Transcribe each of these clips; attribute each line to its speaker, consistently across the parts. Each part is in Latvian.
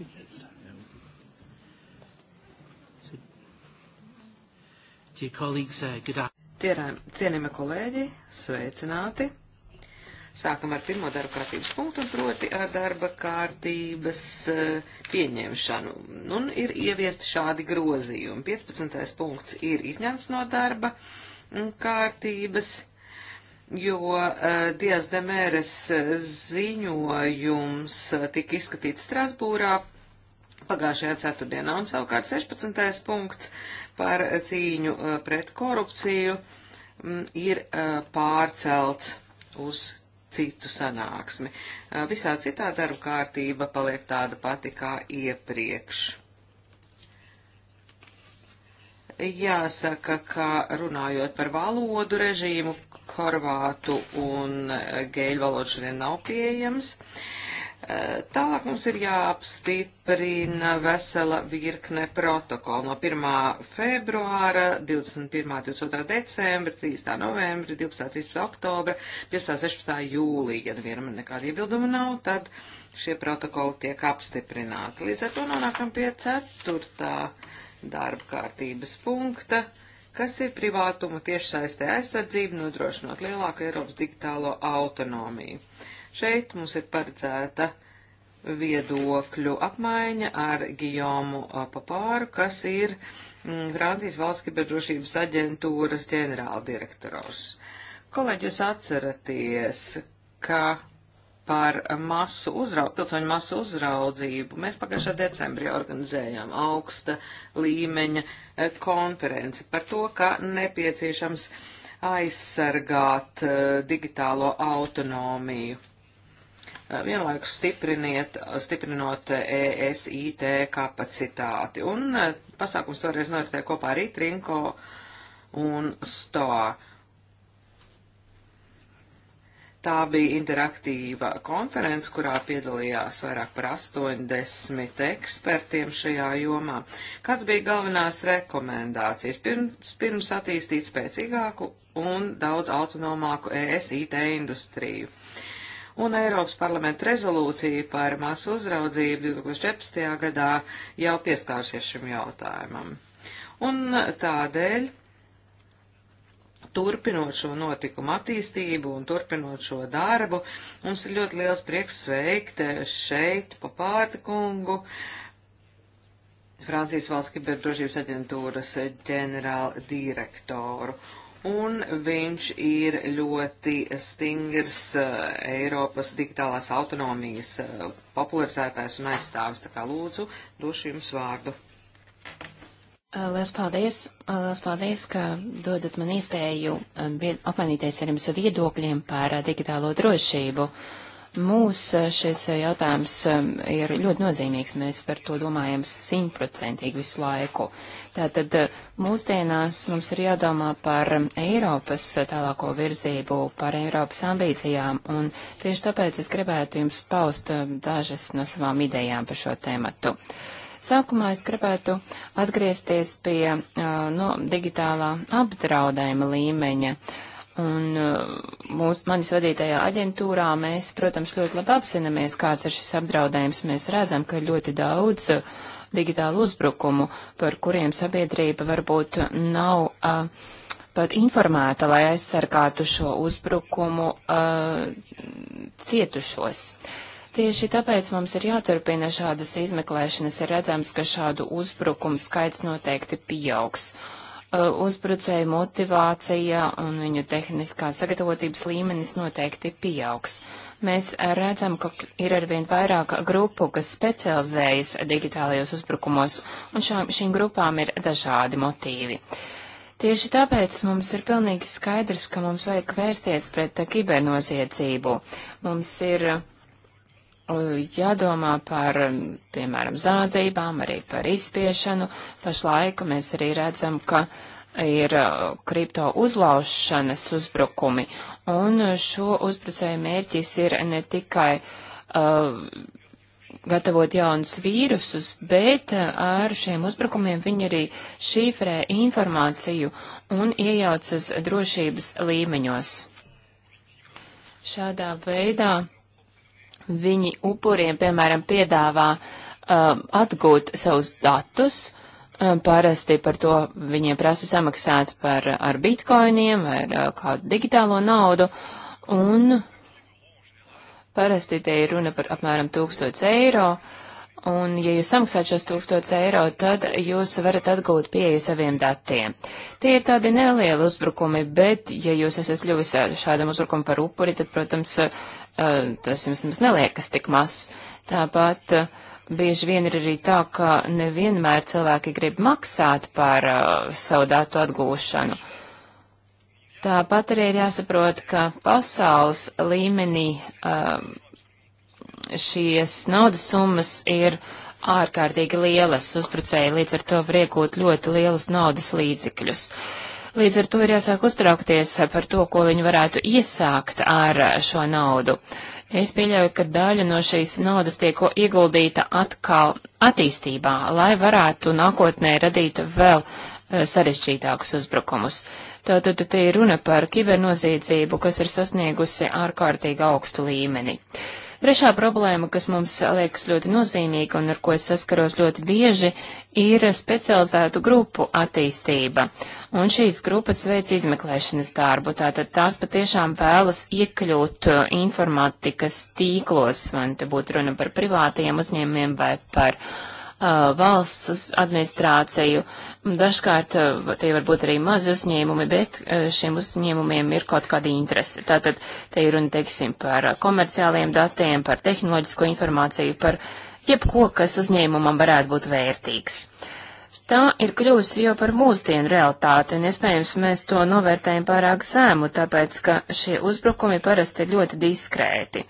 Speaker 1: Uh,
Speaker 2: cienījamie kolēģi, sveicināti! Sākam ar pirmo darba kārtības punktu, proti ar darba kārtības uh, pieņemšanu. Un ir ieviesti šādi grozījumi. 15. punkts ir izņemts no darba kārtības jo eh, Dievs Demēres eh, ziņojums eh, tika izskatīts Strasbūrā pagājušajā ceturtdienā, un savukārt 16. punkts par cīņu pret korupciju mm, ir pārcelts uz citu sanāksmi. Visā citā darba kārtība paliek tāda pati kā iepriekš. Jāsaka, ka runājot par valodu režīmu, horvātu un gēļu valodu šodien nav pieejams. Eh, tālāk mums ir jāapstiprina vesela virkne protokolu no 1. februāra, 21. 22. decembra, 3. novembra, 12. 13. oktobra, 15. 16. jūlija. Ja vienam nekāda iebilduma nav, tad šie protokoli tiek apstiprināti. Līdz ar to nonākam pie 4. darba kārtības punkta kas ir privātuma tiešsaistē aizsardzība, nodrošinot lielāku Eiropas digitālo autonomiju. Šeit mums ir paredzēta viedokļu apmaiņa ar Gijomu uh, Papāru, kas ir mm, Francijas valsts kiberdrošības aģentūras ģenerāldirektors. Kolēģi, jūs atceraties, ka par masu uzraudzību, pilsoņu masu uzraudzību. Mēs pagājušā decembrī organizējām augsta līmeņa eh, konferenci par to, ka nepieciešams aizsargāt eh, digitālo autonomiju. Eh, vienlaikus stiprinot ESIT kapacitāti. Un pasākums toreiz noritēja kopā ar Itrinko un STOA Tā bija interaktīva konference, kurā piedalījās vairāk par 80 ekspertiem šajā jomā. Kāds bija galvenās rekomendācijas? Pirms, pirms attīstīt spēcīgāku un daudz autonomāku ESIT industriju. Un Eiropas parlamenta rezolūcija par masu uzraudzību 2014. gadā jau pieskāršies šim jautājumam. Un tādēļ turpinot šo notikumu attīstību un turpinot šo darbu, mums ir ļoti liels prieks sveikt eh, šeit pa pārta kungu. Francijas valsts kiberdrošības aģentūras ģenerāla direktoru. Un viņš ir ļoti stingrs eh, Eiropas digitālās autonomijas eh, popularizētājs un aizstāvis. Tā kā lūdzu, došu jums vārdu.
Speaker 1: Lielas paldies! Lielas paldies, ka dodat man iespēju apmainīties ar jums viedokļiem par digitālo drošību. Mūs šis jautājums ir ļoti nozīmīgs, mēs par to domājam simtprocentīgi visu laiku. Tātad mūsdienās mums ir jādomā par Eiropas tālāko virzību, par Eiropas ambīcijām, un tieši tāpēc es gribētu jums paust dažas no savām idejām par šo tēmatu. Uh, Sākumā es gribētu atgriezties pie uh, no, digitālā apdraudējuma līmeņa. Un mūsu manis vadītajā aģentūrā mēs, protams, ļoti labi apzināmies, kāds ir šis apdraudējums. Mēs redzam, ka ļoti daudz digitālu uzbrukumu, par kuriem sabiedrība varbūt nav uh, pat informēta, lai aizsargātu šo uzbrukumu uh, cietušos. Uh, Tieši tāpēc mums ir jāturpina šādas izmeklēšanas, ir redzams, ka šādu uzbrukumu skaits noteikti pieaugs. Uh, uzbrucēju motivācija un viņu tehniskā sagatavotības līmenis noteikti pieaugs. Mēs redzam, ka ir arvien vairāk grupu, kas specializējas digitālajos uzbrukumos, un šā, šīm grupām ir dažādi motīvi. Tieši tāpēc mums ir pilnīgi skaidrs, ka mums vajag vērsties pret kibernoziedzību. Mums ir uh, jādomā par, piemēram, zādzībām, arī par izspiešanu. Pašlaik mēs arī redzam, ka ir uh, kripto uzlaušanas uzbrukumi, un šo uzbrucēju mērķis ir ne tikai uh, gatavot jaunus vīrusus, bet uh, ar šiem uzbrukumiem viņi arī šifrē informāciju un iejaucas drošības līmeņos. Šādā veidā Viņi upuriem, piemēram, piedāvā um, atgūt savus datus, um, parasti par to viņiem prasa samaksāt par, uh, ar bitkoiniem vai ar, ar uh, kādu digitālo naudu, un parasti te ir runa par apmēram 1000 eiro. Uh, Un, ja jūs samaksājat šos 1000 eiro, tad jūs varat atgūt pieeju saviem datiem. Tie ir tādi nelieli uzbrukumi, bet, ja jūs esat kļuvis šādam uzbrukumam par upuri, tad, protams, eh, tas jums neliekas tik mazs. Tāpat eh, bieži vien ir arī tā, ka nevienmēr cilvēki grib maksāt par uh, savu datu atgūšanu. Tāpat arī ir jāsaprot, ka pasaules līmenī. Uh, šīs naudas summas ir ārkārtīgi lielas. Uzbrucēji līdz ar to var iegūt ļoti lielus naudas līdzekļus. Līdz ar to ir jāsāk uztraukties par to, ko viņi varētu iesākt ar šo naudu. Es pieļauju, ka daļa no šīs naudas tiek ieguldīta atkal attīstībā, lai varētu nākotnē radīt vēl eh, sarežģītākus uzbrukumus. Tātad te ir runa par kibernoziedzību, kas ir sasniegusi ārkārtīgi augstu līmeni. Uh, Trešā problēma, kas mums liekas ļoti nozīmīga un ar ko es saskaros ļoti bieži, ir specializētu grupu attīstība. Un šīs grupas veic izmeklēšanas darbu, tātad tās patiešām vēlas iekļūt uh, informatikas tīklos, vai te būtu runa par privātajiem uzņēmumiem vai par uh, valsts administrāciju. Uh, Dažkārt eh, tie var būt arī mazi uzņēmumi, bet eh, šiem uzņēmumiem ir kaut kāda interese. Tātad te ir runa, teiksim, par eh, komerciāliem datiem, par tehnoloģisko informāciju, par jebko, kas uzņēmumam varētu būt vērtīgs. Tā ir kļūsi jau par mūsdienu realitāti, un iespējams mēs to novērtējam pārāk zēmu, tāpēc, ka šie uzbrukumi parasti ir ļoti diskrēti.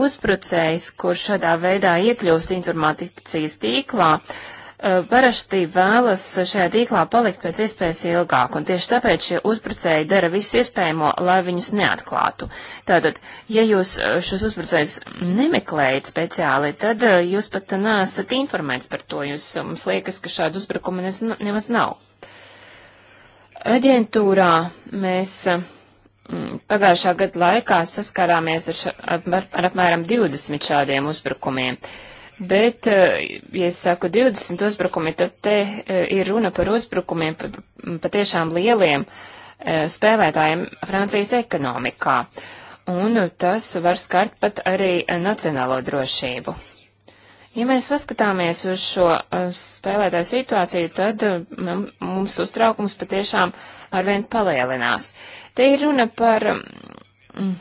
Speaker 1: Uzbrucējs, kurš šādā veidā iekļūst informācijas tīklā, uh, parasti eh, vēlas šajā tīklā palikt pēc iespējas ilgāk, un tieši tāpēc šie uzbrucēji dara visu iespējamo, lai viņus neatklātu. Tātad, ja jūs eh, šos uzbrucējus nemeklējat speciāli, tad eh, jūs pat nesat informēts par to, jūs mums liekas, ka šādu uzbrukumu nemaz nav. Aģentūrā mēs pagājušā gada laikā saskarāmies ar, ša, ar, ar apmēram 20 šādiem uzbrukumiem. Uh, bet, eh, ja es saku 20 uzbrukumi, tad te eh, ir runa par uzbrukumiem patiešām lieliem eh, spēlētājiem Francijas ekonomikā. Un tas var skart pat arī nacionālo drošību. Ja mēs paskatāmies uz šo spēlētāju situāciju, tad mums uztraukums patiešām arvien palielinās. Te ir runa par mm,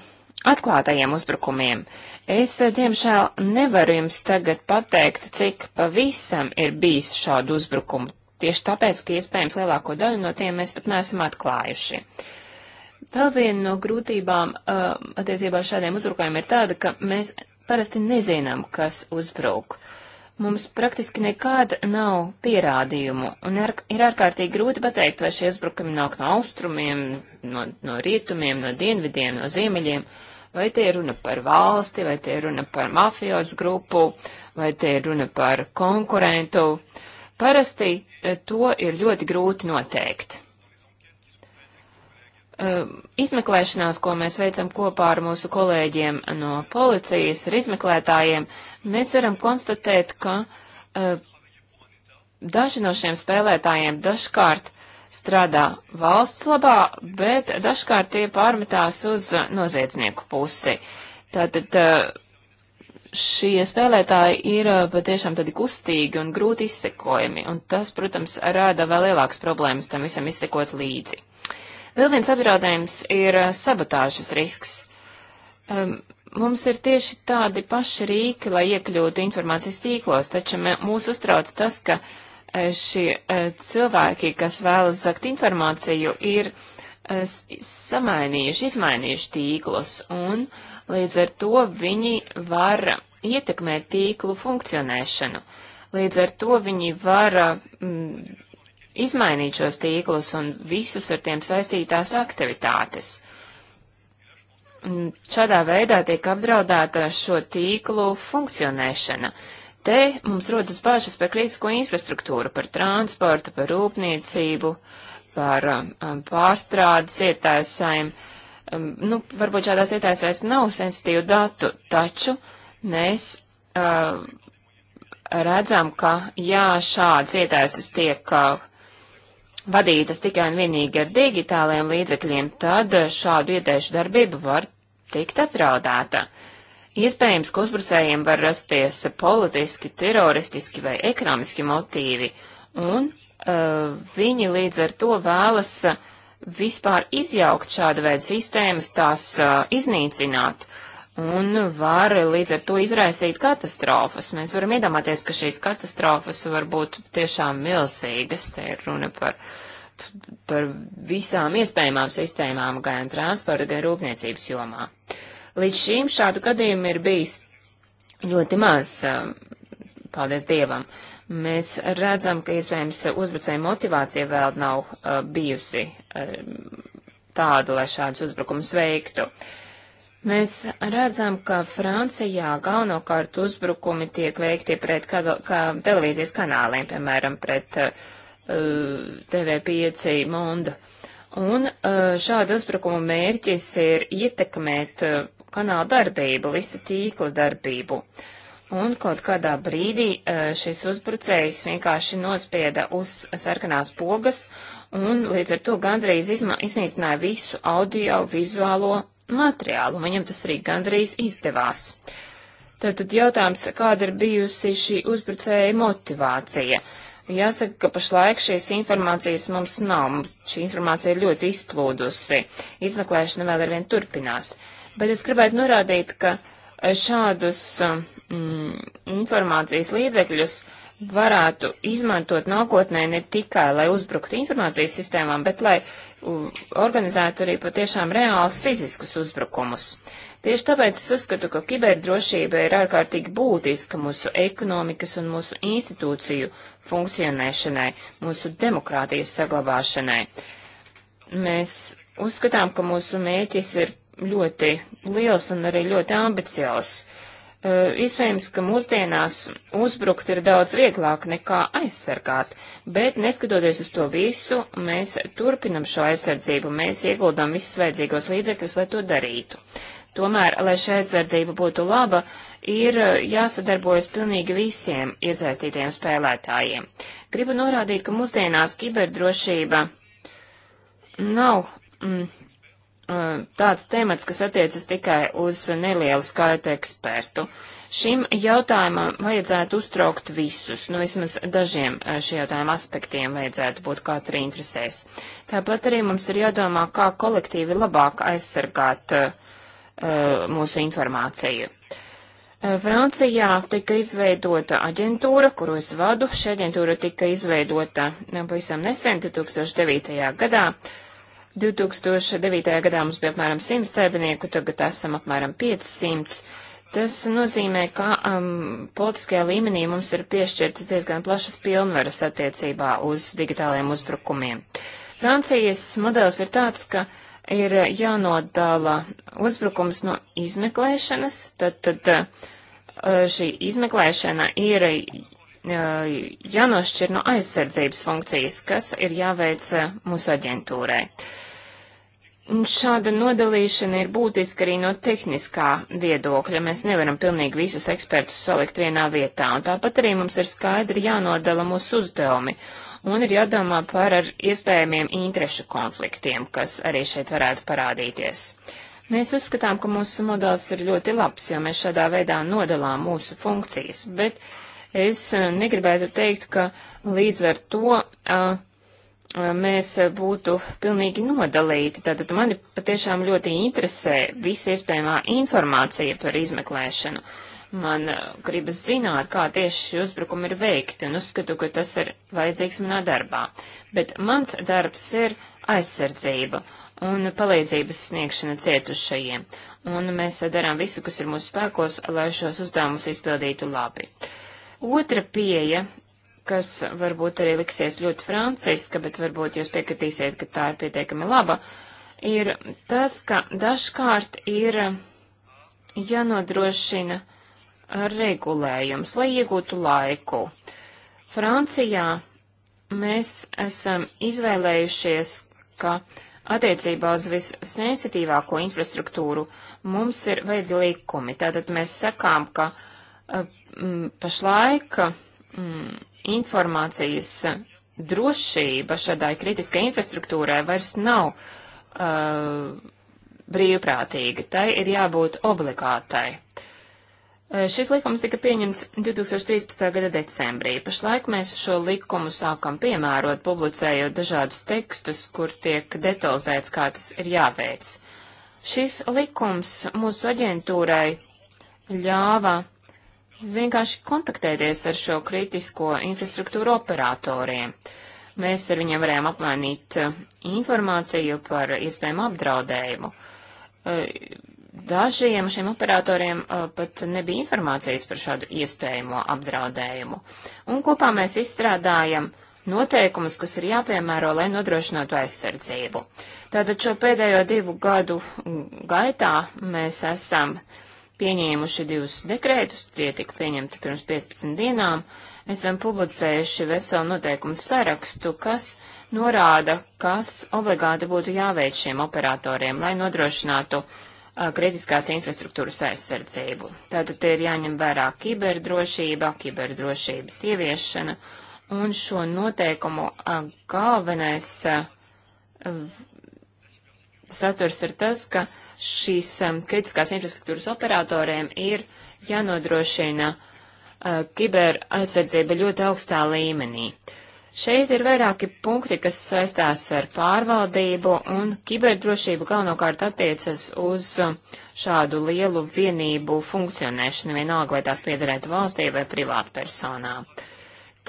Speaker 1: atklātajiem uzbrukumiem. Uh, Es, eh, diemžēl, nevaru jums tagad pateikt, cik pavisam ir bijis šādu uzbrukumu, tieši tāpēc, ka iespējams lielāko daļu no tiem mēs pat neesam atklājuši. Vēl viena no grūtībām uh, attiecībā ar šādiem uzbrukumiem ir tāda, ka mēs parasti nezinām, kas uzbruk. Mums praktiski nekāda nav pierādījumu, un ir, ir ārkārtīgi grūti pateikt, vai šie uzbrukumi nāk no austrumiem, no, no rietumiem, no dienvidiem, no ziemeļiem. Uh, Vai te ir runa par valsti, vai te ir runa par mafijos grupu, vai te ir runa par konkurentu. Parasti e, to ir ļoti grūti noteikt. E, izmeklēšanās, ko mēs veicam kopā ar mūsu kolēģiem no policijas, ar izmeklētājiem, mēs varam konstatēt, ka e, daži no šiem spēlētājiem dažkārt strādā valsts labā, bet dažkārt tie pārmetās uz noziedznieku pusi. Tātad eh, šie spēlētāji ir eh, patiešām tādi kustīgi un grūti izsekojami, un tas, protams, rāda vēl lielākas problēmas tam visam izsekot līdzi. Vēl viens apdraudējums ir eh, sabotāžas risks. Um, mums ir tieši tādi paši rīki, lai iekļūtu informācijas tīklos, taču mūs uztrauc tas, ka uh, šie e, cilvēki, kas vēlas zakt informāciju, ir e, samainījuši, izmainījuši tīklus, un līdz ar to viņi var ietekmēt tīklu funkcionēšanu. Līdz ar to viņi var mm, izmainīt šos tīklus un visus ar tiem saistītās aktivitātes. Un šādā veidā tiek apdraudēta šo tīklu funkcionēšana. Uh, Te mums rodas bažas par kritisko infrastruktūru, par transportu, par rūpniecību, par um, um pārstrādes ietēsēm. Um, nu, varbūt šādās ietēsēs nav sensitīvu datu, taču mēs uh, redzam, ka jā, šāds ietēses tiek uh, vadītas tikai un vienīgi ar digitāliem līdzekļiem, tad šādu ietēšu darbību var tikt apdraudēta. Uh, Iespējams, ka uzbrucējiem var rasties politiski, teroristiski vai ekonomiski motīvi, un uh, viņi līdz ar to vēlas uh, vispār izjaukt šāda veida sistēmas, tās uh, iznīcināt. Uh, un var līdz ar to izraisīt katastrofas. Mēs varam iedomāties, ka šīs katastrofas var būt tiešām milzīgas. Te ir runa par, par visām iespējamām sistēmām gan transporta, gan rūpniecības jomā. Uh, Līdz šīm šādu gadījumu ir bijis ļoti maz, um, paldies Dievam. Mēs redzam, ka iespējams uzbrucēja motivācija vēl nav uh, bijusi uh, tāda, lai šādus uzbrukumus veiktu. Mēs redzam, ka Francijā galvenokārt uzbrukumi tiek veikti pret kādu, kā televīzijas kanāliem, piemēram, pret uh, TV5 Mundu. Un uh, šāda uzbrukuma mērķis ir ietekmēt uh, kanāla darbību, visa tīkla darbību. Un kaut kādā brīdī e, šis uzbrucējs vienkārši nospieda uz sarkanās pogas un līdz ar to gandrīz izma, iznīcināja visu audio-vizuālo materiālu. Viņam tas arī gandrīz izdevās. Tātad jautājums, kāda ir bijusi šī uzbrucēja motivācija? Jāsaka, ka pašlaik šīs informācijas mums nav. Šī informācija ir ļoti izplūdusi. Izmeklēšana vēl ar vien turpinās. Uh, Bet es gribētu norādīt, ka šādus mm, informācijas līdzekļus varētu izmantot nākotnē ne tikai, lai uzbruktu informācijas sistēmām, bet lai organizētu arī patiešām reāls fiziskus uzbrukumus. Tieši tāpēc es uzskatu, ka kiberdrošība ir ārkārtīgi būtiska mūsu ekonomikas un mūsu institūciju funkcionēšanai, mūsu demokrātijas saglabāšanai. Mēs uzskatām, ka mūsu mēķis ir ļoti liels un arī ļoti ambiciozs. Uh, Iespējams, ka mūsdienās uzbrukt ir daudz vieglāk nekā aizsargāt, bet neskatoties uz to visu, mēs turpinam šo aizsardzību, mēs ieguldam visus vajadzīgos līdzekļus, lai to darītu. Tomēr, lai šī aizsardzība būtu laba, ir eh, jāsadarbojas pilnīgi visiem iesaistītiem spēlētājiem. Gribu norādīt, ka mūsdienās kiberdrošība nav mm, Uh, tāds temats, kas attiecas tikai uz nelielu skaitu ekspertu. Šim jautājumam vajadzētu uztraukt visus, nu vismaz dažiem uh, šī jautājuma aspektiem vajadzētu būt katra interesēs. Tāpat arī mums ir jādomā, kā kolektīvi labāk aizsargāt uh, uh mūsu informāciju. Francijā tika izveidota aģentūra, kuru es vadu. Šī aģentūra tika izveidota pavisam nesen, 2009. gadā. Uh, 2009. gadā mums bija apmēram 100 darbinieku, tagad esam apmēram 500. Tas nozīmē, ka um, politiskajā līmenī mums ir piešķirtas diezgan plašas pilnvaras attiecībā uz digitālajiem uzbrukumiem. Francijas modelis ir tāds, ka ir jānodala uzbrukums no izmeklēšanas, tad, tad uh, šī izmeklēšana ir jānošķir no aizsardzības funkcijas, kas ir jāveic eh, mūsu aģentūrai. Un šāda nodalīšana ir būtiska arī no tehniskā viedokļa. Mēs nevaram pilnīgi visus ekspertus salikt vienā vietā, un tāpat arī mums ir skaidri jānodala mūsu uzdevumi, un ir jādomā par ar iespējamiem interešu konfliktiem, kas arī šeit varētu parādīties. Mēs uzskatām, ka mūsu modelis ir ļoti labs, jo mēs šādā veidā nodalām mūsu funkcijas, bet Es eh, negribētu teikt, ka līdz ar to uh, mēs būtu pilnīgi nodalīti. Tātad mani patiešām ļoti interesē viss iespējamā informācija par izmeklēšanu. Man gribas zināt, kā tieši uzbrukumi ir veikti, un uzskatu, ka tas ir vajadzīgs manā darbā. Bet mans darbs ir aizsardzība un palīdzības sniegšana cietušajiem, un mēs darām visu, kas ir mūsu spēkos, lai šos uzdevumus izpildītu labi. Uh, Otra pieeja, kas varbūt arī liksies ļoti franciska, bet varbūt jūs piekritīsiet, ka tā ir pietiekami laba, ir tas, ka dažkārt ir jānodrošina regulējums, lai iegūtu laiku. Francijā mēs esam izvēlējušies, ka attiecībā uz vissensitīvāko infrastruktūru mums ir vajadzīgi likumi. Tātad mēs sakām, ka uh, pašlaik informācijas drošība šādai kritiskai infrastruktūrai vairs nav uh, brīvprātīga, tai ir jābūt obligātai. Uh, šis likums tika pieņemts 2013. gada decembrī. Pašlaik mēs šo likumu sākam piemērot, publicējot dažādus tekstus, kur tiek detalizēts, kā tas ir jāveic. Šis likums mūsu aģentūrai ļāva vienkārši kontaktēties ar šo kritisko infrastruktūru operatoriem. Mēs ar viņiem varējām apmainīt eh, informāciju par iespējamu apdraudējumu. Eh, dažiem šiem operatoriem eh, pat nebija informācijas par šādu iespējamo apdraudējumu. Un kopā mēs izstrādājam noteikumus, kas ir jāpiemēro, lai nodrošinātu aizsardzību. Tātad šo pēdējo divu gadu gaitā mēs esam uh, pieņēmuši divus dekrētus, tie tika pieņemti pirms 15 dienām. Esam publicējuši veselu noteikumu sarakstu, kas norāda, kas obligāti būtu jāveic šiem operatoriem, lai nodrošinātu a, kritiskās infrastruktūras aizsardzību. Tātad te ir jāņem vērā kiberdrošība, kiberdrošības ieviešana, un šo noteikumu a, galvenais a, v, saturs ir tas, ka uh, šīs um, kritiskās infrastruktūras operatoriem ir jānodrošina uh, kiber aizsardzība ļoti augstā līmenī. Šeit ir vairāki punkti, kas saistās ar pārvaldību, un kiberdrošība galvenokārt attiecas uz um, šādu lielu vienību funkcionēšanu, vienalga vai tās piederētu valstī vai privātpersonā.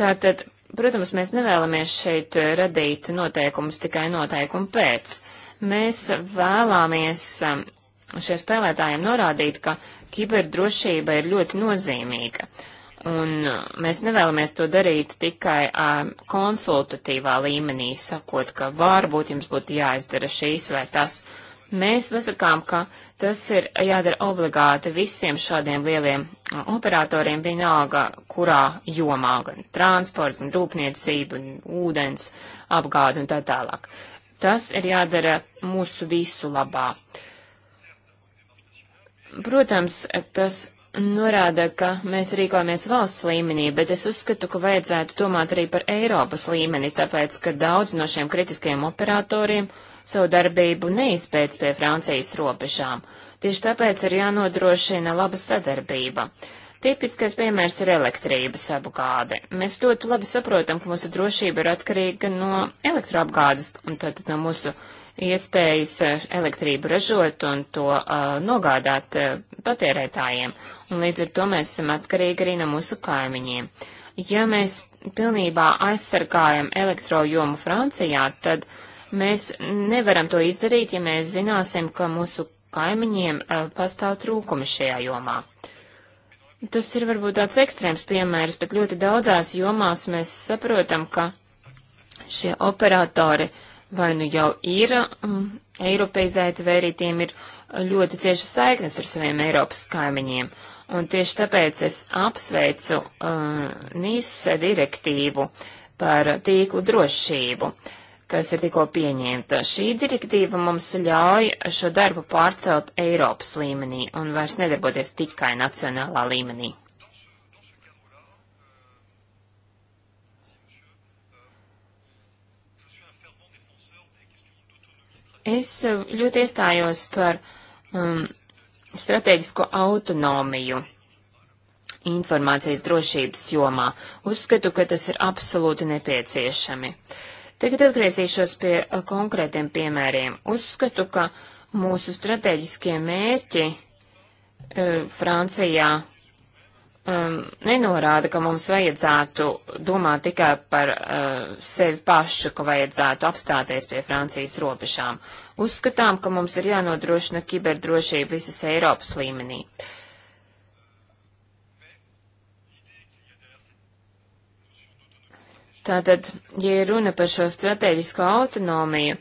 Speaker 1: Tātad, protams, mēs nevēlamies šeit uh, radīt noteikumus tikai noteikumu pēc. Uh, Mēs vēlāmies um, šiem spēlētājiem norādīt, ka kiberdrošība ir ļoti nozīmīga. Un uh, mēs nevēlamies to darīt tikai um, konsultatīvā līmenī, sakot, ka varbūt jums būtu jāizdara šīs vai tas. Mēs pasakām, ka tas ir jādara obligāti visiem šādiem lieliem uh, operatoriem, vienalga, kurā jomā, gan transports, gan rūpniecība, gan ūdens apgāde un tā tālāk. Uh, Tas ir jādara mūsu visu labā. Protams, tas norāda, ka mēs rīkojamies valsts līmenī, bet es uzskatu, ka vajadzētu domāt arī par Eiropas līmeni, tāpēc, ka daudz no šiem kritiskajiem operatoriem savu darbību neizpēc pie Francijas robežām. Tieši tāpēc ir jānodrošina laba sadarbība. Uh, Tipiskais piemērs ir elektrības apgāde. Mēs ļoti labi saprotam, ka mūsu drošība ir atkarīga no elektroapgādes, un tātad no mūsu iespējas eh, elektrību ražot un to uh, nogādāt uh, patērētājiem, un līdz ar to mēs esam atkarīgi arī no mūsu kaimiņiem. Ja mēs pilnībā aizsargājam elektrojomu Francijā, tad mēs nevaram to izdarīt, ja mēs zināsim, ka mūsu kaimiņiem uh, pastāv trūkumi šajā jomā. Uh, Tas ir varbūt tāds ekstrēms piemērs, bet ļoti daudzās jomās mēs saprotam, ka šie operatori vai nu jau ir mm, eiropeizēti, vai arī tiem ir ļoti cieša saiknes ar saviem Eiropas kaimiņiem. Un tieši tāpēc es apsveicu uh, NIS direktīvu par tīklu drošību. Uh, kas ir tikko pieņemta. Šī direktīva mums ļauj šo darbu pārcelt Eiropas līmenī un vairs nedarboties tikai nacionālā līmenī. Es eh, ļoti iestājos par um, strateģisko autonomiju informācijas drošības jomā. Uzskatu, ka tas ir absolūti nepieciešami. Uh, Tagad atgriezīšos pie eh, konkrētiem piemēriem. Uzskatu, ka mūsu strateģiskie mērķi eh, Francijā um, nenorāda, ka mums vajadzētu domāt tikai par uh, sevi pašu, ka vajadzētu apstāties pie Francijas robežām. Uzskatām, ka mums ir jānodrošina kiberdrošība visas Eiropas līmenī. Uh, Tātad, ja runa par šo strateģisko autonomiju,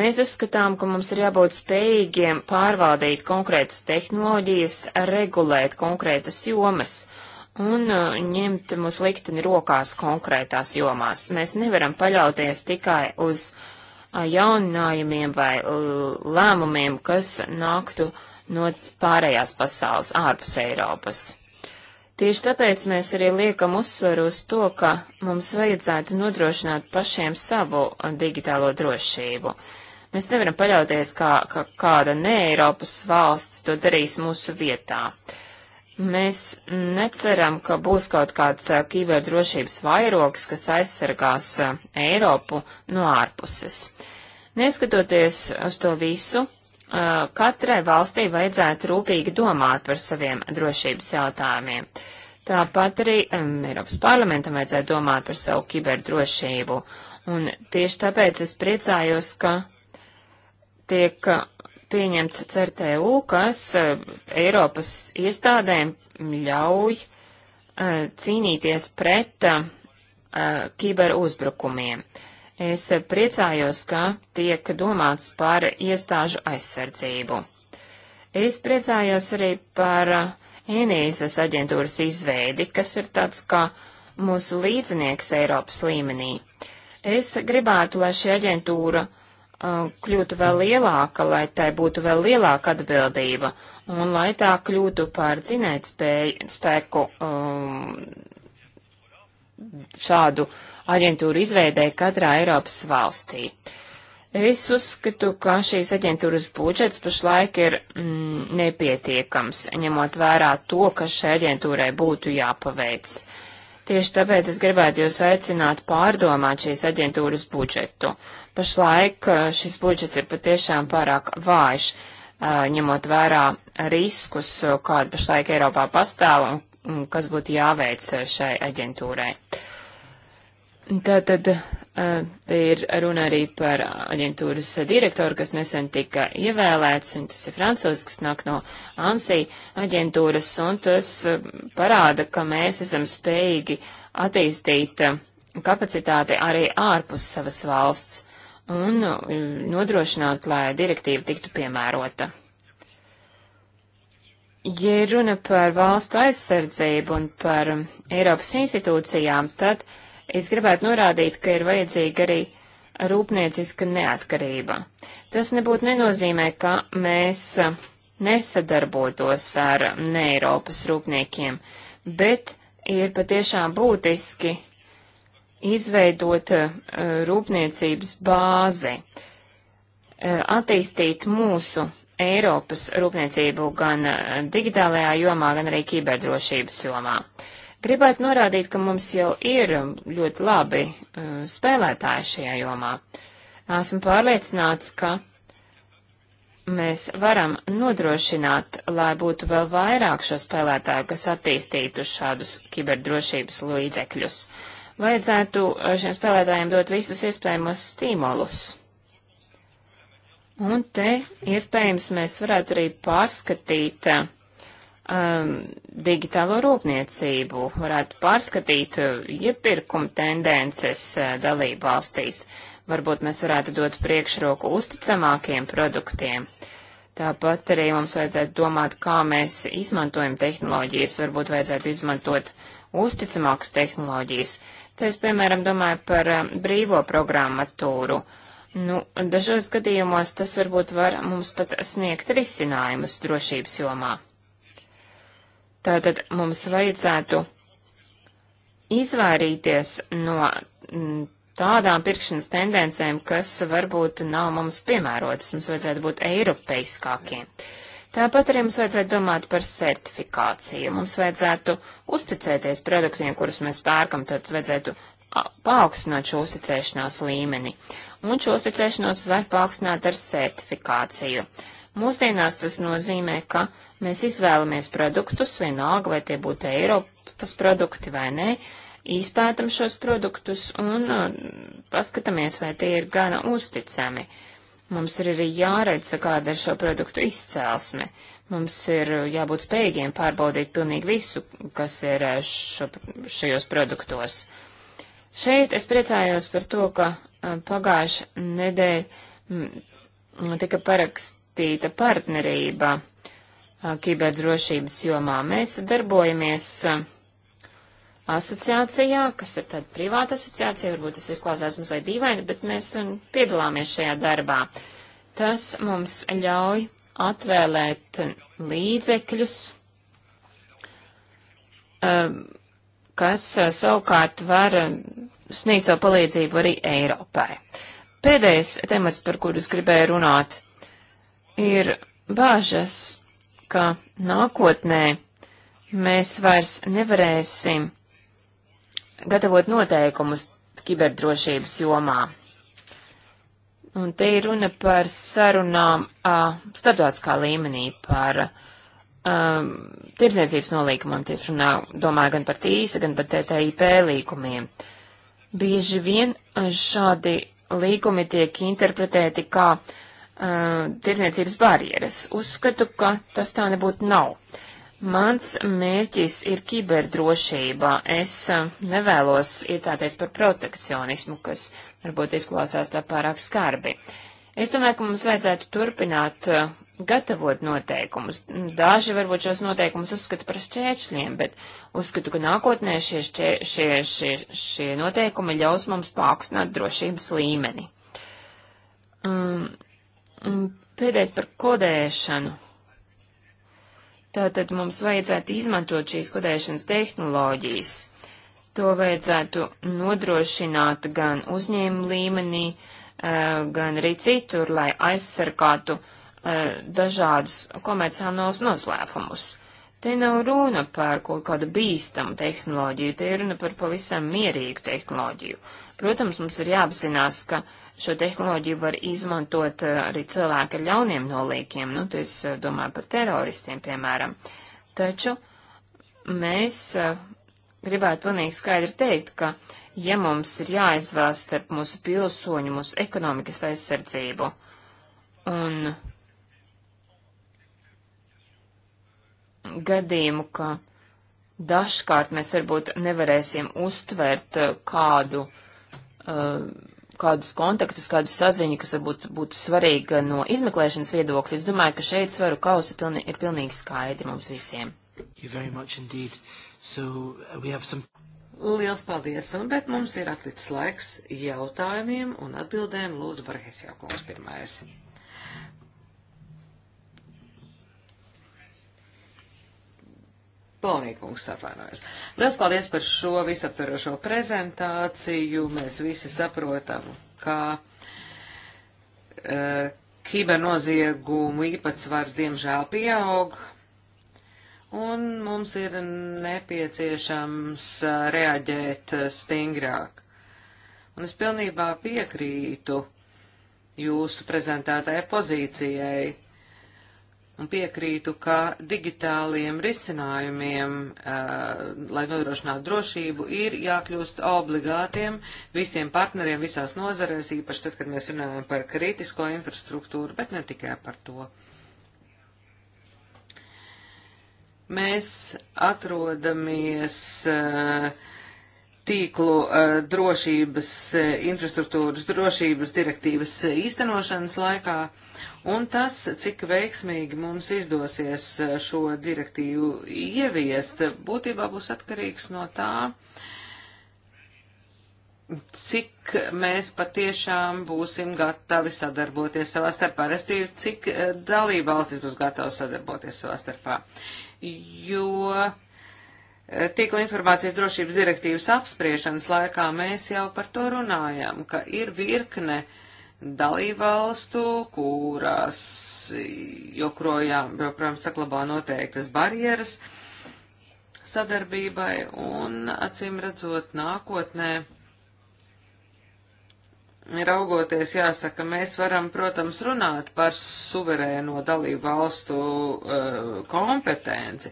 Speaker 1: mēs uzskatām, ka mums ir jābūt spējīgiem pārvaldīt konkrētas tehnoloģijas, regulēt konkrētas jomas un uh, ņemt mūsu likteni rokās konkrētās jomās. Mēs nevaram paļauties tikai uz uh, jauninājumiem vai uh, lēmumiem, kas nāktu no pārējās pasaules ārpus Eiropas. Tieši tāpēc mēs arī liekam uzsveru uz to, ka mums vajadzētu nodrošināt pašiem savu digitālo drošību. Mēs nevaram paļauties, kā, ka kāda ne Eiropas valsts to darīs mūsu vietā. Mēs neceram, ka būs kaut kāds kiberdrošības vairogs, kas aizsargās Eiropu no ārpuses. Neskatoties uz to visu, Eh, katrai valstī vajadzētu rūpīgi domāt par saviem drošības jautājumiem. Tāpat arī um, Eiropas parlamentam vajadzētu domāt par savu kiberdrošību. Un tieši tāpēc es priecājos, ka tiek pieņemts CRTU, kas uh, Eiropas iestādēm ļauj uh, cīnīties pret uh, kiberuzbrukumiem. Uh, Es priecājos, ka tiek domāts par iestāžu aizsardzību. Es priecājos arī par Enīzas aģentūras izveidi, kas ir tāds kā mūsu līdzinieks Eiropas līmenī. Es gribētu, lai šī aģentūra uh, kļūtu vēl lielāka, lai tai būtu vēl lielāka atbildība un lai tā kļūtu par dzinēt spēju, spēku um, šādu aģentūru izveidē katrā Eiropas valstī. Es uzskatu, ka šīs aģentūras budžets pašlaik ir mm, nepietiekams, ņemot vērā to, kas šai aģentūrai būtu jāpaveic. Tieši tāpēc es gribētu jūs aicināt pārdomāt šīs aģentūras budžetu. Pašlaik eh, šis budžets ir patiešām pārāk vājš, eh, ņemot vērā riskus, eh, kāda pašlaik Eiropā pastāv un kas būtu jāveic šai aģentūrai. Uh, Tātad te ir runa arī par aģentūras direktoru, kas nesen tika ievēlēts, un tas ir francūzis, kas nāk no ANSI aģentūras, un tas parāda, ka mēs esam spējīgi attīstīt kapacitāti arī ārpus savas valsts un nodrošināt, lai direktīva tiktu piemērota. Ja runa par valstu aizsardzību un par Eiropas institūcijām, tad uh, Es gribētu norādīt, ka ir vajadzīga arī rūpnieciska neatkarība. Tas nebūtu nenozīmē, ka mēs nesadarbotos ar ne Eiropas rūpniekiem, bet ir patiešām būtiski izveidot rūpniecības bāzi, attīstīt mūsu Eiropas rūpniecību gan digitālajā jomā, gan arī kiberdrošības jomā. Uh, Gribētu norādīt, ka mums jau ir ļoti labi uh, spēlētāji šajā jomā. Esmu pārliecināts, ka mēs varam nodrošināt, lai būtu vēl vairāk šo spēlētāju, kas attīstītu šādus kiberdrošības līdzekļus. Vajadzētu uh, šiem spēlētājiem dot visus iespējamos stimulus. Un te iespējams mēs varētu arī pārskatīt uh, um, digitālo rūpniecību, varētu pārskatīt uh, iepirkuma tendences uh, dalību valstīs. Varbūt mēs varētu dot priekšroku uzticamākiem produktiem. Tāpat arī mums vajadzētu domāt, kā mēs izmantojam tehnoloģijas, varbūt vajadzētu izmantot uzticamākas tehnoloģijas. Te es, piemēram, domāju par uh, brīvo programmatūru. Nu, dažos gadījumos tas varbūt var mums pat sniegt risinājumus drošības jomā. Tātad mums vajadzētu izvairīties no mm, tādām pirkšanas tendencēm, kas varbūt nav mums piemērotas. Mums vajadzētu būt eiropeiskākiem. Tāpat arī mums vajadzētu domāt par certifikāciju. Mums vajadzētu uzticēties produktiem, kurus mēs pērkam, tad vajadzētu paaugstināt šo uzticēšanās līmeni. Un šo uzticēšanos var paaugstināt ar certifikāciju. Uh, Mūsdienās tas nozīmē, ka mēs izvēlamies produktus, vienalga vai tie būtu Eiropas produkti vai nē, izpētam šos produktus un uh, paskatamies, vai tie ir gana uzticami. Mums ir arī jāredz, kāda ir šo produktu izcelsme. Mums ir uh, jābūt spējīgiem pārbaudīt pilnīgi visu, kas ir uh, šo, šajos produktos. Šeit es priecājos par to, ka pagājušā nedēļa mm, tika parakst, attīstīta partnerība kiberdrošības jomā. Mēs darbojamies asociācijā, kas ir tāda privāta asociācija, varbūt tas izklausās mazliet dīvaini, bet mēs piedalāmies šajā darbā. Tas mums ļauj atvēlēt līdzekļus, kas savukārt var sniegt savu palīdzību arī Eiropai. Pēdējais temats, par kuru es gribēju runāt, ir bāžas, ka nākotnē mēs vairs nevarēsim gatavot noteikumus kiberdrošības jomā. Un te ir runa par sarunām uh, starptautiskā līmenī par um, tirdzniecības nolīkumiem. Ties runā, domāju, gan par tīsa, gan par TTIP līkumiem. Bieži vien šādi līkumi tiek interpretēti kā uh, uh, tirdzniecības barjeras. Uzskatu, ka tas tā nebūtu nav. Mans mērķis ir kiberdrošība. Es uh, nevēlos iestāties par protekcionismu, kas varbūt izklausās tā pārāk skarbi. Es domāju, ka mums vajadzētu turpināt uh, gatavot noteikumus. Daži varbūt šos noteikumus uzskata par šķēršļiem, bet uzskatu, ka nākotnē šie, šķē, šie, šie, šie noteikumi ļaus mums paaugstināt drošības līmeni. Um, Mm, pēdējais par kodēšanu. Tātad mums vajadzētu izmantot šīs kodēšanas tehnoloģijas. To vajadzētu nodrošināt gan uzņēmumu līmenī, eh, gan arī citur, lai aizsargātu eh, dažādus komerciālos noslēpumus. Te nav runa par kaut kādu bīstamu tehnoloģiju, te ir runa par pavisam mierīgu tehnoloģiju. Protams, mums ir jāapzinās, ka šo tehnoloģiju var izmantot eh, arī cilvēki ar ļauniem nolīkiem, nu, tu es eh, domāju par teroristiem, piemēram. Taču mēs eh, gribētu pilnīgi skaidri teikt, ka ja mums ir jāizvēlas starp mūsu pilsoņu, mūsu ekonomikas aizsardzību un gadījumu, ka dažkārt mēs varbūt nevarēsim uztvert kādu uh, Uh, kādus kontaktus, kādu saziņu, kas varbūt būtu svarīga no izmeklēšanas viedokļa. Es domāju, ka šeit svaru kausa pilni, ir pilnīgi skaidri mums visiem. So uh, some...
Speaker 2: Liels paldies, un, bet mums ir atlicis laiks jautājumiem un atbildēm. Lūdzu, Varhēs Jākungs pirmais. Plonīkungs atvainojas. Liels paldies par šo visaptverošo prezentāciju. Mēs visi saprotam, ka uh, kibernoziegumu īpatsvars diemžēl pieaug, un mums ir nepieciešams uh, reaģēt eh, stingrāk. Un es pilnībā piekrītu jūsu prezentētajai pozīcijai un piekrītu, ka digitāliem risinājumiem, uh, lai nodrošinātu drošību, ir jākļūst obligātiem visiem partneriem visās nozarēs, īpaši tad, kad mēs runājam par kritisko infrastruktūru, bet ne tikai par to. Mēs atrodamies uh, tīklu eh, drošības, eh, infrastruktūras drošības direktīvas eh, īstenošanas laikā, un tas, cik veiksmīgi mums izdosies šo direktīvu ieviest, būtībā būs atkarīgs no tā, cik mēs patiešām būsim gatavi sadarboties savā starpā, restīvi, cik dalība valstis būs gatava sadarboties savā starpā. Jo Tīkla informācijas drošības direktīvas apspriešanas laikā mēs jau par to runājam, ka ir virkne dalībvalstu, kurās joprojām, joprojām saklabā noteiktas barjeras sadarbībai un acīm redzot nākotnē raugoties, jāsaka, mēs varam, protams, runāt par suverēno dalību valstu uh, eh, kompetenci,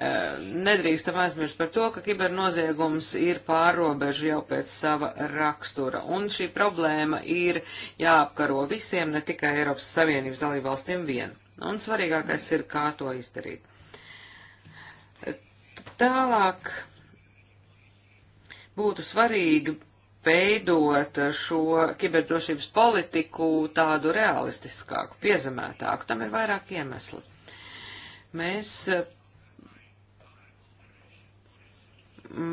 Speaker 2: Eh, nedrīkstam aizmirst par to, ka kibernoziegums ir pārobežu jau pēc sava rakstura, un šī problēma ir jāapkaro visiem, ne tikai Eiropas Savienības dalībvalstīm vien. Un svarīgākais ir, kā to izdarīt. Tālāk būtu svarīgi veidot šo kiberdrošības politiku tādu realistiskāku, piezemētāku. Tam ir vairāk iemesli. Mēs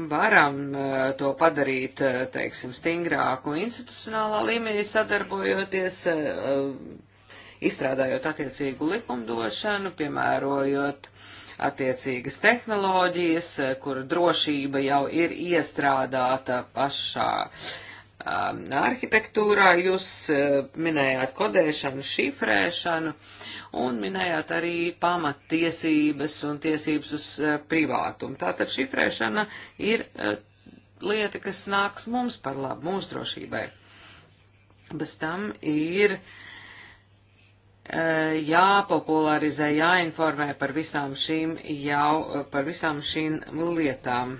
Speaker 2: varam eh, to padarīt, eh, teiksim, stingrāku institucionālā līmenī sadarbojoties, eh, izstrādājot attiecīgu likumdošanu, piemērojot attiecīgas tehnoloģijas, kur drošība jau ir iestrādāta pašā Um, arhitektūrā jūs uh, minējāt kodēšanu, šifrēšanu un minējāt arī pamattiesības un tiesības uz uh, privātumu. Tātad šifrēšana ir uh, lieta, kas nāks mums par labu, mūsu drošībai. Bez tam ir jāpopularizē, jāinformē par visām šīm jau, par visām šīm lietām.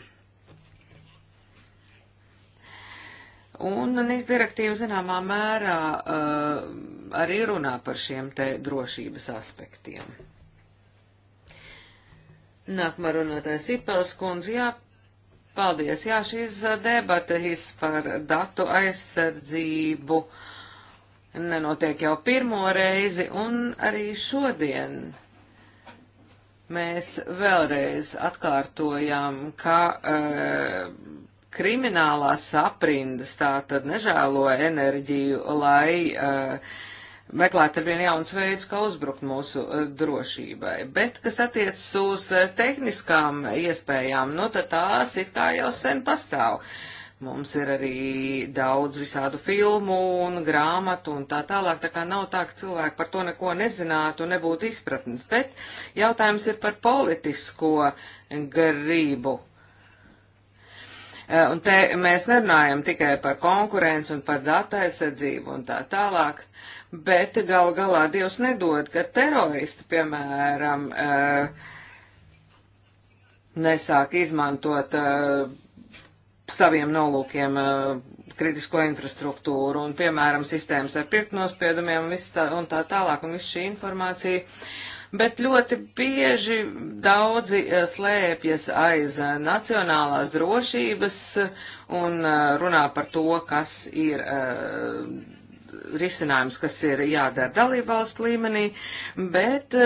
Speaker 2: Un NIS direktīva zināmā mērā uh, arī runā par šiem te drošības aspektiem. Nākamā runātāja Sipels kundze, jā, paldies. Jā, šīs uh, debatas par datu aizsardzību nenotiek jau pirmo reizi, un arī šodien mēs vēlreiz atkārtojām, ka. Uh, kriminālās aprindas tā tad nežēlo enerģiju, lai uh, eh, meklēt ar vien jauns veids, kā uzbrukt mūsu uh, drošībai. Bet, kas attiecas uz uh, tehniskām iespējām, nu tad tās it kā jau sen pastāv. Mums ir arī daudz visādu filmu un grāmatu un tā tālāk, tā kā nav tā, ka cilvēki par to neko nezinātu un nebūtu izpratnes, bet jautājums ir par politisko grību, Eh, un te mēs nerunājam tikai par konkurenci un par datu aizsardzību un tā tālāk, bet gal galā Dievs nedod, ka teroristi, piemēram, eh, nesāk izmantot eh, saviem nolūkiem kritisko infrastruktūru un, piemēram, sistēmas ar pirktnospiedumiem un, tā, un tā tālāk, un viss šī informācija bet ļoti bieži daudzi eh, slēpjas aiz eh, nacionālās drošības eh, un runā par to, kas ir risinājums, kas ir jādara dalībvalstu līmenī, bet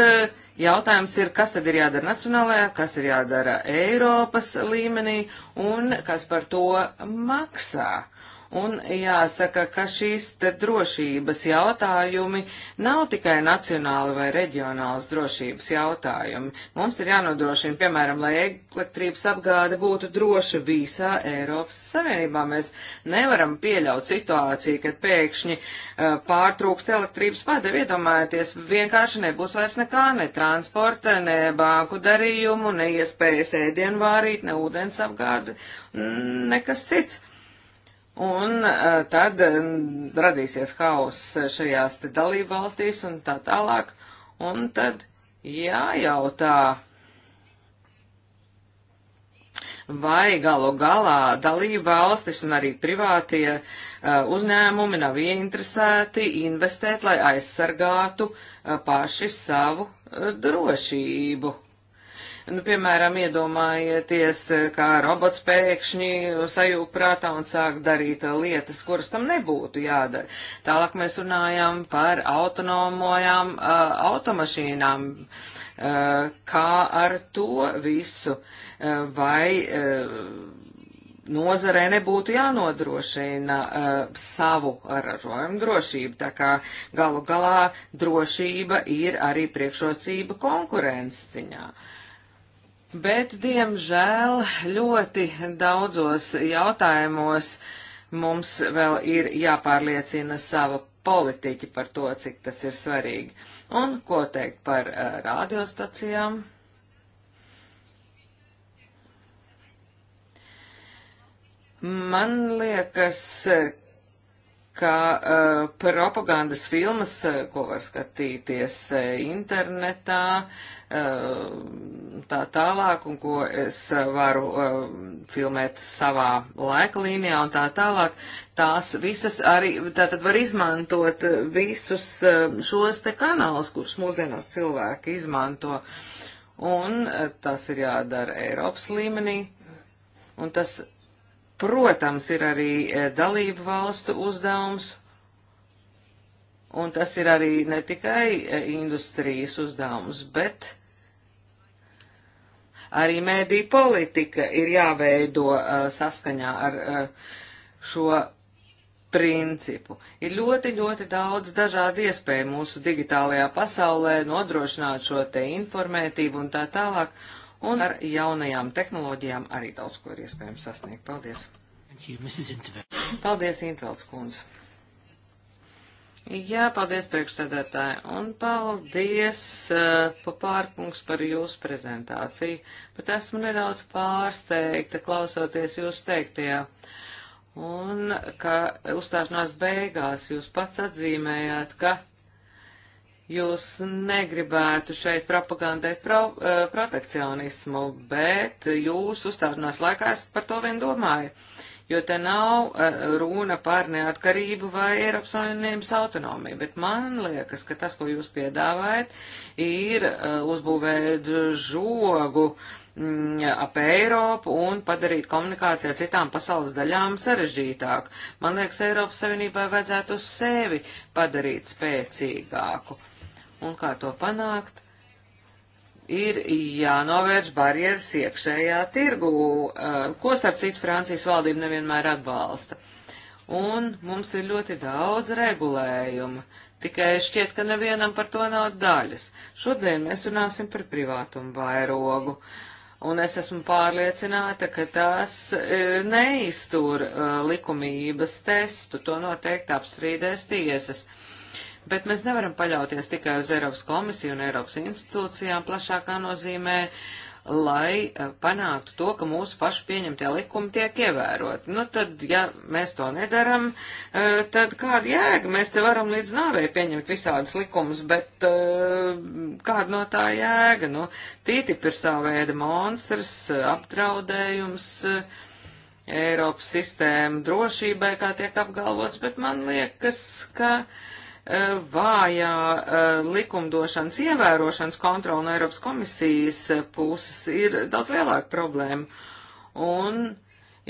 Speaker 2: jautājums ir, kas tad ir jādara nacionālajā, kas ir jādara Eiropas līmenī un kas par to maksā. Un jāsaka, ka šīs te drošības jautājumi nav tikai nacionāli vai reģionāls drošības jautājumi. Mums ir jānodrošina, piemēram, lai elektrības apgāde būtu droša visā Eiropas Savienībā. Mēs nevaram pieļaut situāciju, kad pēkšņi uh, pārtrūkst elektrības padevi. Iedomājieties, vienkārši nebūs vairs nekā, ne transporta, ne banku darījumu, ne iespējas ēdienu vārīt, ne ūdens apgādi, nekas cits. Un eh, tad mm, radīsies haoss šajās te dalību valstīs un tā tālāk. Un tad jājautā, vai galu galā dalību valstis un arī privātie uh, uzņēmumi nav ieinteresēti investēt, lai aizsargātu uh, paši savu uh, drošību. Nu, piemēram, iedomājieties, kā robots pēkšņi sajūg prātā un sāk darīt lietas, kuras tam nebūtu jādara. Tālāk mēs runājam par autonomojām uh, automašīnām. Uh, kā ar to visu? Uh, vai nozarē nebūtu jānodrošina uh, savu ražojumu drošību, tā kā galu galā drošība ir arī priekšrocība konkurences ciņā. Uh, bet, diemžēl, ļoti daudzos jautājumos mums vēl ir jāpārliecina sava politiķi par to, cik tas ir svarīgi. Un ko teikt par uh, radiostacijām? Man liekas, ka uh, propagandas filmas, eh, ko var skatīties eh, internetā, uh, tā tālāk, un ko es varu uh, filmēt savā laika līnijā un tā tālāk, tās visas arī, tātad var izmantot visus šos te kanālus, kurus mūsdienās cilvēki izmanto, un tas ir jādara Eiropas līmenī, un tas protams, ir arī e, dalību valstu uzdevums, un tas ir arī ne tikai e, industrijas uzdevums, bet arī mēdī politika ir jāveido uh, saskaņā ar uh, šo principu. Ir ļoti, ļoti daudz dažādu iespēju mūsu digitālajā pasaulē nodrošināt šo te informētību un tā tālāk un ar jaunajām tehnoloģijām arī daudz ko ir iespējams sasniegt. Paldies! You, paldies, Intvelds kundze! Jā, paldies priekšsēdētāji, un paldies uh, eh, papārkungs par jūsu prezentāciju, bet esmu nedaudz pārsteigta klausoties jūsu teiktajā. Un, ka uzstāšanās beigās jūs pats atzīmējāt, ka jūs negribētu šeit propagandēt pro, uh, protekcionismu, bet jūs uzstāšanās laikā es par to vien domāju, jo te nav uh, runa par neatkarību vai Eiropas Savienības autonomiju, bet man liekas, ka tas, ko jūs piedāvājat, ir uh, uzbūvēt žogu mm, ap Eiropu un padarīt komunikāciju ar citām pasaules daļām sarežģītāku. Man liekas, Eiropas Savienībai vajadzētu uz sevi padarīt spēcīgāku. Uh, un kā to panākt, ir jānovērš barjeras iekšējā tirgu, eh, ko starp citu Francijas valdība nevienmēr atbalsta. Un mums ir ļoti daudz regulējumu, tikai šķiet, ka nevienam par to nav daļas. Šodien mēs runāsim par privātumu vairogu. Un es esmu pārliecināta, ka tās eh, neiztur eh, likumības testu, to noteikti apstrīdēs tiesas. Uh, bet mēs nevaram paļauties tikai uz Eiropas komisiju un Eiropas institūcijām plašākā nozīmē, lai eh, panāktu to, ka mūsu pašu pieņemtie likumi tiek ievēroti. Nu tad, ja mēs to nedaram, eh, tad kāda jēga? Mēs te varam līdz nāvei pieņemt visādus likumus, bet eh, kāda no tā jēga? Nu, TTIP ir sava veida monstrs, apdraudējums. Eiropas sistēma drošībai, kā tiek apgalvots, bet man liekas, ka uh, E, vājā e, likumdošanas ievērošanas kontrola no Eiropas komisijas puses ir daudz lielāka problēma. Un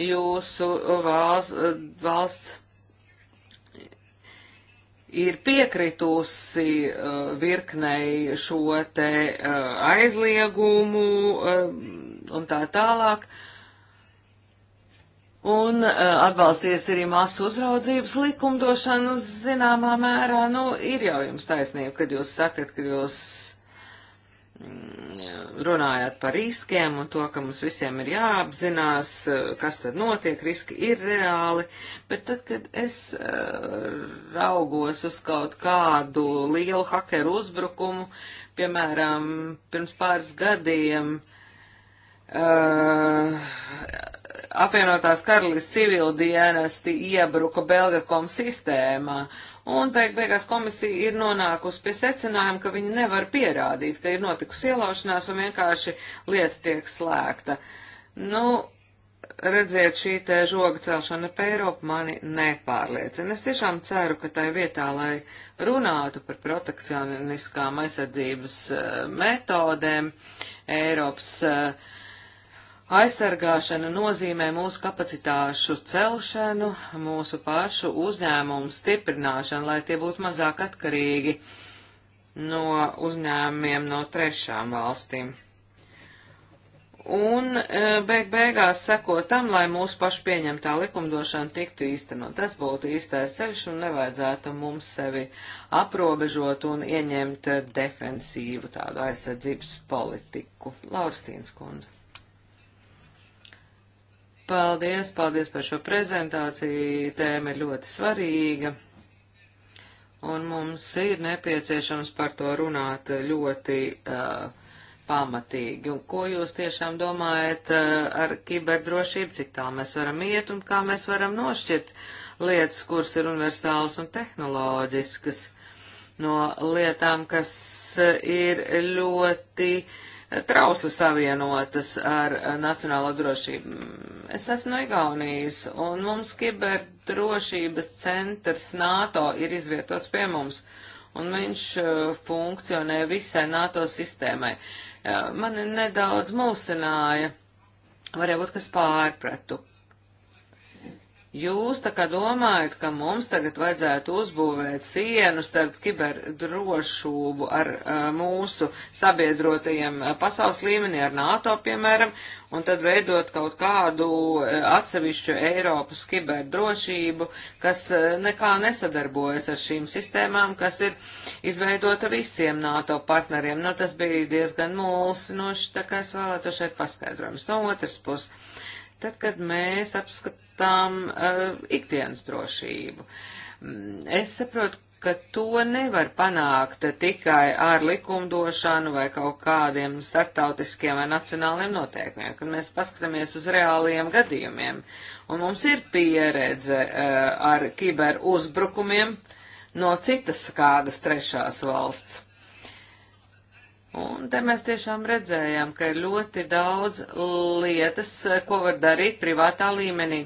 Speaker 2: jūsu valsts, e, valsts ir piekritusi virknei šo te aizliegumu un tā tālāk. Uh, Un eh, atbalsties arī masu uzraudzības likumdošanu zināmā mērā, nu, ir jau jums taisnība, kad jūs sakat, ka jūs mm, runājāt par riskiem un to, ka mums visiem ir jāapzinās, eh, kas tad notiek, riski ir reāli, bet tad, kad es eh, raugos uz kaut kādu lielu hakeru uzbrukumu, piemēram, pirms pāris gadiem, uh, apvienotās karalists civil dienesti iebruka Belgakom sistēmā, un beig beigās komisija ir nonākusi pie secinājuma, ka viņi nevar pierādīt, ka ir notikusi ielaušanās un vienkārši lieta tiek slēgta. Nu, redziet, šī te žoga celšana pa Eiropu mani nepārliecina. Es tiešām ceru, ka tai vietā, lai runātu par protekcioniskām aizsardzības eh, metodēm, Eiropas uh, Aizsargāšana nozīmē mūsu kapacitāšu celšanu, mūsu pašu uzņēmumu stiprināšanu, lai tie būtu mazāk atkarīgi no uzņēmumiem no trešām valstīm. Un e, beig beigās seko tam, lai mūsu pašu pieņemtā likumdošana tiktu īstenot. Tas būtu īstais ceļš un nevajadzētu mums sevi aprobežot un ieņemt defensīvu tādu aizsardzības politiku. Laurstīns kundze. Paldies, paldies par šo prezentāciju. Tēma ir ļoti svarīga. Un mums ir nepieciešams par to runāt ļoti uh, pamatīgi. Un ko jūs tiešām domājat uh, ar kiberdrošību, cik tā mēs varam iet un kā mēs varam nošķirt lietas, kuras ir universālas un tehnoloģiskas, no lietām, kas uh, ir ļoti uh, trausli savienotas ar nacionālo drošību. Es esmu no Igaunijas, un mums kiberdrošības centrs NATO ir izvietots pie mums, un viņš uh, funkcionē visai NATO sistēmai. Uh, mani nedaudz mulsināja, varbūt, kas pārpratu, Jūs tā kā domājat, ka mums tagad vajadzētu uzbūvēt sienu starp kiberdrošību ar a, mūsu sabiedrotajiem pasaules līmenī, ar NATO, piemēram, un tad veidot kaut kādu atsevišķu Eiropas kiberdrošību, kas a, nekā nesadarbojas ar šīm sistēmām, kas ir izveidota visiem NATO partneriem. Nu, tas bija diezgan mulsinoši, tā kā es vēlētu šeit paskaidrojumus. No otras puses. Tad, kad mēs apskat, lietām eh, ikdienas drošību. Mm, es saprotu, ka to nevar panākt tikai ar likumdošanu vai kaut kādiem starptautiskiem vai nacionāliem noteikumiem, kad mēs paskatāmies uz reāliem gadījumiem. Un mums ir pieredze uh, ar kiber uzbrukumiem no citas kādas trešās valsts. Un te mēs tiešām redzējām, ka ir ļoti daudz lietas, eh, ko var darīt privātā līmenī.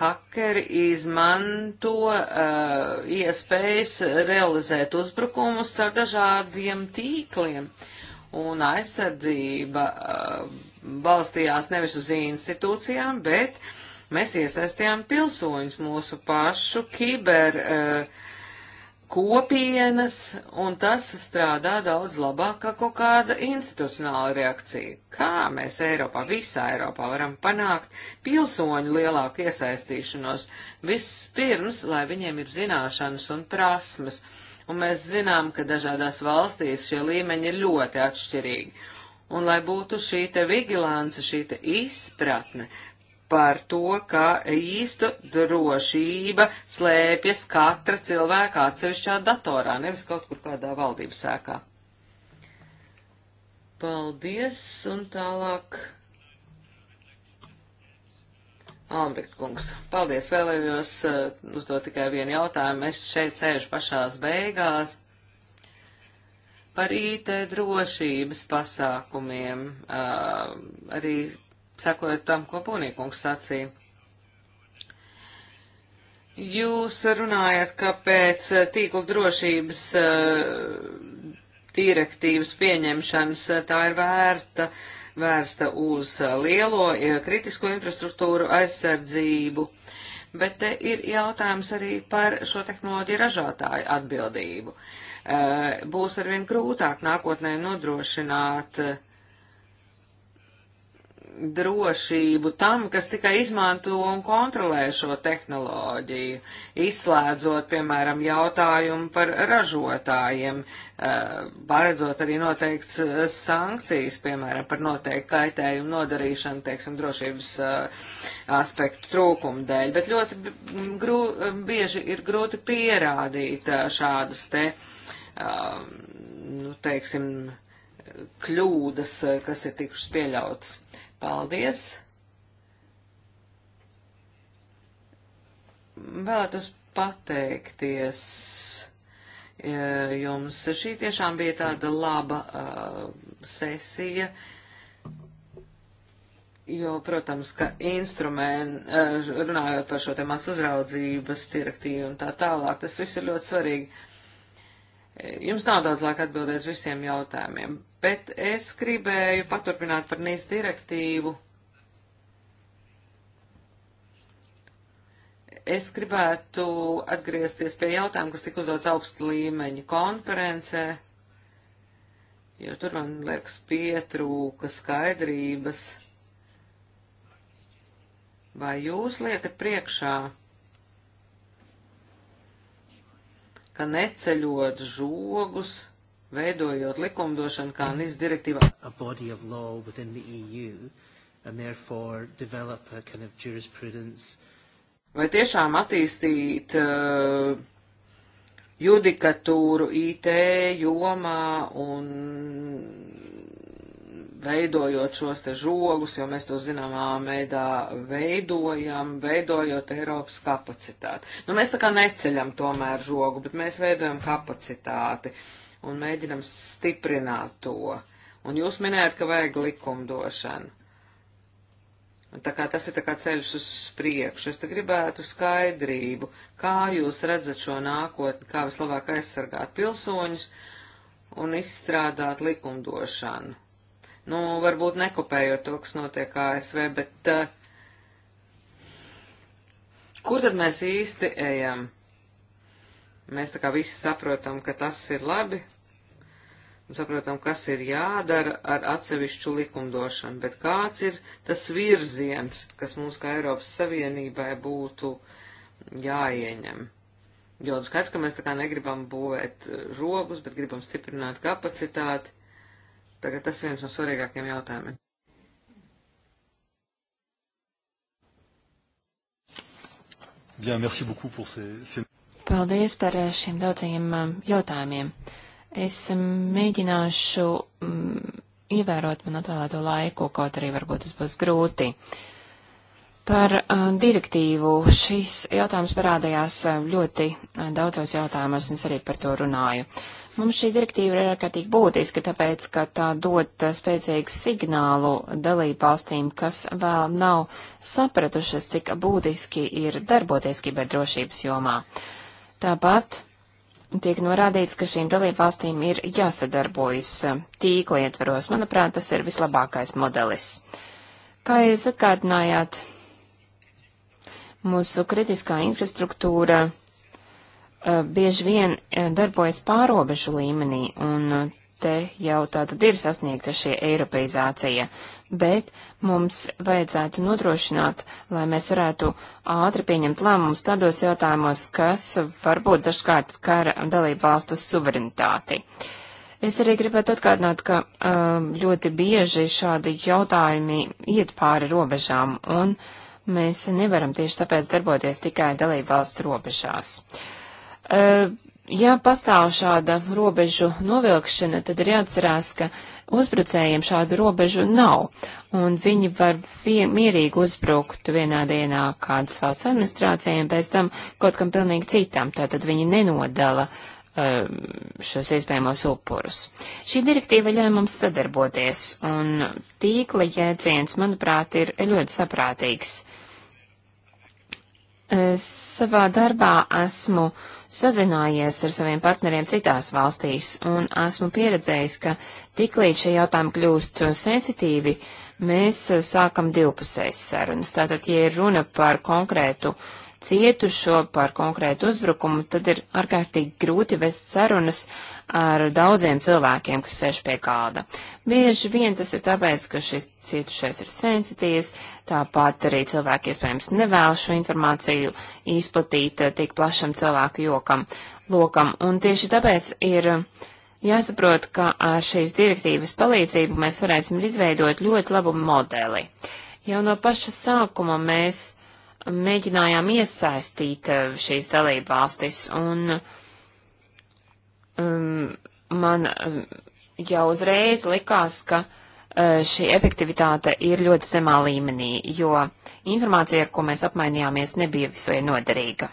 Speaker 2: Hakeri izmanto uh, iespējas realizēt uzbrukumus ar dažādiem tīkliem, un aizsardzība uh, balstījās nevis uz institūcijām, bet mēs iesaistījām pilsoņus mūsu pašu kiber uh, kopienas, un tas strādā daudz labāk kā kaut kāda institucionāla reakcija. Kā mēs Eiropā, visā Eiropā varam panākt pilsoņu lielāku iesaistīšanos vispirms, lai viņiem ir zināšanas un prasmes, un mēs zinām, ka dažādās valstīs šie līmeņi ir ļoti atšķirīgi un lai būtu šī te vigilance, šī te izpratne, par to, ka īsta drošība slēpjas katra cilvēka atsevišķā datorā, nevis kaut kur kādā valdības sēkā. Paldies, un tālāk. Albrecht kungs, paldies, vēlējos uh, uzdot tikai vienu jautājumu. Es šeit sēžu pašās beigās par IT drošības pasākumiem, uh, arī sekojot tam, ko Bunīkungs sacīja. Jūs runājat, ka pēc eh, tīkla drošības eh, direktīvas pieņemšanas eh, tā ir vērta, vērsta uz lielo kritisko infrastruktūru aizsardzību, bet te ir jautājums arī par šo tehnoloģiju ražotāju atbildību. Būs arvien grūtāk nākotnē nodrošināt uh, drošību tam, kas tikai izmanto un kontrolē šo tehnoloģiju, izslēdzot, piemēram, jautājumu par ražotājiem, eh, paredzot arī noteikts eh, sankcijas, piemēram, par noteiktu kaitējumu nodarīšanu, teiksim, drošības eh, aspektu trūkumu dēļ, bet ļoti grū, bieži ir grūti pierādīt šādus te, nu, teiksim, kļūdas, kas ir tikušas pieļautas Paldies! Vēlētos pateikties e, jums. Šī tiešām bija tāda laba uh, sesija, jo, protams, ka instrumenti, uh, e, runājot par šo te masu uzraudzības direktīvu un tā tālāk, tas viss ir ļoti svarīgi. Jums nav daudz laika atbildēt visiem jautājumiem, bet es gribēju paturpināt par NIS direktīvu. Es gribētu atgriezties pie jautājuma, kas tika uzdots augstu līmeņu konferencē, jo tur, man liekas, pietrūka skaidrības. Vai jūs liekat priekšā? ka neceļot žogus, veidojot likumdošanu kā NIS direktīvā. E kind of Vai tiešām attīstīt uh, judikatūru IT jomā un veidojot šos te žogus, jo mēs to zināmā veidā veidojam, veidojot Eiropas kapacitāti. Nu, mēs tā kā neceļam tomēr žogu, bet mēs veidojam kapacitāti un mēģinam stiprināt to. Un jūs minējat, ka vajag likumdošanu. Un tā kā tas ir tā kā ceļš uz priekšu, es te gribētu skaidrību, kā jūs redzat šo nākotni, kā vislabāk aizsargāt pilsoņus un izstrādāt likumdošanu nu, varbūt nekopējot to, kas notiek ASV, bet uh, kur tad mēs īsti ejam? Mēs tā kā visi saprotam, ka tas ir labi, un saprotam, kas ir jādara ar atsevišķu likumdošanu, bet kāds ir tas virziens, kas mums kā Eiropas Savienībai būtu jāieņem. Jo skaidrs, ka mēs tā kā negribam būvēt eh, robus, bet gribam stiprināt kapacitāti, Tagad tas viens no svarīgākiem jautājumiem.
Speaker 1: Bien, merci beaucoup pour ces, ces... Paldies par eh, šiem daudzajiem eh, jautājumiem. Es mm, mēģināšu mm, ievērot man atvēlēto laiku, kaut arī varbūt tas būs grūti. Uh, Par uh, direktīvu šīs jautājums parādījās uh, ļoti uh, daudzos jautājumos, un es arī par to runāju. Mums šī direktīva ir ārkārtīgi būtiska, tāpēc, ka tā dod uh, spēcīgu signālu dalībvalstīm, kas vēl nav sapratušas, cik būtiski ir darboties kiberdrošības jomā. Tāpat tiek norādīts, ka šīm dalībvalstīm ir jāsadarbojas tīkli ietveros. Manuprāt, tas ir vislabākais modelis. Kā jūs atkārtinājāt, Mūsu kritiskā infrastruktūra uh, bieži vien eh, darbojas pārobežu līmenī, un eh, te jau tātad ir sasniegta šī eiropeizācija, bet mums vajadzētu nodrošināt, lai mēs varētu ātri pieņemt lēmumus tādos jautājumos, kas varbūt dažkārt skar dalību valstu suverenitāti. Uh, Es arī gribētu atgādināt, ka um, ļoti bieži šādi jautājumi iet pāri robežām, un Mēs nevaram tieši tāpēc darboties tikai dalību valsts robežās. E, ja pastāv šāda robežu novilkšana, tad ir jāatcerās, ka uzbrucējiem šādu robežu nav, un viņi var vie, mierīgi uzbrukt vienā dienā kādas valsts administrācijām, pēc tam kaut kam pilnīgi citam, tātad viņi nenodala e, šos iespējamos upurus. Šī direktīva ļauj mums sadarboties, un tīkla jēdziens, manuprāt, ir ļoti saprātīgs. Es savā darbā esmu sazinājies ar saviem partneriem citās valstīs un esmu pieredzējis, ka tiklīdz šie jautājumi kļūst sensitīvi, mēs sākam divpusējas sarunas. Tātad, ja ir runa par konkrētu cietušo, par konkrētu uzbrukumu, tad ir ārkārtīgi grūti vest sarunas uh, ar daudziem cilvēkiem, kas sēž pie kāda. Bieži vien tas ir tāpēc, ka šis cietušais ir sensitīvs, tāpat arī cilvēki iespējams nevēl šo informāciju izplatīt eh, tik plašam cilvēku jokam, lokam, un tieši tāpēc ir jāsaprot, ka ar šīs direktīvas palīdzību mēs varēsim izveidot ļoti labu modeli. Jau no paša sākuma mēs mēģinājām iesaistīt eh, šīs dalībvalstis, un uh, um, man um, jau uzreiz likās, ka uh, šī efektivitāte ir ļoti zemā līmenī, jo informācija, ar ko mēs apmainījāmies, nebija visai noderīga.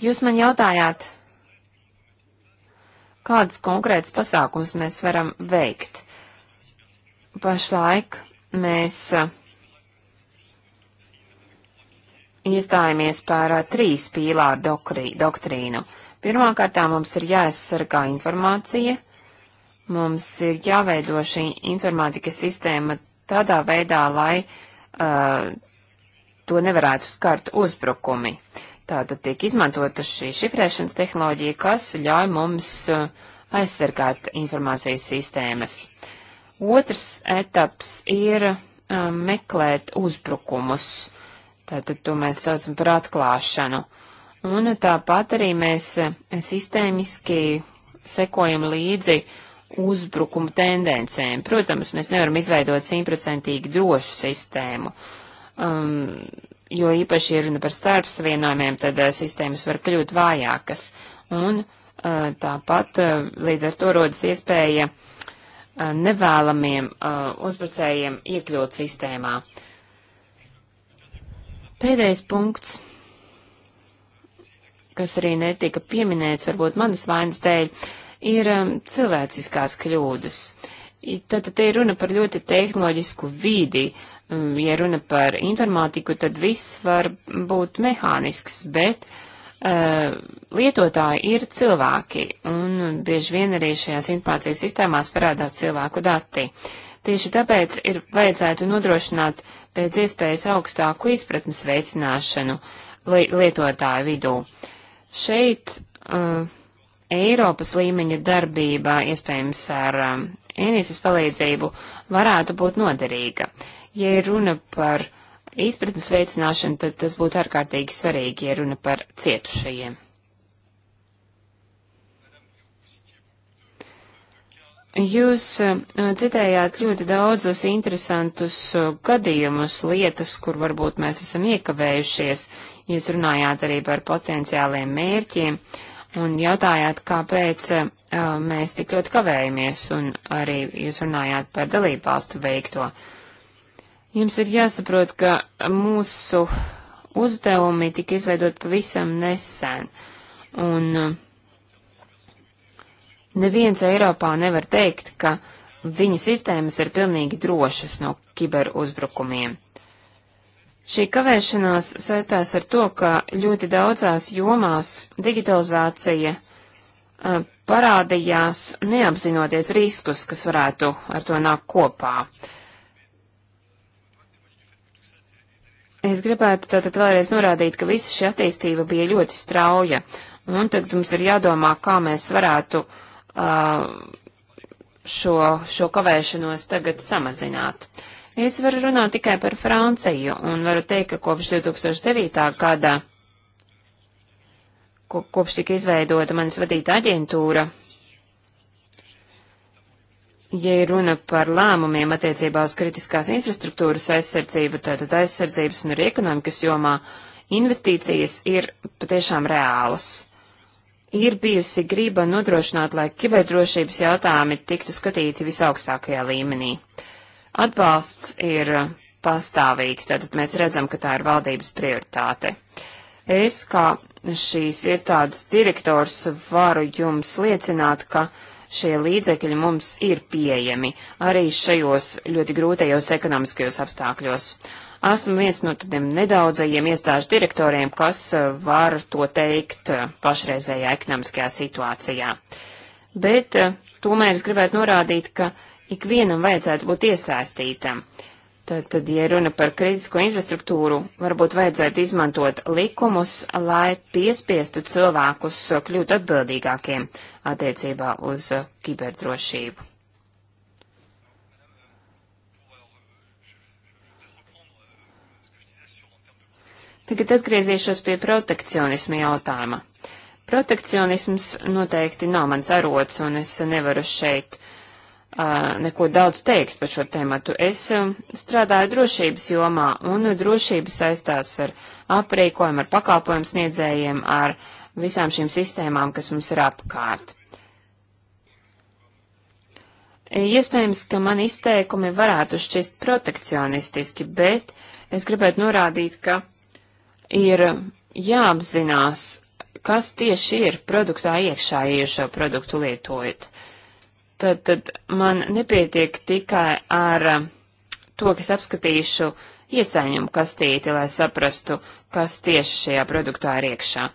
Speaker 1: Jūs man jautājāt, kādus konkrētus pasākums mēs varam veikt. Pašlaik mēs uh, iestājāmies par uh, trīs pīlāru doktrīnu Pirmkārtā mums ir jāaizsargā informācija, mums ir jāveido šī informātikas sistēma tādā veidā, lai uh, to nevarētu skart uzbrukumi. Tātad tiek izmantota šī šifrēšanas tehnoloģija, kas ļauj mums uh, aizsargāt informācijas sistēmas. Otrs etaps ir uh, meklēt uzbrukumus. Tātad to mēs saucam par atklāšanu. Uh, Un tāpat arī mēs eh, sistēmiski sekojam līdzi uzbrukumu tendencēm. Protams, mēs nevaram izveidot simtprocentīgi drošu sistēmu. Um, jo īpaši ir runa par starpsavienojumiem, tad uh, sistēmas var kļūt vājākas. Un uh, tāpat uh, līdz ar to rodas iespēja uh, nevēlamiem uh, uzbrucējiem iekļūt sistēmā. Pēdējais punkts kas arī netika pieminēts, varbūt manas vainas dēļ, ir um, cilvēciskās kļūdas. Tātad te ir runa par ļoti tehnoloģisku vidi. Um, ja runa par informātiku, tad viss var būt mehānisks, bet uh, lietotāji ir cilvēki, un bieži vien arī šajās informācijas sistēmās parādās cilvēku dati. Tieši tāpēc ir vajadzētu nodrošināt pēc iespējas augstāku izpratnes veicināšanu li lietotāju vidū. Uh, Šeit uh, Eiropas līmeņa darbība, iespējams ar um, Enīsas palīdzību, varētu būt noderīga. Ja runa par izpratnes veicināšanu, tad tas būtu ārkārtīgi svarīgi, ja runa par cietušajiem. Jūs uh, citējāt ļoti daudzus interesantus uh, gadījumus, lietas, kur varbūt mēs esam iekavējušies, Jūs runājāt arī par potenciāliem mērķiem un jautājāt, kāpēc uh, mēs tik ļoti kavējamies, un arī jūs runājāt par dalību valstu veikto. Jums ir jāsaprot, ka mūsu uzdevumi tika izveidot pavisam nesen, un eh, neviens Eiropā nevar teikt, ka viņa sistēmas ir pilnīgi drošas no kiberuzbrukumiem. Šī kavēšanās saistās ar to, ka ļoti daudzās jomās digitalizācija uh, parādījās neapzinoties riskus, kas varētu ar to nākt kopā. Es gribētu tātad vēlreiz norādīt, ka visa šī attīstība bija ļoti strauja, un tagad mums ir jādomā, kā mēs varētu uh, šo, šo kavēšanos tagad samazināt. Uh, Es varu runāt tikai par Franciju un varu teikt, ka kopš 2009. gada, ko, kopš tika izveidota manis vadīta aģentūra, ja ir runa par lēmumiem attiecībā uz kritiskās infrastruktūras aizsardzību, tātad aizsardzības un arī ekonomikas jomā, investīcijas ir patiešām reālas. Ir bijusi griba nodrošināt, lai kiberdrošības jautājumi tiktu skatīti visaugstākajā līmenī. Uh, Atbalsts ir pastāvīgs, tātad mēs redzam, ka tā ir valdības prioritāte. Es kā šīs iestādes direktors varu jums liecināt, ka šie līdzekļi mums ir pieejami arī šajos ļoti grūtajos ekonomiskajos apstākļos. Esmu viens no tādiem nedaudzajiem iestāžu direktoriem, kas var to teikt pašreizējā ekonomiskajā situācijā. Bet eh, tomēr es gribētu norādīt, ka uh, ikvienam vajadzētu būt iesaistītam. Tad, tad, ja runa par kritisko infrastruktūru, varbūt vajadzētu izmantot likumus, lai piespiestu cilvēkus kļūt atbildīgākiem attiecībā uz kiberdrošību. Tagad atgriezīšos pie protekcionisma jautājuma. Protekcionisms noteikti nav mans arots, un es nevaru šeit uh, neko daudz teikt par šo tēmatu. Es strādāju drošības jomā, un drošība saistās ar aprīkojumu, ar pakalpojumu sniedzējiem, ar visām šīm sistēmām, kas mums ir apkārt. Iespējams, ka man izteikumi varētu šķist protekcionistiski, bet es gribētu norādīt, ka ir jāapzinās, kas tieši ir produktā iekšā, ja jūs šo produktu lietojat. Uh, Tad, tad man nepietiek tikai ar um, to, kas apskatīšu iesaņumu kastīti, lai saprastu, kas tieši šajā produktā ir iekšā.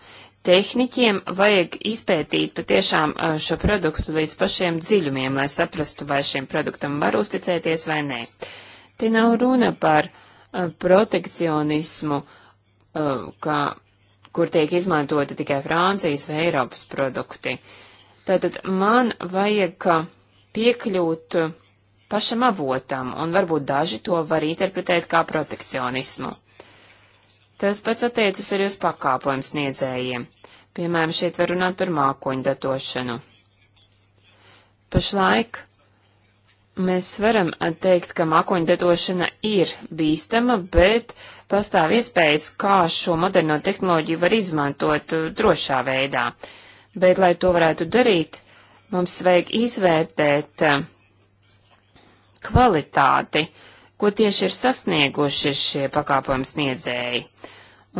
Speaker 1: Tehniķiem vajag izpētīt patiešām uh, šo produktu līdz pašiem dziļumiem, lai saprastu, vai šim produktam var uzticēties vai nē. Te nav runa par uh, protekcionismu, uh, kā, kur tiek izmantoti tikai Francijas vai Eiropas produkti. Tātad man vajag piekļūt pašam avotam, un varbūt daži to var interpretēt kā protekcionismu. Tas pats attiecas arī uz pakāpojumu sniedzējiem. Piemēram, šeit var runāt par mākoņu datošanu. Pašlaik mēs varam teikt, ka mākoņu datošana ir bīstama, bet pastāv iespējas, kā šo moderno tehnoloģiju var izmantot drošā veidā. Bet, lai to varētu darīt, Mums vajag izvērtēt eh, kvalitāti, ko tieši ir sasnieguši šie pakāpojums sniedzēji.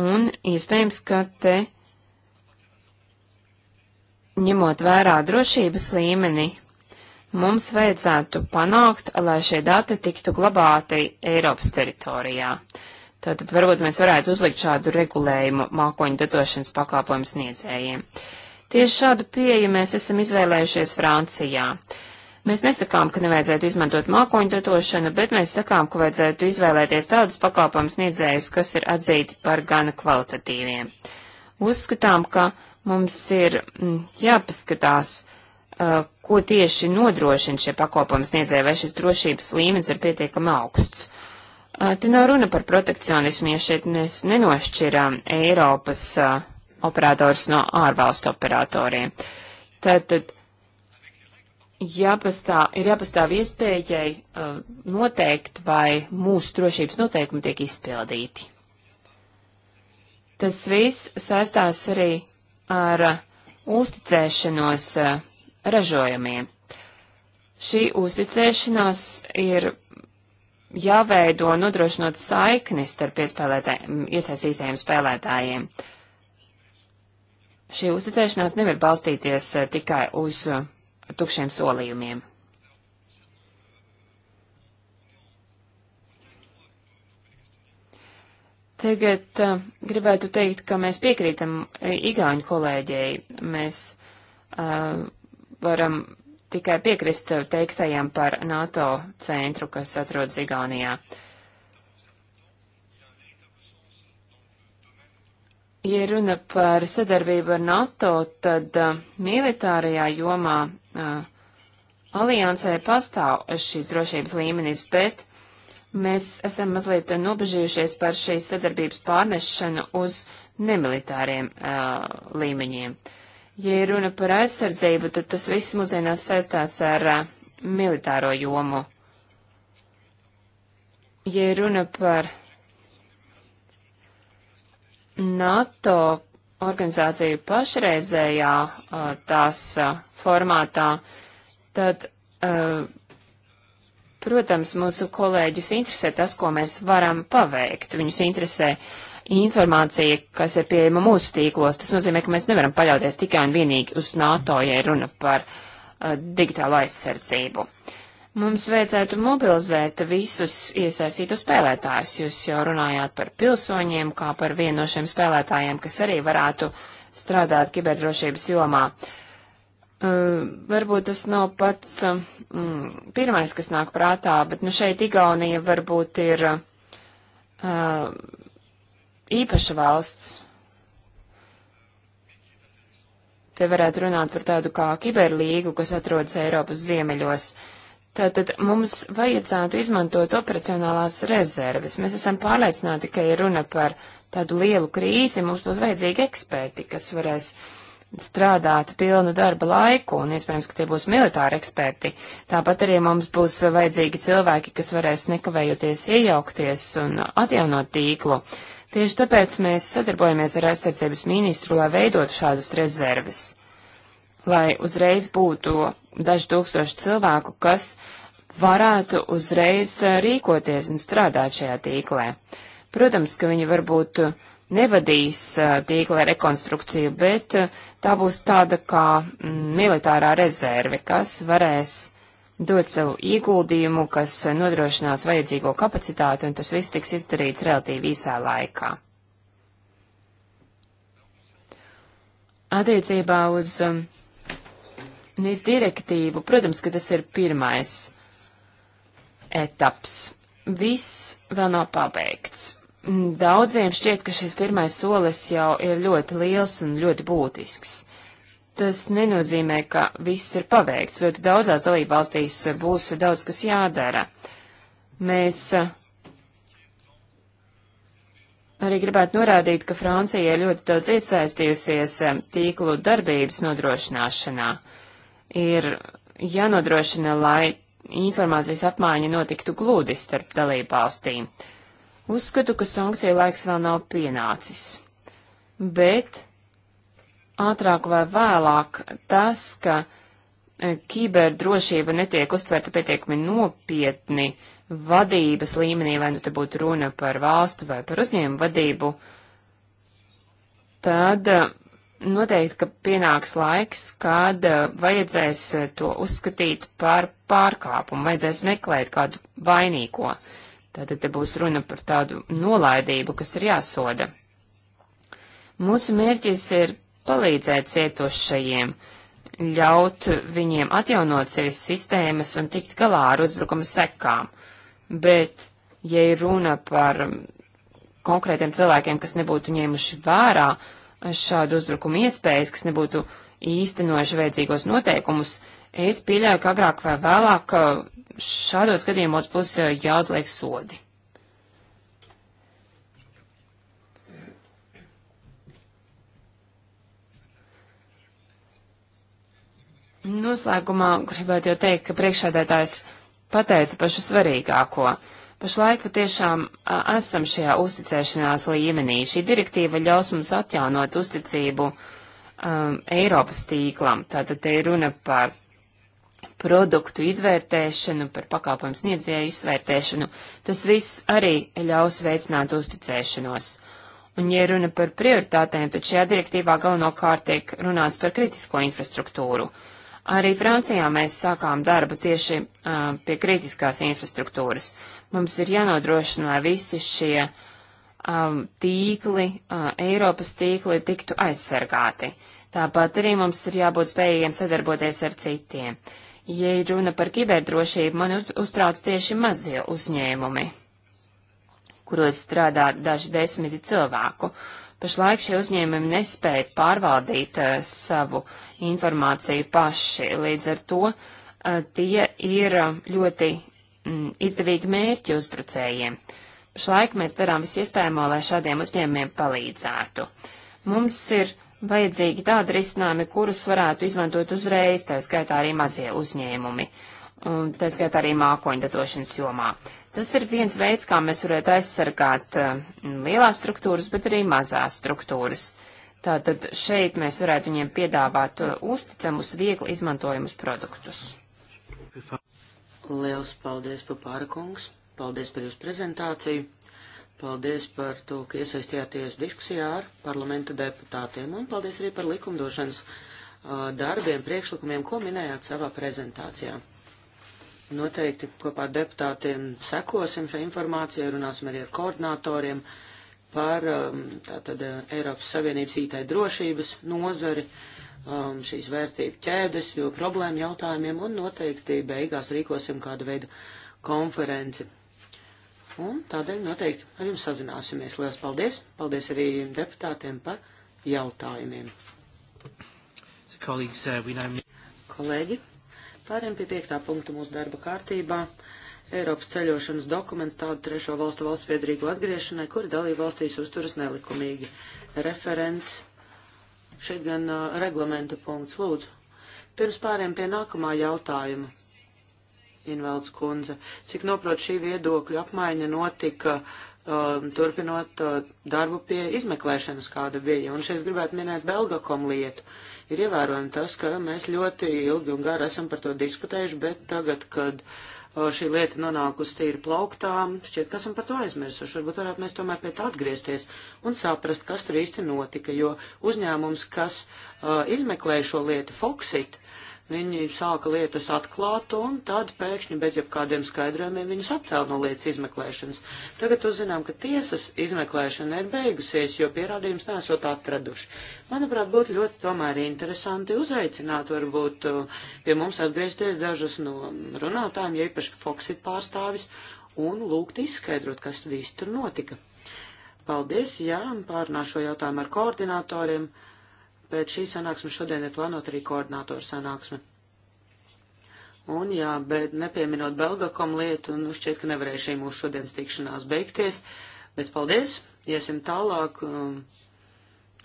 Speaker 1: Un iespējams, ka te ņemot vērā drošības līmeni, mums vajadzētu panākt, lai šie dati tiktu glabāti Eiropas teritorijā. Tātad varbūt mēs varētu uzlikt šādu regulējumu mākoņu datošanas pakāpojumu sniedzējiem. Uh, Tieši šādu pieeju mēs esam izvēlējušies Francijā. Mēs nesakām, ka nevajadzētu izmantot mākoņdotošanu, bet mēs sakām, ka vajadzētu izvēlēties tādus pakalpojumu sniedzējus, kas ir atzīti par gana kvalitatīviem. Uzskatām, ka mums ir mm, jāpaskatās, uh, ko tieši nodrošina šie pakalpojumu sniedzēji, vai šis drošības līmenis ir pietiekami augsts. Uh, te nav runa par protekcionismu, ja šeit mēs nenošķirām Eiropas uh, operators no ārvalstu operatoriem. Tātad jāpastāv, ir jāpastāv iespējai uh, noteikt, vai mūsu drošības noteikumi tiek izpildīti. Tas viss saistās arī ar uh, uzticēšanos uh, ražojumiem. Šī uzticēšanās ir jāveido nodrošinot saiknis starp iesaistītajiem spēlētājiem šī uzticēšanās nevar balstīties eh, tikai uz eh, tukšiem solījumiem. Tagad uh, gribētu teikt, ka mēs piekrītam Igauņu kolēģei. Mēs uh, varam tikai piekrist teiktajam par NATO centru, kas atrodas Igaunijā. Uh, Ja runa par sadarbību ar NATO, tad uh, militārajā jomā uh, aliansē pastāv šis drošības līmenis, bet mēs esam mazliet nobežījušies par šīs sadarbības pārnešanu uz nemilitāriem uh, līmeņiem. Ja runa par aizsardzību, tad tas viss mūsdienās saistās ar uh, militāro jomu. Ja runa par NATO organizāciju pašreizējā tās formātā, tad, protams, mūsu kolēģus interesē tas, ko mēs varam paveikt. Viņus interesē informācija, kas ir pieejama mūsu tīklos. Tas nozīmē, ka mēs nevaram paļauties tikai un vienīgi uz NATO, ja runa par digitālo aizsardzību. Uh, Mums vajadzētu mobilizēt visus iesaistītu spēlētājus. Jūs jau runājāt par pilsoņiem, kā par vienu no šiem spēlētājiem, kas arī varētu strādāt kiberdrošības jomā. Uh, varbūt tas nav pats uh, pirmais, kas nāk prātā, bet nu šeit Igaunija varbūt ir uh, īpaša valsts. Te varētu runāt par tādu kā kiberlīgu, kas atrodas Eiropas ziemeļos. Uh, Tātad mums vajadzētu izmantot operacionālās rezerves. Mēs esam pārliecināti, ka, ja runa par tādu lielu krīzi, mums būs vajadzīgi eksperti, kas varēs strādāt pilnu darba laiku, un iespējams, ka tie būs militāri eksperti. Tāpat arī mums būs vajadzīgi cilvēki, kas varēs nekavējoties iejaukties un atjaunot tīklu. Tieši tāpēc mēs sadarbojamies ar aizsardzības ministru, lai veidotu šādas rezerves lai uzreiz būtu daži tūkstoši cilvēku, kas varētu uzreiz eh, rīkoties un strādāt šajā tīklē. Protams, ka viņi varbūt nevadīs eh, tīkla rekonstrukciju, bet eh, tā būs tāda kā mm, militārā rezerve, kas varēs dot savu ieguldījumu, kas nodrošinās vajadzīgo kapacitāti, un tas viss tiks izdarīts relatīvi īsā laikā. Attiecībā uz mm, NIS direktīvu, protams, ka tas ir pirmais etaps. Viss vēl nav pabeigts. Daudziem šķiet, ka šis pirmais solis jau ir ļoti liels un ļoti būtisks. Tas nenozīmē, ka viss ir paveikts. Ļoti daudzās dalībvalstīs būs daudz, kas jādara. Mēs eh, Arī gribētu norādīt, ka Francija ir ļoti daudz iesaistījusies eh, tīklu darbības nodrošināšanā ir jānodrošina, lai informācijas apmaiņa notiktu glūdi starp dalībvalstīm. Uzskatu, ka sankciju laiks vēl nav pienācis. Bet ātrāk vai vēlāk tas, ka e, kiberdrošība netiek uztverta pietiekami nopietni vadības līmenī, vai nu te būtu runa par valstu vai par uzņēmumu vadību, tad e, noteikti, ka pienāks laiks, kad eh, vajadzēs eh, to uzskatīt par pārkāpumu, vajadzēs meklēt kādu vainīgo. Tātad te būs runa par tādu nolaidību, kas ir jāsoda. Mūsu mērķis ir palīdzēt cietošajiem, ļaut viņiem atjaunot sevis sistēmas un tikt galā ar uzbrukuma sekām. Bet, ja ir runa par mm, konkrētiem cilvēkiem, kas nebūtu ņēmuši vērā uh, šādu uzbrukumu iespējas, kas nebūtu īstenojuši vajadzīgos noteikumus, es pieļauju, ka agrāk vai vēlāk uh, šādos gadījumos būs uh, jāuzliek sodi. Noslēgumā gribētu jau teikt, ka priekšādētājs pateica pašu svarīgāko. Uh, Pašlaik patiešām esam šajā uzticēšanās līmenī. Šī direktīva ļaus mums atjaunot uzticību um, Eiropas tīklam. Tātad te ir runa par produktu izvērtēšanu, par pakāpojumu sniedzēju izvērtēšanu. Tas viss arī ļaus veicināt uzticēšanos. Un, ja runa par prioritātēm, tad šajā direktīvā galvenokārt tiek runāts par kritisko infrastruktūru. Arī Francijā mēs sākām darbu tieši uh, pie kritiskās infrastruktūras. Uh, Mums ir jānodrošina, lai visi šie um, tīkli, uh, Eiropas tīkli, tiktu aizsargāti. Tāpat arī mums ir jābūt spējīgiem sadarboties ar citiem. Ja ir runa par kiberdrošību, man uz, uztrauc tieši mazie uzņēmumi, kuros strādā daži desmiti cilvēku. Pašlaik šie uzņēmumi nespēja pārvaldīt uh, savu informāciju paši, līdz ar to uh, tie ir uh, ļoti mm, izdevīgi mērķi uzbrucējiem. Pašlaik mēs darām visu iespējamo, lai šādiem uzņēmumiem palīdzētu. Mums ir vajadzīgi tādi risinājumi, kurus varētu izmantot uzreiz, tā skaitā arī mazie uzņēmumi, un tā skaitā arī mākoņdatošanas jomā. Tas ir viens veids, kā mēs varētu aizsargāt uh, lielās struktūras, bet arī mazās struktūras. Tātad šeit mēs varētu viņiem piedāvāt uh, uzticamus, viegli izmantojumus produktus.
Speaker 3: Liels paldies, Papāra kungs! Paldies par jūsu prezentāciju! Paldies par to, ka iesaistījāties diskusijā ar parlamenta deputātiem, un paldies arī par likumdošanas uh, darbiem, priekšlikumiem, ko minējāt savā prezentācijā. Noteikti kopā ar deputātiem sekosim šai informācijai, runāsim arī ar koordinatoriem par um, tātad, Eiropas Savienības IT drošības nozari. Uh, um, šīs vērtību ķēdes, jo problēmu jautājumiem un noteikti beigās rīkosim kādu veidu konferenci. Un tādēļ noteikti ar jums sazināsimies. Lielas paldies! Paldies arī deputātiem par jautājumiem. Uh, Kolēģi, pāriem pie piektā punkta mūsu darba kārtībā. Eiropas ceļošanas dokuments tādu trešo valstu valsts piedrīgu atgriešanai, kuri dalību valstīs uzturas nelikumīgi. Referents Šeit gan uh, reglamenta punkts lūdzu. Pirms pāriem pie nākamā jautājuma. Invalds kundze, cik noprot šī viedokļa apmaiņa notika um, turpinot uh, darbu pie izmeklēšanas, kāda bija. Un šeit gribētu minēt Belgakom lietu. Ir ievērojami tas, ka mēs ļoti ilgi un gari esam par to diskutējuši, bet tagad, kad uh, šī lieta nonāk uz tīri plauktām, šķiet, kas un par to aizmirsuši. Varbūt varētu mēs tomēr pie tā atgriezties un saprast, kas tur īsti notika, jo uzņēmums, kas uh, izmeklē šo lietu Foxit, uh, Viņi sāka lietas atklāt, un tad pēkšņi bez jebkādiem skaidrojumiem viņus atcēla no lietas izmeklēšanas. Tagad uzzinām, ka tiesas izmeklēšana ir beigusies, jo pierādījums nesot atraduši. Manuprāt, būtu ļoti tomēr interesanti uzaicināt, varbūt uh, pie mums atgriezties dažas no runātājiem, ja īpaši Foxit pārstāvis, un lūgt izskaidrot, kas viss tur notika. Paldies, jā, pārnāšu jautājumu ar koordinatoriem pēc šī sanāksmes šodien ir plānota arī koordinātoru sanāksme. Un, jā, bet nepieminot Belgakom lietu, nu šķiet, ka nevarēja šī mūsu šodienas tikšanās beigties, bet paldies, iesim tālāk, um,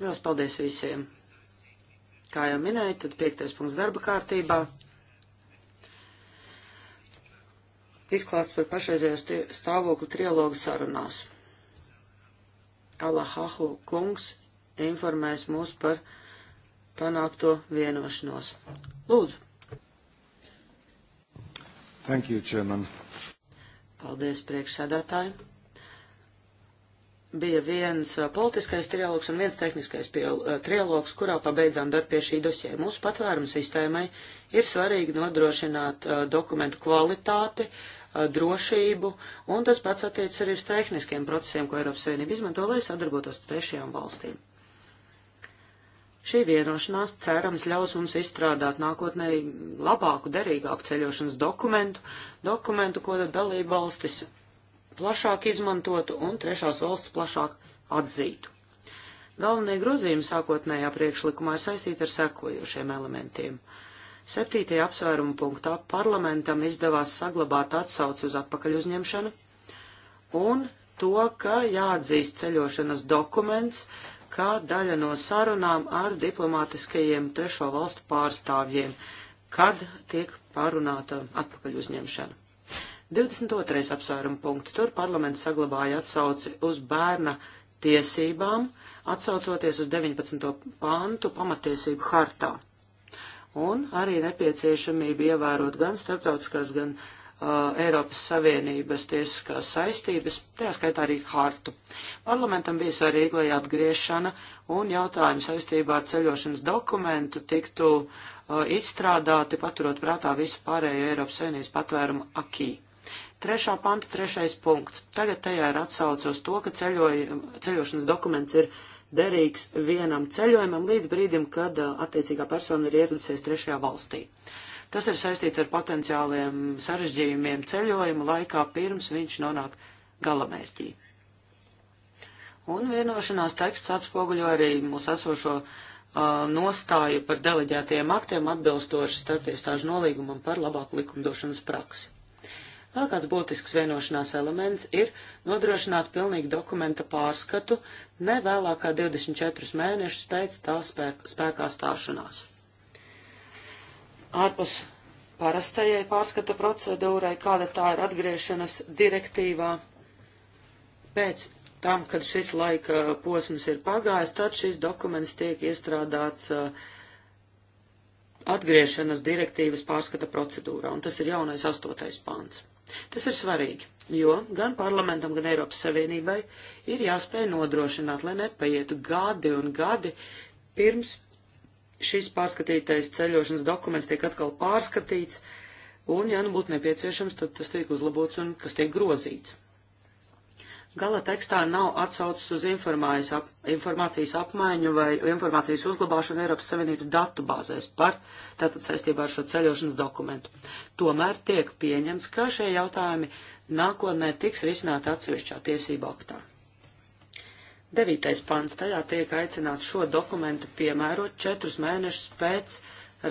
Speaker 3: jās paldies visiem. Kā jau minēju, tad piektais punkts darba kārtībā. Izklāsts par pašreizējo stāvokli trialogu sarunās. Alahahu kungs informēs mūs par panākto vienošanos. Lūdzu.
Speaker 1: Thank you, Chairman.
Speaker 3: Paldies, priekšsēdētāji. Bija viens uh, politiskais trialogs un viens tehniskais uh, trialogs, kurā pabeidzām darbu pie šī dosē. Mūsu patvērumu sistēmai ir svarīgi nodrošināt uh, dokumentu kvalitāti, uh, drošību, un tas pats attiec arī uz tehniskiem procesiem, ko Eiropas Savienība izmanto, lai sadarbotos ar trešajām valstīm. Šī vienošanās cerams ļaus mums izstrādāt nākotnē labāku, derīgāku ceļošanas dokumentu, dokumentu, ko tad dalība valstis plašāk izmantotu un trešās valsts plašāk atzītu. Galvenie grozījumi sākotnējā priekšlikumā ir saistīti ar sekojošiem elementiem. Septītajā apsvērumu punktā parlamentam izdevās saglabāt atsauci uz atpakaļ uzņemšanu un to, ka jāatzīst ceļošanas dokuments, kā daļa no sarunām ar diplomātiskajiem trešo valstu pārstāvjiem, kad tiek pārunāta atpakaļ uzņemšana. 22. apsvēruma punkts. Tur parlaments saglabāja atsauci uz bērna tiesībām, atsaucoties uz 19. pantu pamatiesību hartā. Un arī nepieciešamība ievērot gan starptautiskās, gan uh, uh, Eiropas Savienības tiesiskās saistības, tajā skaitā arī hartu. Parlamentam bija svarīgi, lai atgriešana un jautājumi saistībā ar ceļošanas dokumentu tiktu uh, izstrādāti, paturot prātā visu pārējo Eiropas Savienības patvērumu akī. Trešā panta, trešais punkts. Tagad tajā ir atsauce uz to, ka ceļoja, ceļošanas dokuments ir derīgs vienam ceļojumam līdz brīdim, kad uh, attiecīgā persona ir ieradusies trešajā valstī. Uh, Tas ir saistīts ar potenciāliem sarežģījumiem ceļojuma laikā, pirms viņš nonāk galamērķī. Un vienošanās teksts atspoguļo arī mūsu esošo uh, nostāju par deleģētajiem aktiem atbilstoši starptiestāžu nolīgumam par labāku likumdošanas praksi. Vēl kāds būtisks vienošanās elements ir nodrošināt pilnīgu dokumenta pārskatu ne vēlākā 24 mēnešus pēc tā spēk spēkā stāšanās ārpus parastajai pārskata procedūrai, kāda tā ir atgriešanas direktīvā. Pēc tam, kad šis laika posms ir pagājis, tad šis dokuments tiek iestrādāts uh, atgriešanas direktīvas pārskata procedūrā, un tas ir jaunais astotais pāns. Tas ir svarīgi, jo gan parlamentam, gan Eiropas Savienībai ir jāspēj nodrošināt, lai nepaietu gadi un gadi pirms šis pārskatītais ceļošanas dokuments tiek atkal pārskatīts, un, ja nu būtu nepieciešams, tad tas tiek uzlabots un kas tiek grozīts. Gala tekstā nav atsaucis uz ap, informācijas apmaiņu vai informācijas uzglabāšanu Eiropas Savienības datubāzēs par tātad saistībā ar šo ceļošanas dokumentu. Tomēr tiek pieņemts, ka šie jautājumi nākotnē tiks risināti atsevišķā tiesība aktā. Devītais pants tajā tiek aicināts šo dokumentu piemērot četrus mēnešus pēc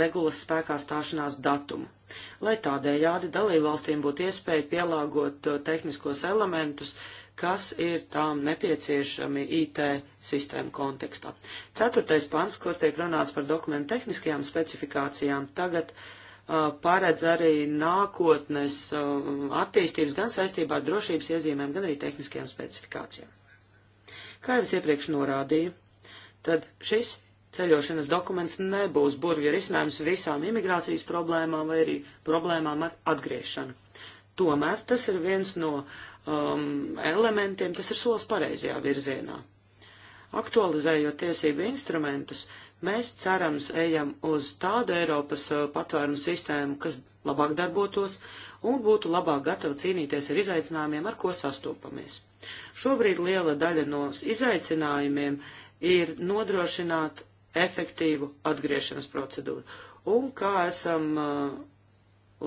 Speaker 3: regulas spēkā stāšanās datumu, lai tādējādi dalībvalstīm būtu iespēja pielāgot uh, tehniskos elementus, kas ir tām nepieciešami IT sistēmu kontekstā. Ceturtais pants, kur tiek runāts par dokumentu tehniskajām specifikācijām, tagad uh, paredz arī nākotnes uh, attīstības gan saistībā ar drošības iezīmēm, gan arī tehniskajām specifikācijām. Kā jau es iepriekš norādīju, tad šis ceļošanas dokuments nebūs burvju risinājums visām imigrācijas problēmām vai arī problēmām ar atgriešanu. Tomēr tas ir viens no um, elementiem, tas ir solis pareizajā virzienā. Aktualizējot tiesību instrumentus, mēs cerams ejam uz tādu Eiropas uh, patvērumu sistēmu, kas labāk darbotos, uh, un būtu labāk gatava cīnīties ar izaicinājumiem, ar ko sastopamies. Šobrīd liela daļa no izaicinājumiem ir nodrošināt efektīvu atgriešanas procedūru. Un kā esam uh,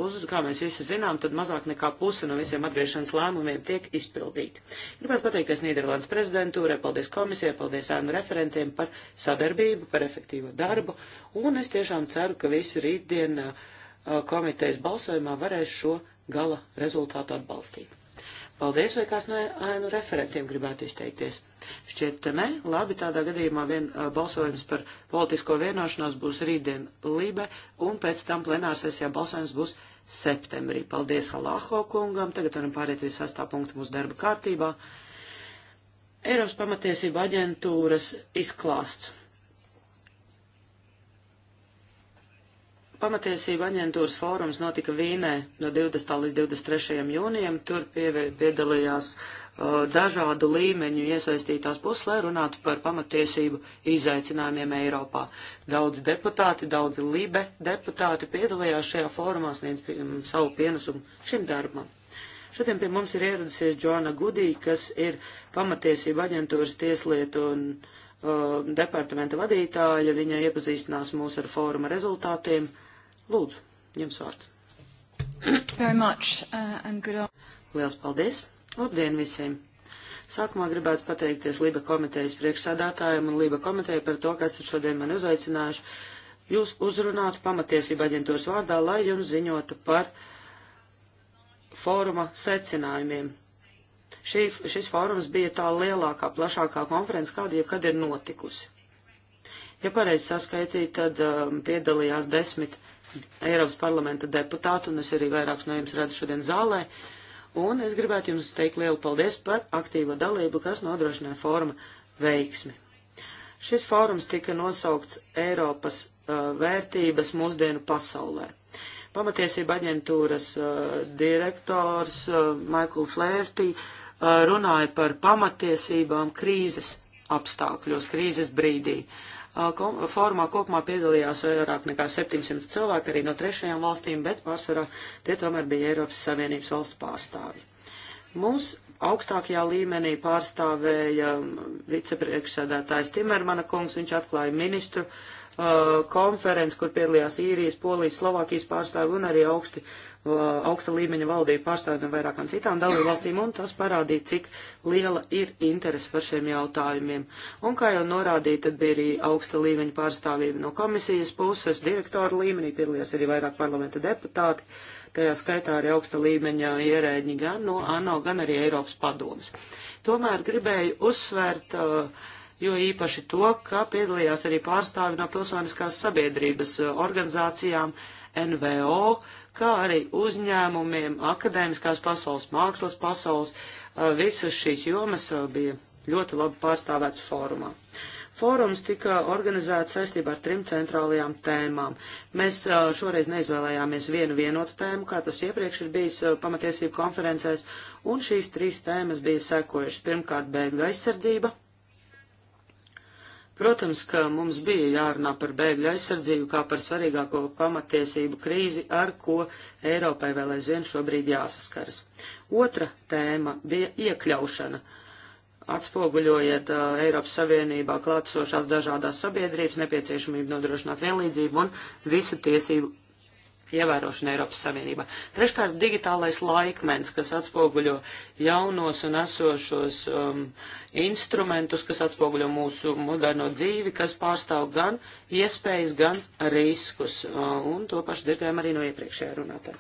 Speaker 3: uz, kā mēs visi zinām, tad mazāk nekā puse no visiem atgriešanas lēmumiem tiek izpildīti. Gribētu pateikties Nīderlandes prezidentūrai, paldies komisijai, paldies ēnu referentiem par sadarbību, par efektīvo darbu, un es tiešām ceru, ka visi rītdien uh, Uh, komitejas balsojumā varēs šo gala rezultātu atbalstīt. Paldies, vai kāds no ēnu referentiem gribētu izteikties? Šķiet, ne. Labi, tādā gadījumā vien uh, balsojums par politisko vienošanos būs rītdien Libe, un pēc tam plenārsēsijā balsojums būs septembrī. Paldies Halāho kungam. Tagad varam pāriet pie sastā punkta mūsu darba kārtībā. Eiropas pamatiesība aģentūras izklāsts. Pamatiesība aģentūras fórums notika Vīnē no 20. līdz 23. jūnijam. Tur piedalījās uh, dažādu līmeņu iesaistītās puses, lai runātu par pamatiesību izaicinājumiem Eiropā. Daudz deputāti, daudz libe deputāti piedalījās šajā fórumā sniedz um, savu pienesumu šim darbam. Šodien pie mums ir ieradusies Džona Gudī, kas ir pamatiesība aģentūras tieslietu un uh, departamenta vadītāja. Viņa iepazīstinās mūs ar fóruma rezultātiem. Uh, Lūdzu, jums vārds.
Speaker 1: Very much, uh, and good
Speaker 3: Liels paldies! Labdien visiem! Sākumā gribētu pateikties Liba komitejas priekšsādātājiem un Liba komiteja par to, ka esat šodien mani uzaicinājuši. Jūs uzrunātu pamatiesība aģentūras vārdā, lai jums ziņotu par fóruma secinājumiem. Šī, šis fórums bija tā lielākā, plašākā konference, kāda jebkad ir notikusi. Ja pareizi saskaitīja, tad um, piedalījās desmit Eiropas parlamenta deputātu, un es arī vairākus no jums redzu šodien zālē. Un es gribētu jums teikt lielu paldies par aktīvo dalību, kas nodrošināja fóruma veiksmi. Šis fórums tika nosaukts Eiropas uh, vērtības mūsdienu pasaulē. Pamatiesība aģentūras uh, direktors uh, Michael Flaherty uh, runāja par pamatiesībām krīzes apstākļos, krīzes brīdī. Uh, Fórumā kopumā piedalījās vairāk nekā 700 cilvēki arī no trešajām valstīm, bet pārsvarā tie tomēr bija Eiropas Savienības valstu pārstāvi. Mūs augstākajā līmenī pārstāvēja um, vicepriekšsēdētājs Timermana kungs, viņš atklāja ministru uh, konferenci, kur piedalījās īrijas, polijas, Slovākijas pārstāvi un arī augsti augsta līmeņa valdību pārstāvju no vairākām citām dalībvalstīm, un tas parādīja, cik liela ir interese par šiem jautājumiem. Un, kā jau norādīja, tad bija arī augsta līmeņa pārstāvība no komisijas puses, direktora līmenī piedalījās arī vairāk parlamenta deputāti, tajā skaitā arī augsta līmeņa ierēģi gan no ANO, gan arī Eiropas padomas. Tomēr gribēju uzsvērt. Uh, jo īpaši to, ka piedalījās arī pārstāvi no pilsoniskās sabiedrības uh, organizācijām, NVO, kā arī uzņēmumiem, akadēmiskās pasaules, mākslas pasaules, visas šīs jomas bija ļoti labi pārstāvētas fórumā. Fórums tika organizēts saistībā ar trim centrālajām tēmām. Mēs šoreiz neizvēlējāmies vienu vienotu tēmu, kā tas iepriekš ir bijis pamatiesību konferencēs, un šīs trīs tēmas bija sekojušas. Pirmkārt, bēgļu aizsardzība, Protams, ka mums bija jārunā par bēgļu aizsardzību kā par svarīgāko pamatiesību krīzi, ar ko Eiropai vēl aizvien šobrīd jāsaskaras. Otra tēma bija iekļaušana. Atspoguļojiet uh, Eiropas Savienībā klātesošās dažādās sabiedrības nepieciešamību nodrošināt vienlīdzību un visu tiesību ievērošana Eiropas Savienībā. Treškārt, digitālais laikmens, kas atspoguļo jaunos un esošos um, instrumentus, kas atspoguļo mūsu moderno dzīvi, kas pārstāv gan iespējas, gan riskus. Uh, un to pašu dzirdējām arī no iepriekšējā runātā.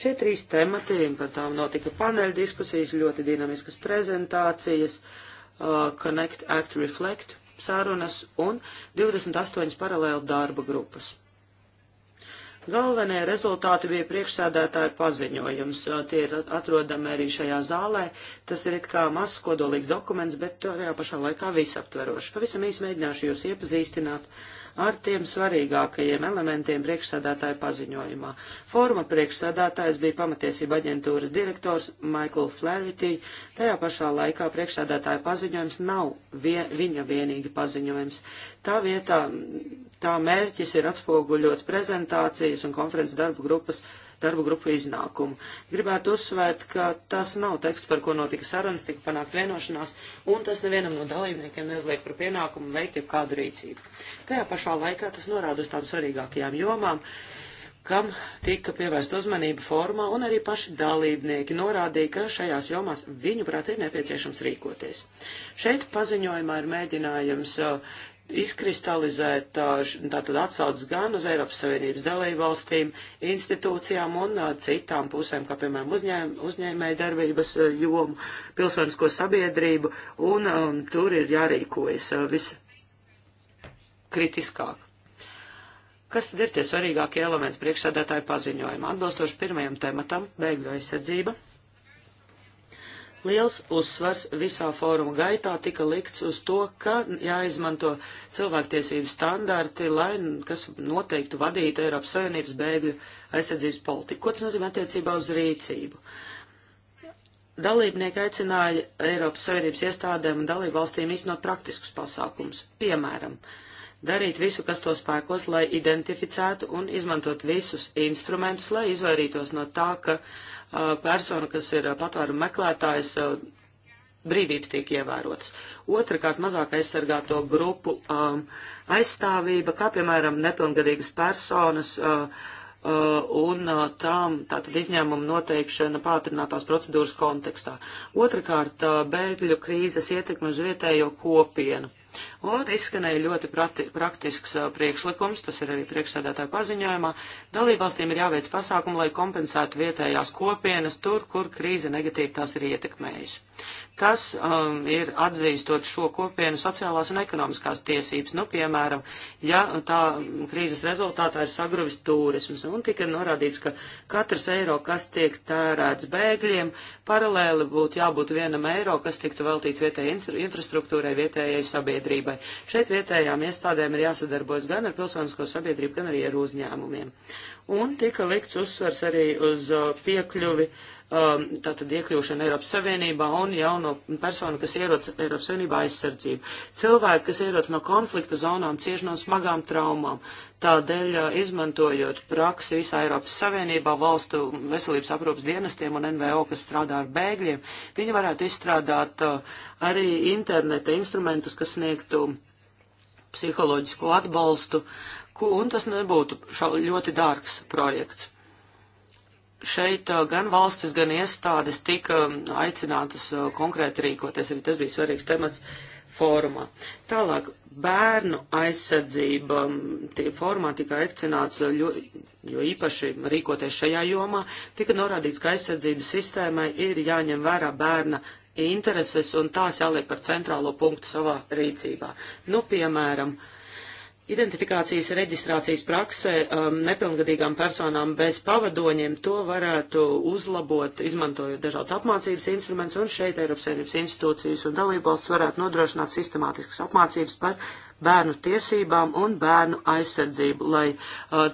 Speaker 3: Šie trīs temati, par tām notika paneļa diskusijas, ļoti dinamiskas prezentācijas, uh, Connect, Act, Reflect sarunas un 28 paralēli darba grupas Galvenie rezultāti bija priekšsēdētāja paziņojums. Tie ir atrodami arī šajā zālē. Tas ir it kā mazs kodolīgs dokuments, bet tajā pašā laikā visaptverošs. Pavisam īsi mēģināšu jūs iepazīstināt ar tiem svarīgākajiem elementiem priekšsādātāja paziņojumā. Foruma priekšsādātājs bija pamatiesība aģentūras direktors Michael Flaherty. Tajā pašā laikā priekšsādātāja paziņojums nav vie, viņa vienīgi paziņojums. Tā vietā tā mērķis ir atspoguļot prezentācijas un konferences darba grupas darba grupu iznākumu. Gribētu uzsvērt, ka tas nav teksts, par ko notika sarunas, tika panākt vienošanās, un tas nevienam no dalībniekiem neuzliek par pienākumu veikt jau kādu rīcību. Tajā pašā laikā tas norāda uz tām svarīgākajām jomām kam tika pievērsta uzmanība formā, un arī paši dalībnieki norādīja, ka šajās jomās viņu prāt ir nepieciešams rīkoties. Šeit paziņojumā ir mēģinājums uh, izkristalizēt tātad atsaucas gan uz Eiropas Savienības dalībvalstīm, institūcijām un uh, citām pusēm, kā piemēram uzņēm, uzņēmēja darbības uh, jomu, pilsonisko sabiedrību, un um, tur ir jārīkojas uh, viskritiskāk. Kas tad ir tie svarīgākie elementi priekšsādātāju paziņojuma? Atbilstoši pirmajam tematam, bēgļu aizsardzība, Liels uzsvars visā fóruma gaitā tika likts uz to, ka jāizmanto cilvēktiesību standarti, lai, kas noteiktu vadītu Eiropas Savienības bēgļu aizsardzības politiku. Ko tas nozīmē attiecībā uz rīcību? Dalībnieki aicināja Eiropas Savienības iestādēm un dalību valstīm iznot praktiskus pasākumus, piemēram, darīt visu, kas to spēkos, lai identificētu un izmantot visus instrumentus, lai izvairītos no tā, ka uh, persona, kas ir patvēruma meklētājs, brīvības tiek ievērotas. Otrakārt, mazāk aizsargāto grupu um, aizstāvība, kā piemēram nepilngadīgas personas uh, uh, un uh, tām tātad izņēmuma noteikšana pātrinātās procedūras kontekstā. Otrakārt, uh, bēgļu krīzes ietekme uz vietējo kopienu. Un izskanēja ļoti prati, praktisks priekšlikums, tas ir arī priekšsēdētāja paziņojumā. Dalībvalstīm ir jāveic pasākumi, lai kompensētu vietējās kopienas tur, kur krīze negatīvi tās ir ietekmējusi kas um, ir atzīstot šo kopienu sociālās un ekonomiskās tiesības. Nu, piemēram, ja tā krīzes rezultātā ir sagruvis turisms, un tika norādīts, ka katrs eiro, kas tiek tērēts bēgļiem, paralēli būtu jābūt vienam eiro, kas tiktu veltīts vietējai infrastruktūrai, vietējai sabiedrībai. Šeit vietējām iestādēm ir jāsadarbojas gan ar pilsonisko sabiedrību, gan arī ar uzņēmumiem. Un tika likts uzsvers arī uz uh, piekļuvi uh, um, tātad iekļūšana Eiropas Savienībā un jauno personu, kas ierodas Eiropas Savienībā aizsardzību. Cilvēki, kas ierodas no konflikta zonām, cieš no smagām traumām. Tādēļ, uh, izmantojot praksi visā Eiropas Savienībā, valstu veselības aprūpas dienestiem un NVO, kas strādā ar bēgļiem, viņi varētu izstrādāt uh, arī interneta instrumentus, kas sniegtu psiholoģisko atbalstu, ko, un tas nebūtu šo, ļoti dārgs projekts šeit gan valstis, gan iestādes tika aicinātas konkrēti rīkoties, arī tas bija svarīgs temats fórumā. Tālāk, bērnu aizsardzība tie fórumā tika aicināts, jo, jo īpaši rīkoties šajā jomā, tika norādīts, ka aizsardzības sistēmai ir jāņem vērā bērna intereses un tās jāliek par centrālo punktu savā rīcībā. Nu, piemēram, uh, Identifikācijas reģistrācijas praksē um, nepilngadīgām personām bez pavadoņiem to varētu uzlabot, izmantojot dažādas apmācības instrumentus, un šeit Eiropas Savienības institūcijas un dalībvalsts varētu nodrošināt sistemātiskas apmācības par bērnu tiesībām un bērnu aizsardzību, lai uh,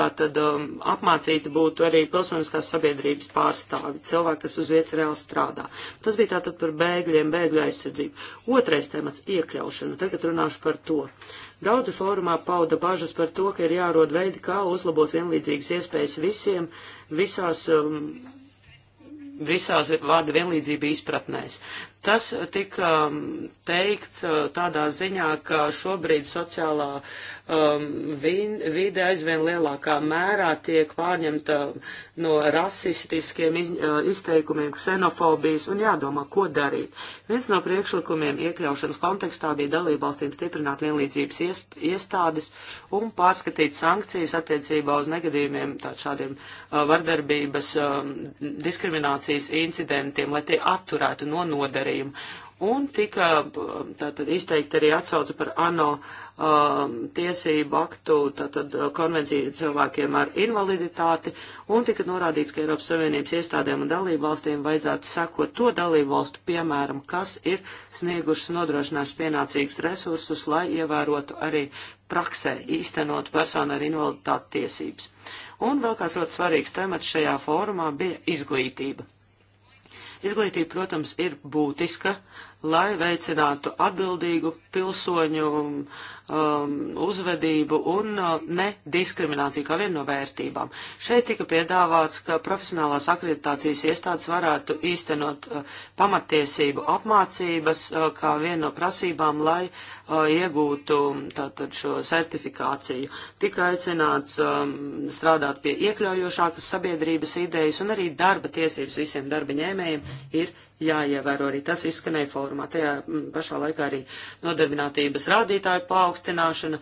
Speaker 3: tātad um, apmācīti būtu arī pilsoniskās sabiedrības pārstāvi, cilvēki, kas uz vietas reāli strādā. Tas bija tātad par bēgļiem, bēgļu aizsardzību. Otrais temats - iekļaušana. Tagad runāšu par to. Uh, Daudzi fórumā pauda bažas par to, ka ir jārod veidi, kā uzlabot vienlīdzīgas iespējas visiem, visās, um, visās vārda vienlīdzība izpratnēs. Tas tika um, teikts uh, tādā ziņā, ka šobrīd sociālā um, vide aizvien lielākā mērā tiek pārņemta no rasistiskiem iz, uh, izteikumiem, ksenofobijas un jādomā, ko darīt. Viens no priekšlikumiem iekļaušanas kontekstā bija dalībvalstīm stiprināt vienlīdzības ies, iestādes un pārskatīt sankcijas attiecībā uz negadījumiem, tādiem uh, vardarbības, um, diskriminācijas incidentiem, lai tie atturētu no nodarījuma darījumu. Un tika um, tātad izteikti arī atsauce par ANO um, tiesību aktu, tātad uh, konvenciju cilvēkiem ar invaliditāti, un tika norādīts, ka Eiropas Savienības iestādēm un dalību valstīm vajadzētu sekot to dalību valstu piemēram, kas ir sniegušas nodrošinājušas pienācīgus resursus, lai ievērotu arī praksē īstenot personu ar invaliditāti tiesības. Un vēl kāds ļoti svarīgs temats šajā fórumā bija izglītība Izglītība, protams, ir būtiska, lai veicinātu atbildīgu pilsoņu um, uzvedību un uh, nediskrimināciju kā vienu no vērtībām. Šeit tika piedāvāts, ka profesionālās akreditācijas iestādes varētu īstenot uh, pamatiesību apmācības uh, kā vienu no prasībām, lai uh, iegūtu um, tātad šo certifikāciju. Tika aicināts um, strādāt pie iekļaujošākas sabiedrības idejas un arī darba tiesības visiem darba ņēmējiem ir jāievēro arī tas izskanēja fórumā. Tajā mm, pašā laikā arī nodarbinātības rādītāju paaugstinājums paaugstināšana,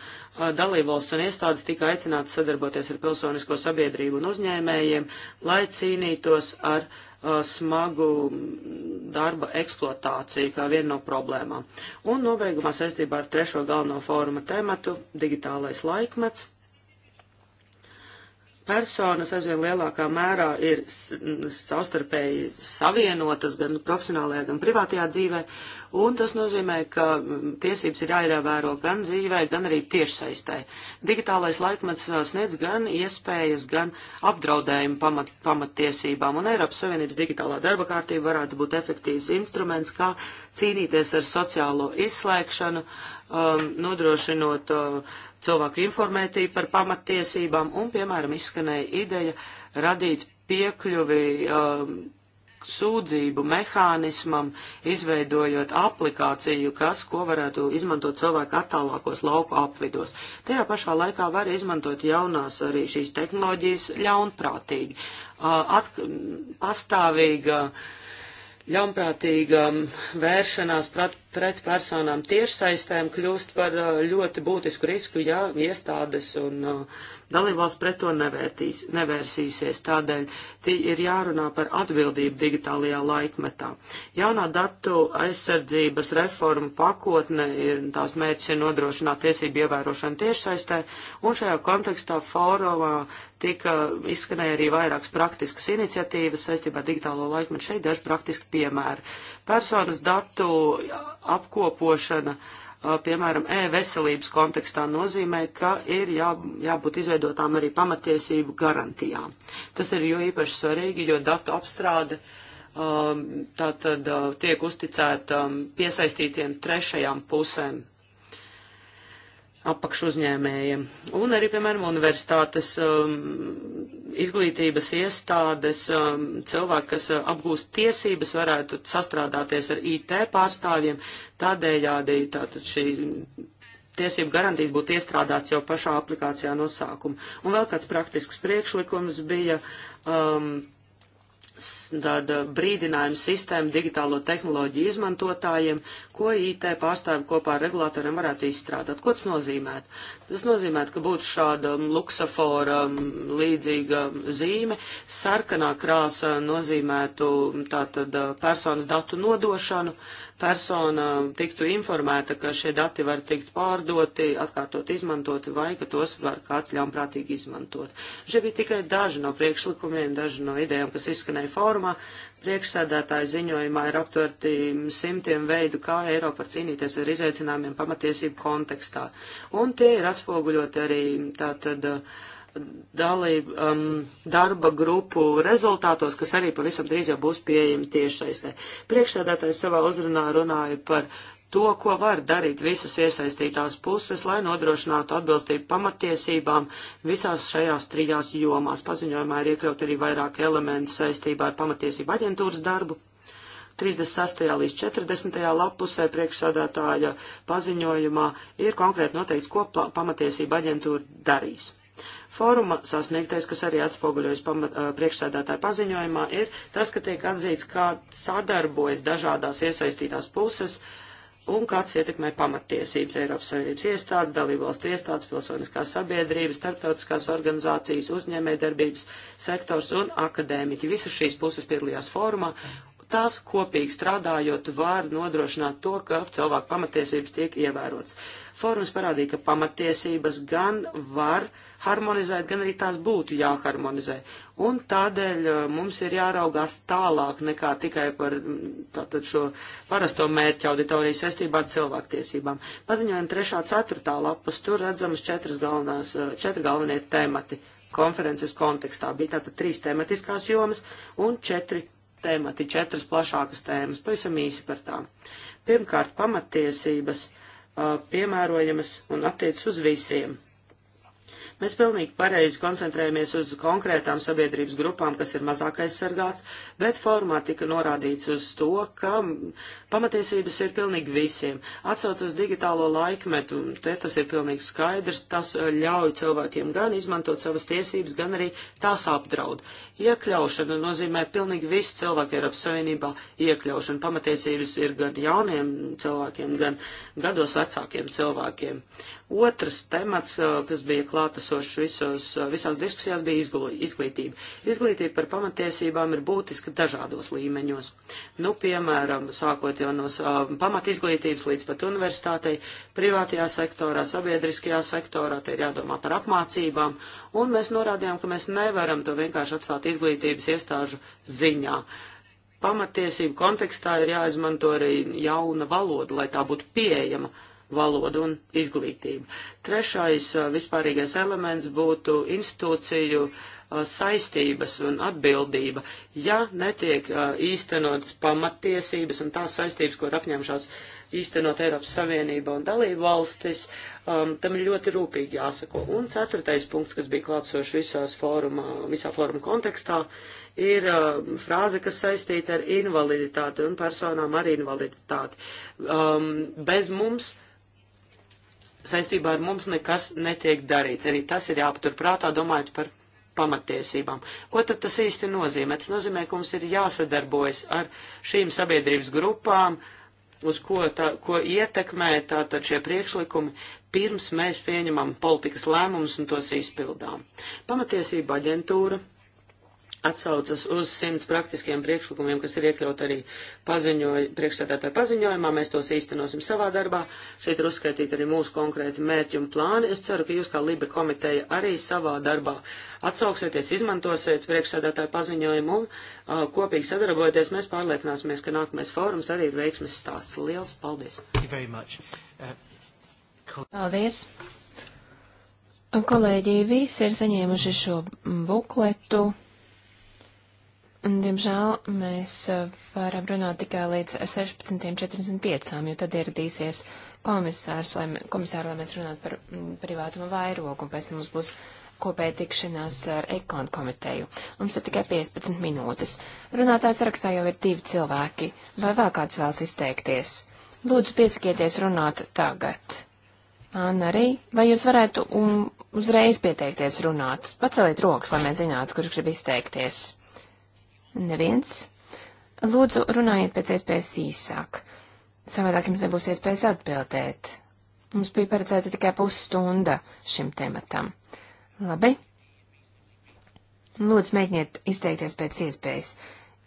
Speaker 3: dalībvalsts un iestādes tika aicināts sadarboties ar pilsonisko sabiedrību un uzņēmējiem, lai cīnītos ar smagu darba eksploatāciju kā vienu no problēmām. Un nobeigumā saistībā ar trešo galveno fóruma tematu - digitālais laikmets personas aizvien lielākā mērā ir savstarpēji savienotas gan profesionālajā, gan privātajā dzīvē, un tas nozīmē, ka tiesības ir jāievēro gan dzīvē, gan arī tiešsaistē. Digitālais laikmets sniedz gan iespējas, gan apdraudējumu pamat, pamattiesībām, un Eiropas Savienības digitālā darba kārtība varētu būt efektīvs instruments, kā cīnīties ar sociālo izslēgšanu, um, nodrošinot uh, cilvēku informētību par pamattiesībām un, piemēram, izskanēja ideja radīt piekļuvi um, sūdzību mehānismam, izveidojot aplikāciju, kas, ko varētu izmantot cilvēku attālākos lauku apvidos. Tajā pašā laikā var izmantot jaunās arī šīs tehnoloģijas ļaunprātīgi. Uh, At, pastāvīga uh, ļaunprātīgam vēršanās pret, pret personām tiešsaistēm kļūst par uh, ļoti būtisku risku, ja iestādes un uh, dalībvalsts pret to nevērtīs, nevērsīsies. Tādēļ ir jārunā par atbildību digitālajā laikmetā. Jaunā datu aizsardzības reforma pakotne ir tās mērķis ir nodrošināt tiesību ievērošanu tiešsaistē, un šajā kontekstā fórumā tika izskanēja arī vairākas praktiskas iniciatīvas saistībā ar digitālo laikmetu. Šeit daži praktiski piemēri. Personas datu apkopošana. Uh, piemēram, e-veselības kontekstā nozīmē, ka ir jā, jābūt izveidotām arī pamatiesību garantijām. Tas ir jo īpaši svarīgi, jo datu apstrāde um, tātad uh, tiek uzticēta um, piesaistītiem trešajām pusēm apakšuzņēmējiem. Un arī, piemēram, universitātes um, izglītības iestādes, um, cilvēki, kas uh, apgūst tiesības, varētu sastrādāties ar IT pārstāvjiem, tādējādi tātad šī tiesību garantijas būtu iestrādāts jau pašā aplikācijā no sākuma. Un vēl kāds praktisks priekšlikums bija um, tāda brīdinājuma sistēma digitālo tehnoloģiju izmantotājiem, ko IT pārstāvi kopā ar regulātoriem varētu izstrādāt. Ko tas nozīmē? Tas nozīmē, ka būtu šāda luksafora līdzīga zīme, sarkanā krāsa nozīmētu tātad eh, personas datu nodošanu, uh, persona tiktu informēta, ka šie dati var tikt pārdoti, atkārtot izmantoti vai ka tos var kāds ļaunprātīgi izmantot. Šie bija tikai daži no priekšlikumiem, daži no idejām, kas izskanēja fórumā. Priekšsēdētāja ziņojumā ir aptverti simtiem veidu, kā Eiropa var cīnīties ar izaicinājumiem pamatiesību kontekstā. Un tie ir atspoguļoti arī tātad. Uh, dalību um, darba grupu rezultātos, kas arī pavisam drīz jau būs pieejami tiešsaistē. Priekšsēdētājs savā uzrunā runāja par to, ko var darīt visas iesaistītās puses, lai nodrošinātu atbilstību pamatiesībām visās šajās trijās jomās. Paziņojumā ir iekļaut arī vairāk elementu saistībā ar pamatiesību aģentūras darbu. 36. līdz 40. lapusē priekšsādātāja paziņojumā ir konkrēti noteikts, ko pamatiesība aģentūra darīs. Fóruma sasniegtais, kas arī atspoguļojas priekšsēdētāja paziņojumā, ir tas, ka tiek atzīts, kā sadarbojas dažādās iesaistītās puses un kāds ietekmē pamattiesības Eiropas Savienības iestādes, dalībvalstu iestādes, pilsoniskās sabiedrības, starptautiskās organizācijas, uzņēmējdarbības sektors un akadēmiķi. Visas šīs puses piedalījās fórumā. Tās kopīgi strādājot var nodrošināt to, ka cilvēku pamatiesības tiek ievērotas. Fórums parādīja, ka pamatiesības gan var uh, harmonizēt, gan arī tās būtu jāharmonizē. Un tādēļ eh, mums ir jāraugās tālāk nekā tikai par tātad, šo parasto mērķu auditoriju saistībā ar cilvēktiesībām. Paziņojam 3.4. lapas, tur redzamas četras galvenās, eh, četri galvenie temati konferences kontekstā. Bija tātad trīs tematiskās jomas un četri temati, četras plašākas tēmas, pavisam īsi par tām. Pirmkārt, pamatiesības eh, piemērojamas un attiec uz visiem. Mēs pilnīgi pareizi koncentrējamies uz konkrētām sabiedrības grupām, kas ir mazāk aizsargāts, bet formā tika norādīts uz to, ka Pamatiesības ir pilnīgi visiem. Atsauc uz digitālo laikmetu, te tas ir pilnīgi skaidrs, tas eh, ļauj cilvēkiem gan izmantot savas tiesības, gan arī tās apdraud. Iekļaušana nozīmē pilnīgi visu cilvēku Eiropas Savienībā iekļaušanu. Pamatiesības ir gan jauniem cilvēkiem, gan gados vecākiem cilvēkiem. Otrs temats, eh, kas bija klātesošs visos, eh, visās diskusijās, bija izglītība. Izglītība par pamatiesībām ir būtiska dažādos līmeņos. Nu, piemēram, sākot sākot jau no uh, pamat izglītības līdz pat universitātei, privātajā sektorā, sabiedriskajā sektorā, te ir jādomā par apmācībām, un mēs norādījām, ka mēs nevaram to vienkārši atstāt izglītības iestāžu ziņā. Pamatiesību kontekstā ir jāizmanto arī jauna valoda, lai tā būtu pieejama valoda un izglītība. Trešais uh, vispārīgais elements būtu institūciju uh, saistības un atbildība, ja netiek īstenotas pamattiesības un tās saistības, ko ir apņemšās īstenot Eiropas Savienība un dalību valstis, um, tam ir ļoti rūpīgi jāsako. Un ceturtais punkts, kas bija klātsošs visās fórumā, visā fóruma kontekstā, ir uh, frāze, kas saistīta ar invaliditāti un personām ar invaliditāti. Um, bez mums saistībā ar mums nekas netiek darīts. Arī tas ir jāpaturprātā, domājot par pamatiesībām. Ko tad tas īsti nozīmē? Tas nozīmē, ka mums ir jāsadarbojas ar šīm sabiedrības grupām, uz ko, tā, ko ietekmē tātad šie priekšlikumi, pirms mēs pieņemam politikas lēmumus un tos izpildām. Pamatiesība aģentūra atsaucas uz simts praktiskiem priekšlikumiem, kas ir iekļaut arī paziņoj, priekšsēdētāju paziņojumā. Mēs tos īstenosim savā darbā. Šeit ir uzskaitīti arī mūsu konkrēti mērķi un plāni. Es ceru, ka jūs kā Libe komiteja arī savā darbā atsauksieties, izmantosiet priekšsēdētāju paziņojumu. Uh, kopīgi sadarbojoties, mēs pārliecināsimies, ka nākamais fórums arī ir veiksmes stāsts. Liels paldies!
Speaker 1: Uh, paldies! Kolēģi, visi ir saņēmuši šo bukletu. Diemžēl mēs eh, varam runāt tikai līdz 16.45, jo tad ieradīsies komisārs, lai, komisāri, lai mēs runātu par mm, privātuma vairogu, un pēc tam mums būs kopēja tikšanās ar ekonu komiteju. Mums ir tikai 15 minūtes. Runātājs rakstā jau ir divi cilvēki. Vai vēl kāds vēlas izteikties? Lūdzu, piesakieties runāt tagad. Anna arī, vai jūs varētu um, uzreiz pieteikties runāt? Paceliet rokas, lai mēs zinātu, kurš grib izteikties. Neviens. Lūdzu, runājiet pēc iespējas īsāk. Savādāk jums nebūs iespējas atbildēt. Mums bija paredzēta tikai pusstunda šim tematam. Labi? Lūdzu, mēģiniet izteikties pēc iespējas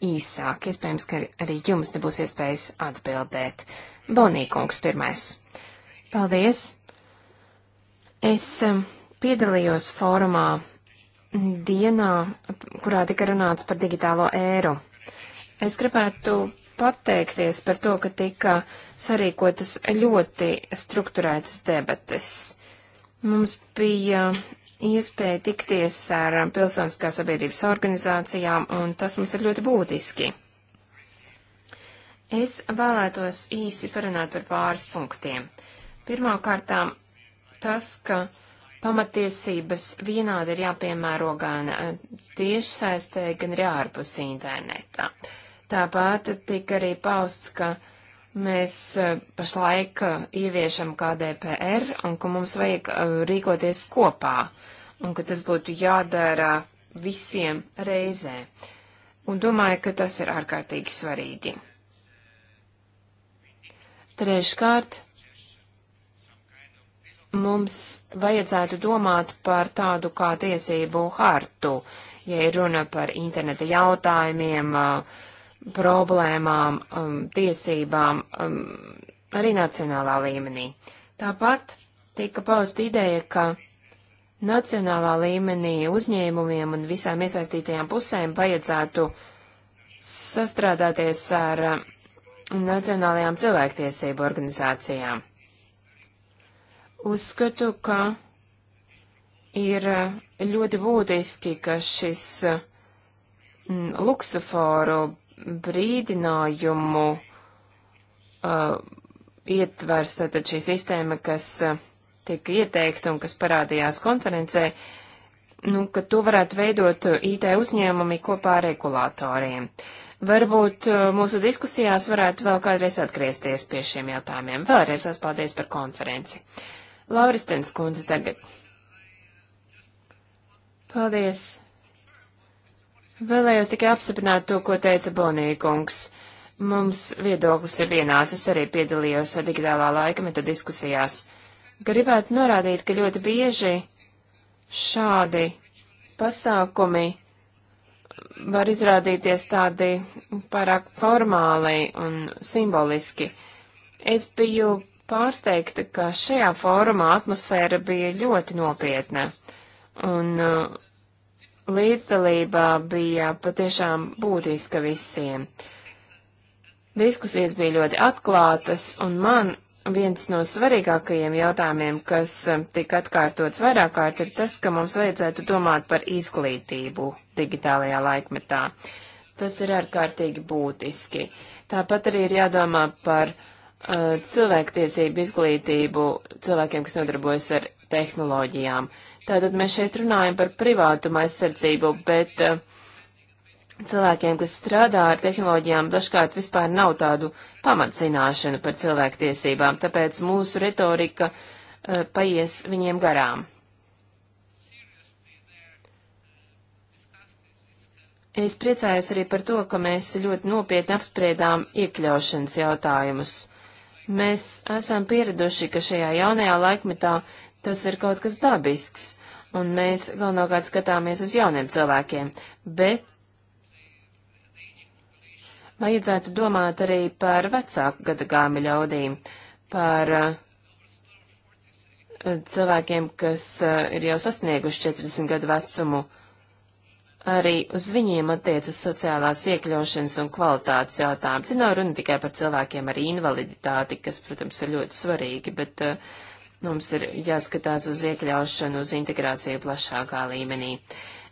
Speaker 1: īsāk. Iespējams, ka arī jums nebūs iespējas atbildēt. Bonīkungs pirmais. Paldies! Es um, piedalījos fórumā dienā, kurā tika runāts par digitālo ēru. Es gribētu pateikties par to, ka tika sarīkotas ļoti strukturētas debates. Mums bija iespēja tikties ar pilsoniskās sabiedrības organizācijām, un tas mums ir ļoti būtiski. Es vēlētos īsi parunāt par pāris punktiem. Pirmkārtām tas, ka uh, Pamatiesības vienādi ir jāpiemēro gan e, tiešsaistē, gan arī ārpus internetā. Tāpat tika arī pausts, ka mēs e, pašlaik e, ieviešam KDPR un ka mums vajag rīkoties kopā un ka tas būtu jādara visiem reizē. Un domāju, ka tas ir ārkārtīgi svarīgi. Treškārt, mums vajadzētu domāt par tādu kā tiesību hartu, ja ir runa par interneta jautājumiem, uh, problēmām, um, tiesībām, um, arī nacionālā līmenī. Tāpat tika pausta ideja, ka nacionālā līmenī uzņēmumiem un visām iesaistītajām pusēm vajadzētu sastrādāties ar uh, nacionālajām cilvēktiesību organizācijām. Uzskatu, ka ir eh, ļoti būtiski, ka šis eh, luksuforu brīdinājumu uh, ietvers tātad šī sistēma, kas uh, tika ieteikta un kas parādījās konferencē, nu, ka to varētu veidot IT uzņēmumi kopā ar regulātoriem. Varbūt uh, mūsu diskusijās varētu vēl kādreiz atgriezties pie šiem jautājumiem. Vēlreiz es paldies par konferenci. Uh, Lauristens kundze tagad. Paldies. Vēlējos tikai apsiprināt to, ko teica Bonīkungs. Mums viedoklis ir vienāds, es arī piedalījos digitālā laikameta diskusijās. Gribētu norādīt, ka ļoti bieži šādi pasākumi var izrādīties tādi pārāk formāli un simboliski. Es biju pārsteigta, ka šajā fórumā atmosfēra bija ļoti nopietna. Un uh, līdzdalībā bija patiešām būtiska visiem. Diskusijas bija ļoti atklātas, un man viens no svarīgākajiem jautājumiem, kas um, tika atkārtots vairāk kārt, ir tas, ka mums vajadzētu domāt par izglītību digitālajā laikmetā. Tas ir ārkārtīgi būtiski. Tāpat arī ir jādomā par uh, Uh, cilvēktiesību izglītību cilvēkiem, kas nodarbojas ar tehnoloģijām. Tātad mēs šeit runājam par privātuma aizsardzību, bet uh, cilvēkiem, kas strādā ar tehnoloģijām, dažkārt vispār nav tādu pamatzināšanu par cilvēktiesībām, tāpēc mūsu retorika uh, paies viņiem garām. Es priecājos arī par to, ka mēs ļoti nopietni apspriedām iekļaušanas jautājumus. Mēs esam pieraduši, ka šajā jaunajā laikmetā tas ir kaut kas dabisks, un mēs galvenokārt skatāmies uz jauniem cilvēkiem, bet vajadzētu domāt arī par vecāku gadagāmi ļaudīm, par uh, cilvēkiem, kas uh, ir jau sasnieguši 40 gadu vecumu. Uh, arī uz viņiem attiecas sociālās iekļaušanas un kvalitātes jautājumi. Te nav runa tikai par cilvēkiem ar invaliditāti, kas, protams, ir ļoti svarīgi, bet uh, mums ir jāskatās uz iekļaušanu, uz integrāciju plašākā līmenī.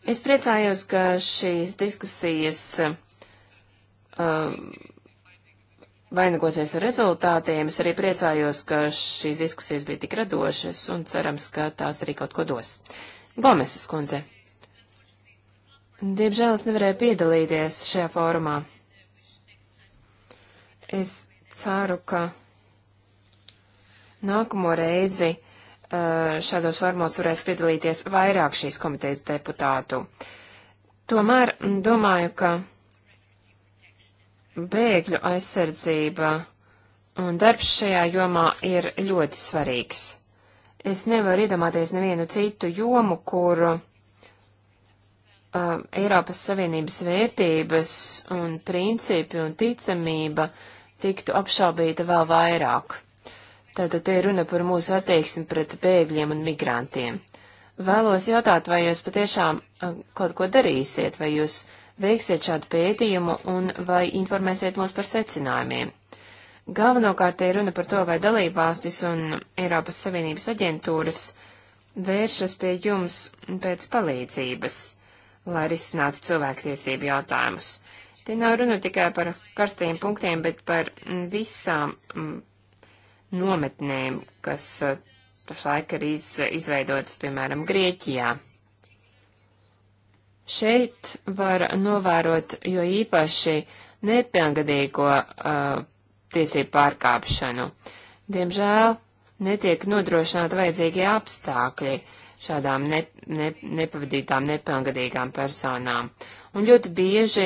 Speaker 1: Es priecājos, ka šīs diskusijas uh, vainagosies ar rezultātiem. Es arī priecājos, ka šīs diskusijas bija tik radošas un cerams, ka tās arī kaut ko dos. Gomeses kundze. Diemžēl es nevarēju piedalīties šajā fórumā. Es ceru, ka nākamo reizi uh, šādos formos varēs piedalīties vairāk šīs komitejas deputātu. Tomēr mm, domāju, ka bēgļu aizsardzība un darbs šajā jomā ir ļoti svarīgs. Es nevaru iedomāties nevienu citu jomu, kuru uh, Eiropas Savienības vērtības un principi un ticamība tiktu apšaubīta vēl vairāk. Tātad te ir runa par mūsu attieksmi pret bēgļiem un migrantiem. Vēlos jautāt, vai jūs patiešām uh, kaut ko darīsiet, vai jūs veiksiet šādu pētījumu un vai informēsiet mūs par secinājumiem. Galvenokārt ir runa par to, vai dalībvalstis un Eiropas Savienības aģentūras vēršas pie jums pēc palīdzības lai risinātu cilvēktiesību jautājumus. Te nav runa tikai par karstajiem punktiem, bet par mm, visām mm, nometnēm, kas eh, pašlaik ir iz, izveidotas, piemēram, Grieķijā. Šeit var novērot jo īpaši nepilngadīgo uh, tiesību pārkāpšanu. Diemžēl netiek nodrošināti vajadzīgie apstākļi šādām ne, ne, nepavadītām, nepilngadīgām personām. Un ļoti bieži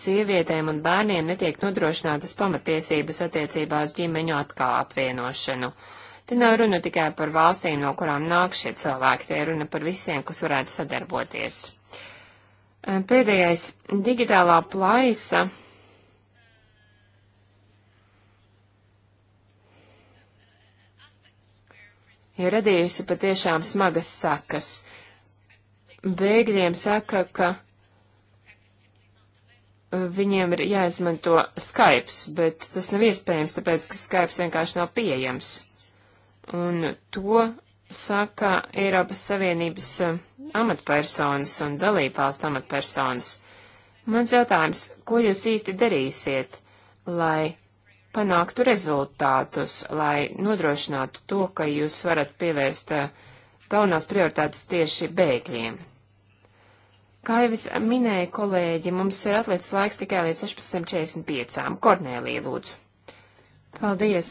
Speaker 1: sievietēm un bērniem netiek nodrošinātas pamatiesības attiecībā uz ģimeņu atkal apvienošanu. Te nav runa tikai par valstīm, no kurām nāk šie cilvēki, te ir runa par visiem, kas varētu sadarboties. Pēdējais - digitālā plaisa ir radījusi patiešām smagas sakas. Bēgļiem saka, ka viņiem ir jāizmanto Skype, bet tas nav iespējams, tāpēc, ka Skype vienkārši nav pieejams. Un to saka Eiropas Savienības eh, amatpersonas un dalībvalstu amatpersonas. Mans jautājums, ko jūs īsti darīsiet, lai panāktu rezultātus, lai nodrošinātu to, ka jūs varat pievērst eh, galvenās prioritātes tieši bēgļiem. Kā jau es minēju, kolēģi, mums ir atlicis laiks tikai līdz 16.45. Kornēlija, lūdzu. Paldies!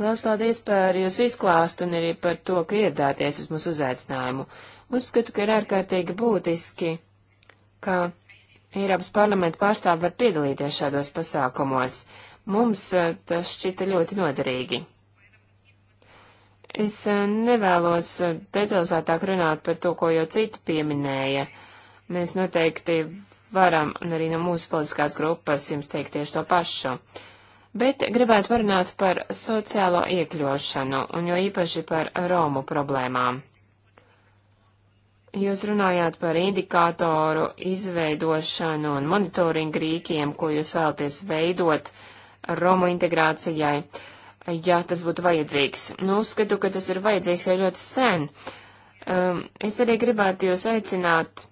Speaker 1: Lielas paldies par jūsu izklāstu un arī par to, ka ieradāties uz mūsu uzaicinājumu. Uzskatu, ka ir ārkārtīgi būtiski, ka Eiropas parlamenta pārstāvi var piedalīties šādos pasākumos. Mums eh, tas šķita ļoti noderīgi. Es eh, nevēlos eh, detalizētāk runāt par to, ko jau citi pieminēja. Mēs noteikti varam, un arī no mūsu politiskās grupas, jums teikt tieši to pašu. Bet gribētu parunāt par sociālo iekļošanu, un jo īpaši par Romu problēmām. Jūs runājāt par indikātoru izveidošanu un monitoringu rīkiem, ko jūs vēlaties veidot Romu integrācijai, ja tas būtu vajadzīgs. Nu, uzskatu, ka tas ir vajadzīgs jau ļoti sen. Um, es arī gribētu jūs aicināt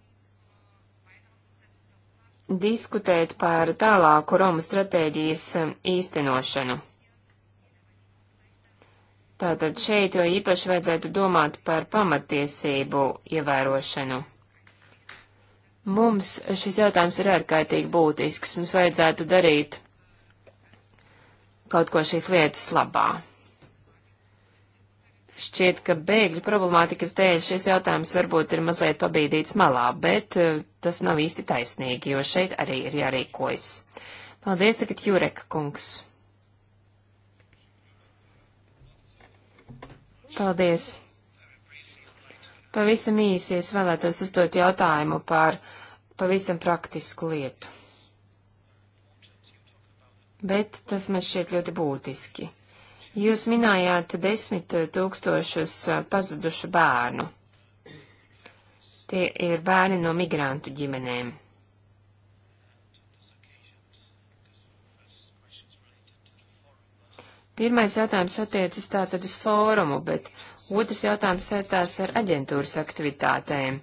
Speaker 1: diskutēt par tālāku Romu stratēģijas um, īstenošanu. Tātad šeit jau īpaši vajadzētu domāt par pamatiesību ievērošanu. Mums šis jautājums ir ārkārtīgi būtisks. Mums vajadzētu darīt kaut ko šīs lietas labā. Šķiet, ka bēgļu problemātikas dēļ šis jautājums varbūt ir mazliet pabīdīts malā, bet eh, tas nav īsti taisnīgi, jo šeit arī ir jārīkojas. Paldies, tagad Jureka kungs. Paldies. Pavisam īsi es vēlētos uzdot jautājumu par pavisam praktisku lietu bet tas man šķiet ļoti būtiski. Jūs minējāt desmit tūkstošus pazudušu bērnu. Tie ir bērni no migrantu ģimenēm. Pirmais jautājums attiecas tātad uz fórumu, bet otrs jautājums saistās ar aģentūras aktivitātēm.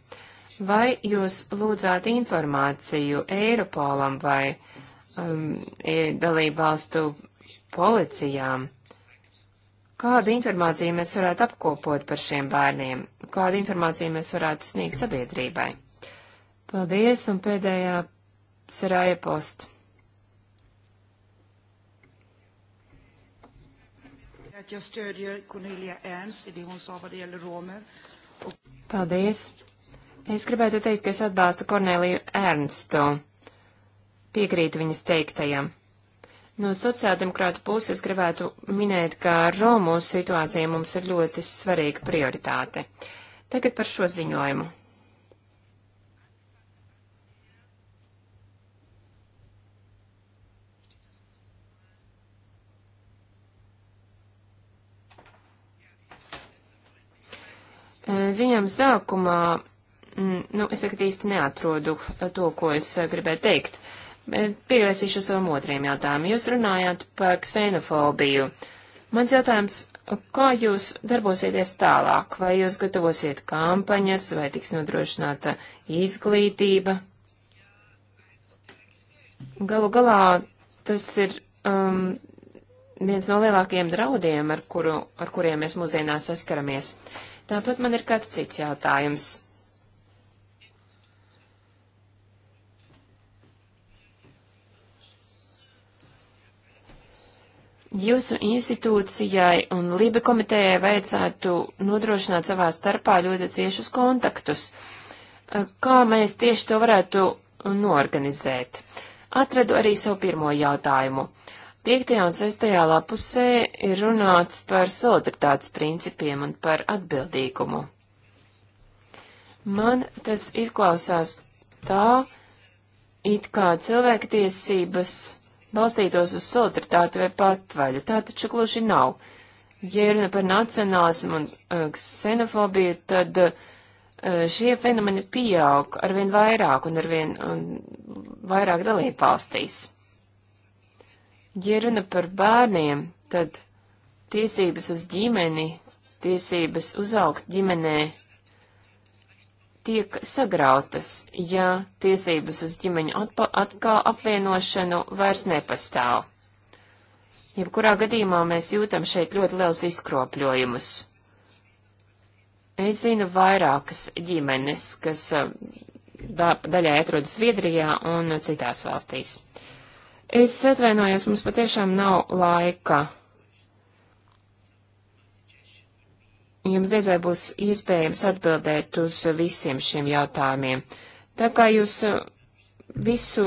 Speaker 1: Vai jūs lūdzāt informāciju Eiropolam vai uh, um, e, dalībvalstu policijām. Kādu informāciju mēs varētu apkopot par šiem bērniem? Kādu informāciju mēs varētu sniegt sabiedrībai? Paldies, un pēdējā Sarāja posta. Paldies. Es gribētu teikt, ka es atbalstu Korneliju Ernstu piekrītu viņas teiktajam. No sociāldemokrāta puses gribētu minēt, ka Romu situācija mums ir ļoti svarīga prioritāte. Tagad par šo ziņojumu. Ziņām sākumā, mm, nu, es tagad īsti neatrodu to, ko es gribēju teikt. Uh, Eh, Pievērsīšu savam otriem jautājumam. Jūs runājāt par ksenofobiju. Mans jautājums, kā jūs darbosieties tālāk? Vai jūs gatavosiet kampaņas, vai tiks nodrošināta izglītība? Galu galā tas ir um, viens no lielākajiem draudiem, ar, kuru, ar kuriem mēs mūsdienās saskaramies. Tāpat man ir kāds cits jautājums. Jūsu institūcijai un Lība komitējai vajadzētu nodrošināt savā starpā ļoti ciešus kontaktus. Kā mēs tieši to varētu norganizēt? Atradu arī savu pirmo jautājumu. 5. un 6. lapusē ir runāts par solidaritātes principiem un par atbildīgumu. Man tas izklausās tā, it kā cilvēktiesības balstītos uz solidaritāti vai patvaļu. Tā taču gluži nav. Ja runa par nacionālismu un uh, ksenofobiju, tad uh, šie fenomeni pieaug arvien vairāk un arvien un vairāk dalībvalstīs. Ja runa par bērniem, tad tiesības uz ģimeni, tiesības uzaugt ģimenē tiek sagrautas, ja tiesības uz ģimeņu atpa, atkal apvienošanu vairs nepastāv. Jebkurā gadījumā mēs jūtam šeit ļoti liels izkropļojumus. Es zinu vairākas ģimenes, kas da, daļai atrodas Viedrijā un citās valstīs. Es atvainojos, mums patiešām nav laika. jums diez vai būs iespējams atbildēt uz visiem šiem jautājumiem. Tā kā jūs uh, visu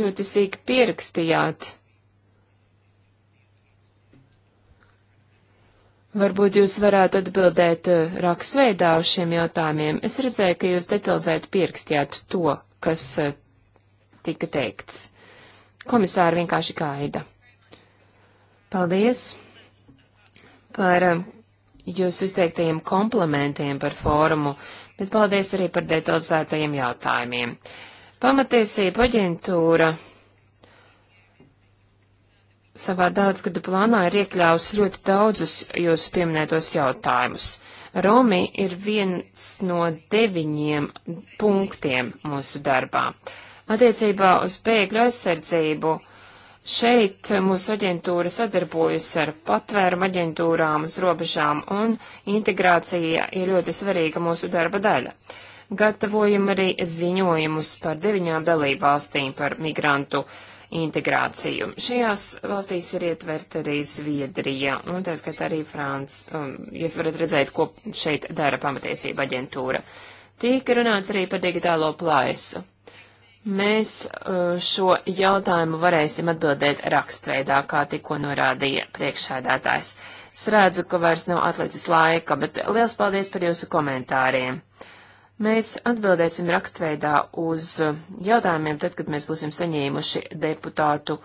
Speaker 1: ļoti sīki pierakstījāt, varbūt jūs varētu atbildēt uh, raksveidā uz šiem jautājumiem. Es redzēju, ka jūs detalizēti pierakstījāt to, kas uh, tika teikts. Komisāri vienkārši gaida. Paldies par um, jūsu izteiktajiem komplementiem par fórumu, bet paldies arī par detalizētajiem jautājumiem. Pamatiesība aģentūra savā daudzgada plānā ir iekļāvusi ļoti daudzus jūsu pieminētos jautājumus. Romi ir viens no deviņiem punktiem mūsu darbā. Attiecībā uz bēgļu aizsardzību Šeit mūsu aģentūra sadarbojas ar patvērumu aģentūrām uz robežām, un integrācija ir ļoti svarīga mūsu darba daļa. Gatavojam arī ziņojumus par deviņām dalībvalstīm par migrantu integrāciju. Šajās valstīs ir ietverta arī Zviedrija, un tā skat arī Frāns. Jūs varat redzēt, ko šeit dara pamatiesība aģentūra. Tika runāts arī par digitālo plaisu. Mēs uh, šo jautājumu varēsim atbildēt rakstveidā, kā tikko norādīja priekšsēdētājs. Es redzu, ka vairs nav atlicis laika, bet liels paldies par jūsu komentāriem. Mēs atbildēsim rakstveidā uz jautājumiem tad, kad mēs būsim saņēmuši deputātu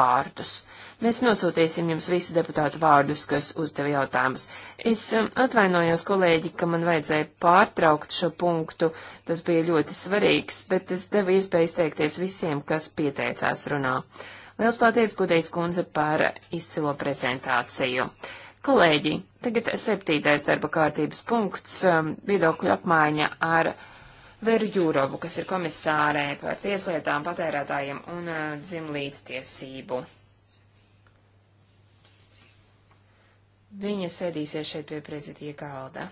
Speaker 1: vārdus. Mēs nosūtīsim jums visu deputātu vārdus, kas uzdeva jautājumus. Es um, atvainojos, kolēģi, ka man vajadzēja pārtraukt šo punktu. Tas bija ļoti svarīgs, bet es devu iespēju izteikties visiem, kas pieteicās runā. Liels paldies, Gudējs kundze, par izcilo prezentāciju. Kolēģi, tagad septītais darba kārtības punkts um, - viedokļu apmaiņa ar Veru Jūrovu, kas ir komisārē par tieslietām, patērētājiem un uh, dzimlīdztiesību. Viņa sēdīsies šeit pie prezidija galda.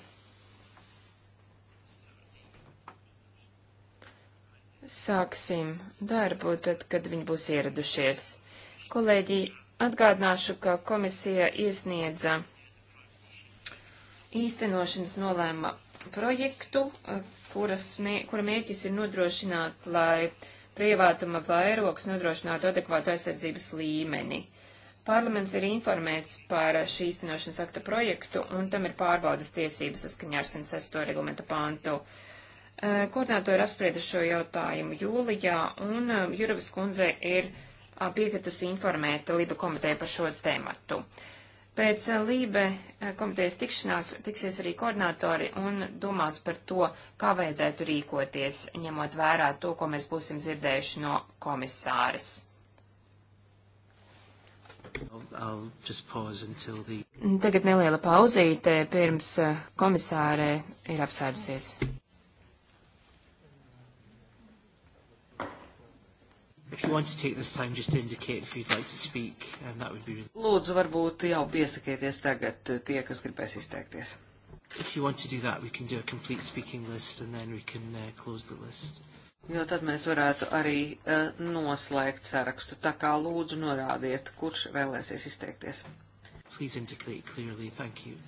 Speaker 1: Sāksim darbu tad, kad viņi būs ieradušies. Kolēģi, atgādināšu, ka komisija iesniedza īstenošanas nolēma projektu, kuras, mē, kura mērķis ir nodrošināt, lai privātuma vairoks nodrošinātu adekvātu aizsardzības līmeni. Uh, Parlaments ir informēts par šī īstenošanas akta projektu, un tam ir pārbaudas tiesības saskaņā ar 106. reglamenta pāntu. Koordinātori apsprieda šo jautājumu jūlijā, un Juravas kundze ir piekritusi informēt Lība komiteju par šo tēmatu. Pēc Lībe komitejas tikšanās tiksies arī koordinātori un domās par to, kā vajadzētu rīkoties, ņemot vērā to, ko mēs būsim dzirdējuši no komisāres.
Speaker 2: I'll, I'll the...
Speaker 1: Tagad neliela pauzīte, pirms eh, komisāre ir apsēdusies.
Speaker 3: If you want to take this time, just indicate if you'd like to speak, and that would be...
Speaker 2: Lūdzu, varbūt jau piesakieties tagad eh, tie, kas gribēs izteikties. If you want to do that, we can do a complete speaking list, and then we can uh, close the list. Jo tad mēs varētu arī uh, noslēgt sarakstu. Tā kā lūdzu norādiet, kurš vēlēsies izteikties. Please indicate
Speaker 3: clearly. Thank you.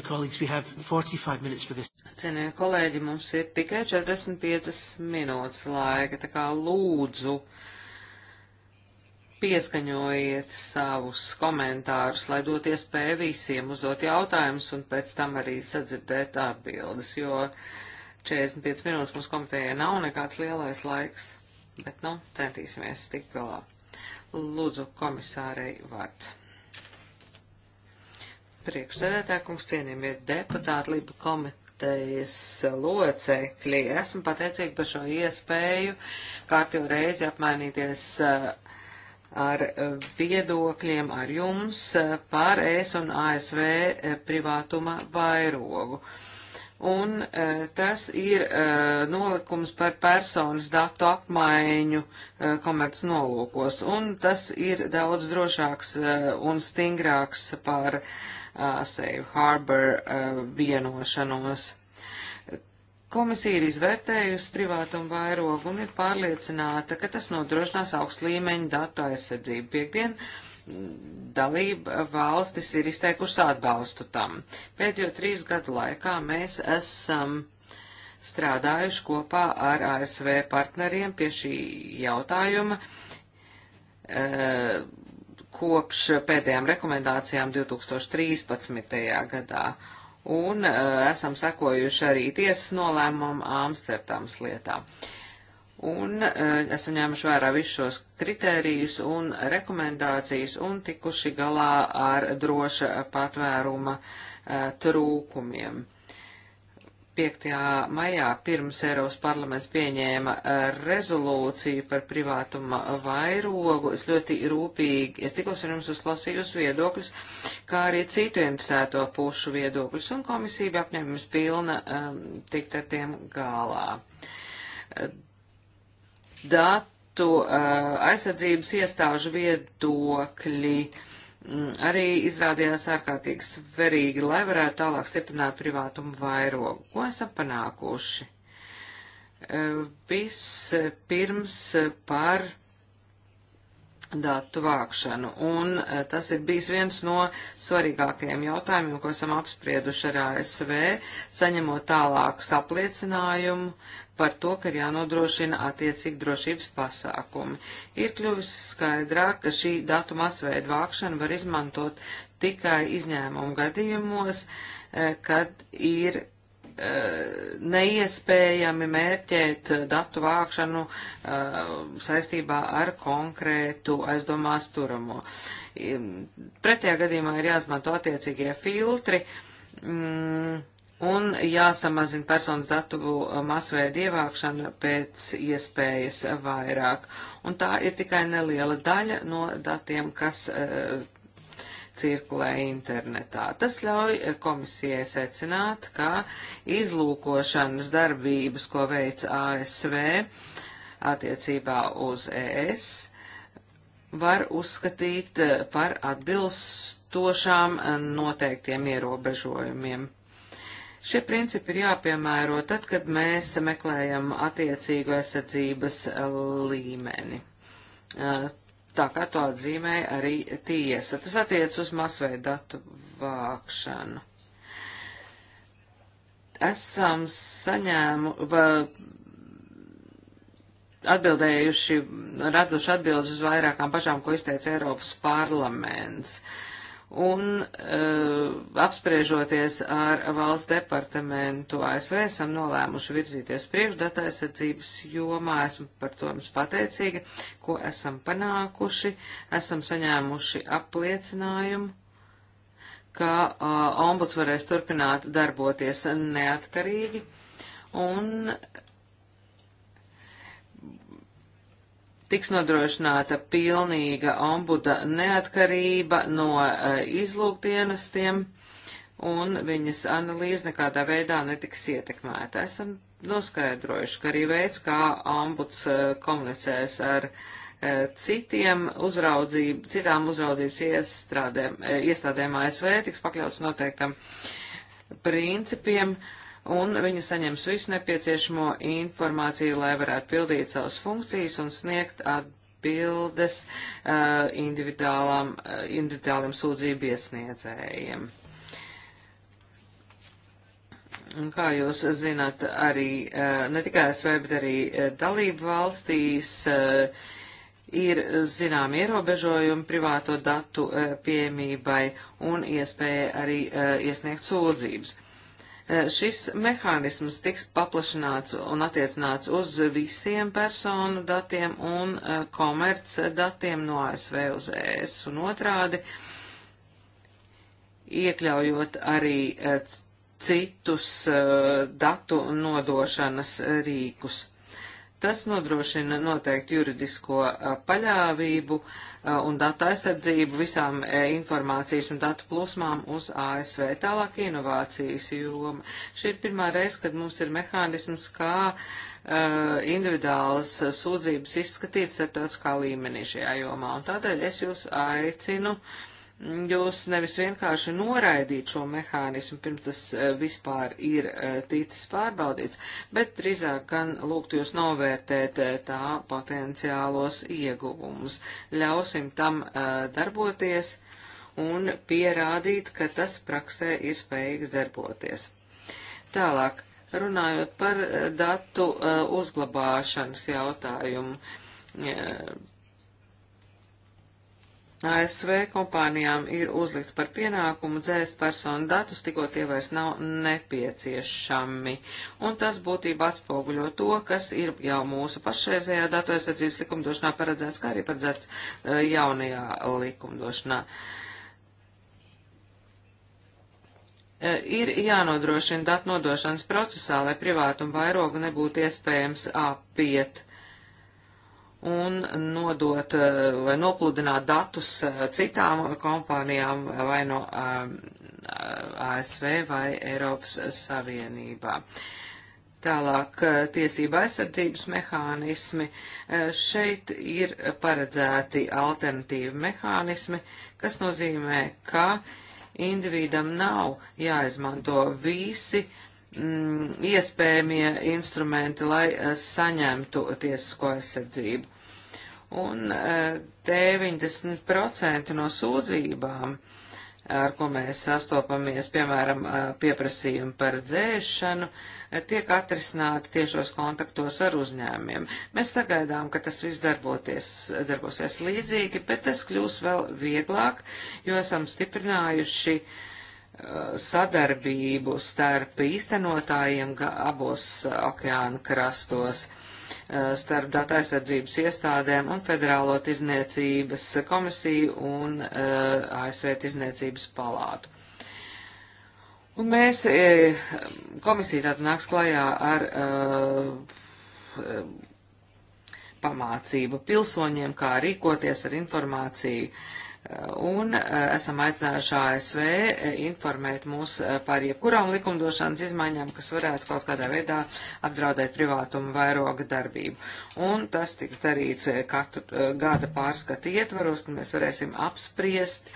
Speaker 3: Cienījamie
Speaker 2: kolēģi, mums ir tikai 45 minūtes laika, tā kā lūdzu pieskaņojiet savus komentārus, lai dot iespēju visiem uzdot jautājumus un pēc tam arī sadzirdēt atbildes, jo 45 minūtes mums komitējai nav nekāds lielais laiks, bet, nu, centīsimies tikt galā. Lūdzu, komisārei vārds. Priekšsēdētāji, kungs, cienījamie deputāti, Liba komitejas locekļi, esmu pateicīgi par šo iespēju kārtīgi reizi apmainīties eh, ar eh, viedokļiem ar jums eh, par ES un ASV privātuma vairogu. Un tas ir nolikums par personas datu apmaiņu komerc nolūkos, un tas ir daudz drošāks un stingrāks par uh, Uh, Safe Harbor uh, vienošanos. Komisija ir izvērtējusi privātumu vairogu un ir pārliecināta, ka tas nodrošinās augstu līmeņu datu aizsardzību. Piektdien mm, dalība valstis ir izteikušas atbalstu tam. Pēdējo trīs gadu laikā mēs esam strādājuši kopā ar ASV partneriem pie šī jautājuma. Uh, kopš pēdējām rekomendācijām 2013. gadā, un e, esam sekojuši arī tiesas nolēmumam Amsterdams lietā. Un e, esam ņēmuši vērā visus šos kritērijus un rekomendācijas un tikuši galā ar droša patvēruma e, trūkumiem. Uh, 5. maijā pirms Eiropas parlaments pieņēma eh, rezolūciju par privātuma vairogu. Es ļoti rūpīgi, es tikos ar jums uzklausīju jūs viedokļus, kā arī citu interesēto pušu viedokļus, un komisija bija apņēmums pilna um, tikt ar tiem galā. Eh, datu uh, aizsardzības iestāžu viedokļi. Uh, Mm, arī izrādījās ārkārtīgi svarīgi, lai varētu tālāk stiprināt privātumu vairogu. Ko esam panākuši? E, vispirms par datu vākšanu, un e, tas ir bijis viens no svarīgākajiem jautājumiem, ko esam apsprieduši ar ASV, saņemot tālākus apliecinājumu par to, ka ir jānodrošina attiecīgi drošības pasākumi. Ir kļuvis skaidrāk, ka šī datu masveida vākšana var izmantot tikai izņēmumu gadījumos, eh, kad ir eh, neiespējami mērķēt eh, datu vākšanu saistībā ar konkrētu aizdomās turamo. Pretējā gadījumā ir jāizmanto attiecīgie filtri. Mm, un jāsamazina personas datu uh, masveida ievākšana pēc iespējas vairāk. Un tā ir tikai neliela daļa no datiem, kas uh, cirkulē internetā. Tas ļauj uh, komisijai secināt, ka izlūkošanas darbības, ko veic ASV attiecībā uz ES, var uzskatīt uh, par atbilstošām noteiktiem ierobežojumiem. Šie principi ir jāpiemēro tad, kad mēs meklējam attiecīgo aizsardzības eh, līmeni. Eh, tā kā to atzīmēja arī tiesa. Tas attiec uz masveidu datu vākšanu. Esam saņēmu, va, atbildējuši, raduši atbildes uz vairākām pašām, ko izteica Eiropas parlaments. Uh, Un uh, apspriežoties ar valsts departamentu ASV, esam nolēmuši virzīties priekšdata aizsardzības jomā. Esmu par to jums pateicīga, ko esam panākuši. Esam saņēmuši apliecinājumu, ka uh, ombuds varēs turpināt darboties neatkarīgi. Un tiks nodrošināta pilnīga ombuda neatkarība no eh, izlūkdienestiem, un viņas analīze nekādā veidā netiks ietekmēta. Esam noskaidrojuši, ka arī veids, kā ombuds eh, komunicēs ar eh, citiem uzraudzību, citām uzraudzības iestrādēm, iestādēm ASV tiks pakļauts noteiktam principiem, uh, un viņi saņems visu nepieciešamo informāciju, lai varētu pildīt savas funkcijas un sniegt atbildes uh, individuālām, uh, individuāliem sūdzību iesniedzējiem. Un kā jūs zināt, arī uh, ne tikai SV, bet arī uh, dalību valstīs uh, ir zinām ierobežojumi privāto datu uh, pieejamībai un iespēja arī iesniegt sūdzības. Eh, šis mehānisms tiks paplašināts un attiecināts uz visiem personu datiem un eh, komerc datiem no ASV uz ES un otrādi, iekļaujot arī eh, citus datu nodošanas rīkus. Tas nodrošina noteikti juridisko paļāvību un datu aizsardzību visām e, informācijas un datu plūsmām uz ASV. Tālāk inovācijas joma. Šī ir pirmā reize, kad mums ir mehānisms, kā uh, individuālas sūdzības izskatīt starptautiskā līmenī šajā jomā. Un tādēļ es jūs aicinu uh, jūs nevis vienkārši noraidīt šo mehānismu, pirms tas eh, vispār ir eh, ticis pārbaudīts, bet drīzāk gan lūgtu jūs novērtēt eh, tā potenciālos ieguvumus. Ļausim tam darboties un pierādīt, ka tas praksē ir spējīgs darboties. Tālāk, runājot par datu uzglabāšanas jautājumu ASV kompānijām ir uzlikts par pienākumu dzēst personu datus, tikko tie vairs nav nepieciešami. Un tas būtībā atspoguļo to, kas ir jau mūsu pašreizējā datu aizsardzības likumdošanā paredzēts, kā arī paredzēts e, jaunajā likumdošanā. E, ir jānodrošina datu nodošanas procesā, lai privātuma vairogu nebūtu iespējams apiet un nodot eh, vai nopludināt datus eh, citām kompānijām vai no eh, ASV vai Eiropas Savienībā. Tālāk tiesība aizsardzības mehānismi. Šeit ir paredzēti alternatīvi mehānismi, kas nozīmē, ka individam nav jāizmanto visi mm, iespējamie instrumenti, lai saņemtu tiesisko aizsardzību un 90% eh, no sūdzībām, ar ko mēs sastopamies, piemēram, eh, pieprasījumi par dzēšanu, eh, tiek atrisināti tiešos kontaktos ar uzņēmiem. Mēs sagaidām, ka tas viss darbosies līdzīgi, bet tas kļūs vēl vieglāk, jo esam stiprinājuši sadarbību starp īstenotājiem abos okeāna krastos. Uh, Eh, starp datu aizsardzības iestādēm un Federālo tirzniecības komisiju un eh, ASV tirzniecības palātu. Un mēs, eh, komisija tātad nāks klajā ar pamācību pilsoņiem, kā rīkoties ar informāciju un eh, esam aicinājuši ASV eh, informēt mūs eh, par jebkurām likumdošanas izmaiņām, kas varētu kaut kādā veidā apdraudēt privātumu vairoga darbību. Un tas tiks darīts katru gada pārskata ietvaros, kad mēs varēsim apspriest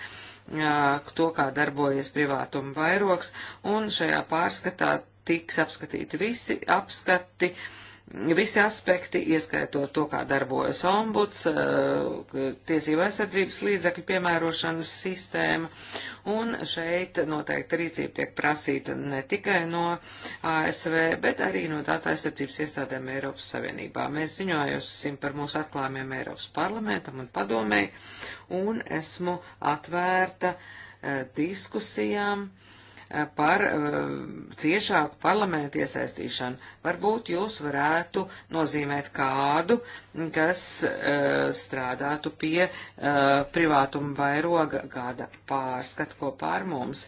Speaker 2: to, kā darbojas privātuma vairogs, un šajā pārskatā tiks apskatīti visi apskati, uh, visi aspekti, ieskaitot to, kā darbojas ombuds, eh, tiesību aizsardzības līdzekļu piemērošanas sistēma, un šeit noteikti rīcība tiek prasīta ne tikai no ASV, bet arī no datu aizsardzības iestādēm Eiropas Savienībā. Mēs ziņojusim par mūsu atklājumiem Eiropas parlamentam un padomēji, un esmu atvērta eh, diskusijām. Uh, Eh, par eh, ciešāku parlamentu iesaistīšanu. Varbūt jūs varētu nozīmēt kādu, kas eh, strādātu pie privātuma vairoga gada pārskatu kopā ar mums.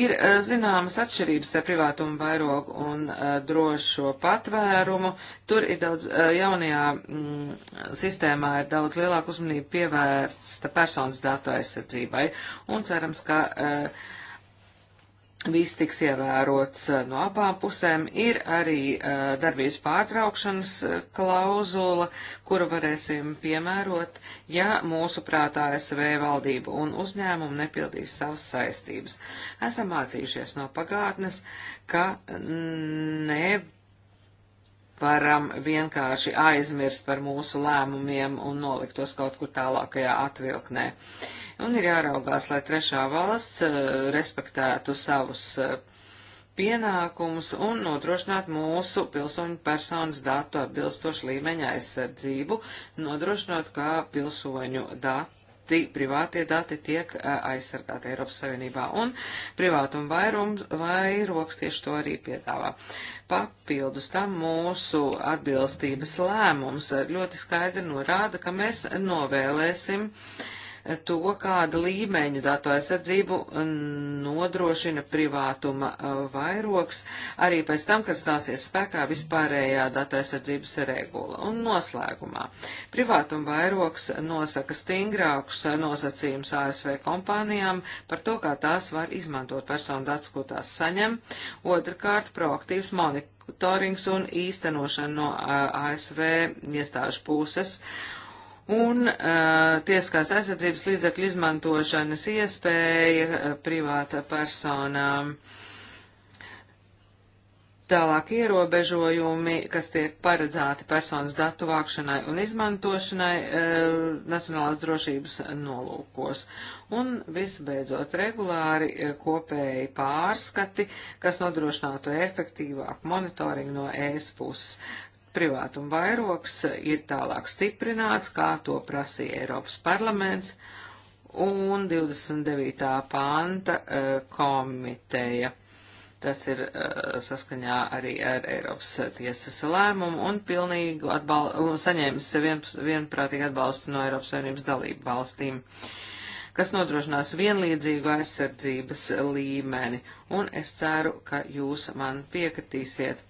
Speaker 2: Ir zināmas atšķirības ar privātumu vairogu un drošo patvērumu. Tur ir daudz, jaunajā m, mm, sistēmā ir daudz lielāka uzmanība pievērsta personas datu aizsardzībai un cerams, ka uh, viss tiks ievērots eh, no abām pusēm. Ir arī uh, darbības pārtraukšanas eh, klauzula, kuru varēsim piemērot, ja mūsu prātā ASV valdība un uzņēmumi nepildīs savas saistības. Esam mācījušies no pagātnes, ka nevaram vienkārši aizmirst par mūsu lēmumiem un nolikt tos kaut kur tālākajā atvilknē. Uh, un ir jāraugās, lai trešā valsts eh, respektētu savus eh, pienākumus un nodrošināt mūsu pilsoņu personas datu atbilstošu līmeņa aizsardzību, nodrošinot, kā pilsoņu dati privātie dati tiek eh, aizsargāti Eiropas Savienībā, un privātuma vairums vairoks tieši to arī piedāvā. Papildus tam mūsu atbilstības lēmums ļoti skaidri norāda, ka mēs novēlēsim uh, to, kāda līmeņa datu aizsardzību nodrošina privātuma vairoks, arī pēc tam, kad stāsies spēkā vispārējā datu aizsardzības regula. Un noslēgumā privātuma vairoks nosaka stingrākus nosacījumus ASV kompānijām par to, kā tās var izmantot personu datus, ko tās saņem. Otrakārt, proaktīvs monitorings un īstenošana no ASV iestāžu puses. Uh, un uh, tieskās aizsardzības līdzekļu izmantošanas iespēja uh, privāta personām. Tālāk ierobežojumi, kas tiek paredzēti personas datu vākšanai un izmantošanai uh, nacionālās drošības nolūkos. Un visbeidzot, regulāri uh, kopēji pārskati, kas nodrošinātu efektīvāku monitoringu no ES puses. Uh, privātuma vairoks ir tālāk stiprināts, kā to prasīja Eiropas parlaments un 29. panta e, komiteja. Tas ir e, saskaņā arī ar Eiropas tiesas lēmumu un pilnīgu atbalstu, saņēmis vien, vienprātīgu atbalstu no Eiropas Savienības dalību valstīm kas nodrošinās vienlīdzīgu aizsardzības līmeni, un es ceru, ka jūs man piekritīsiet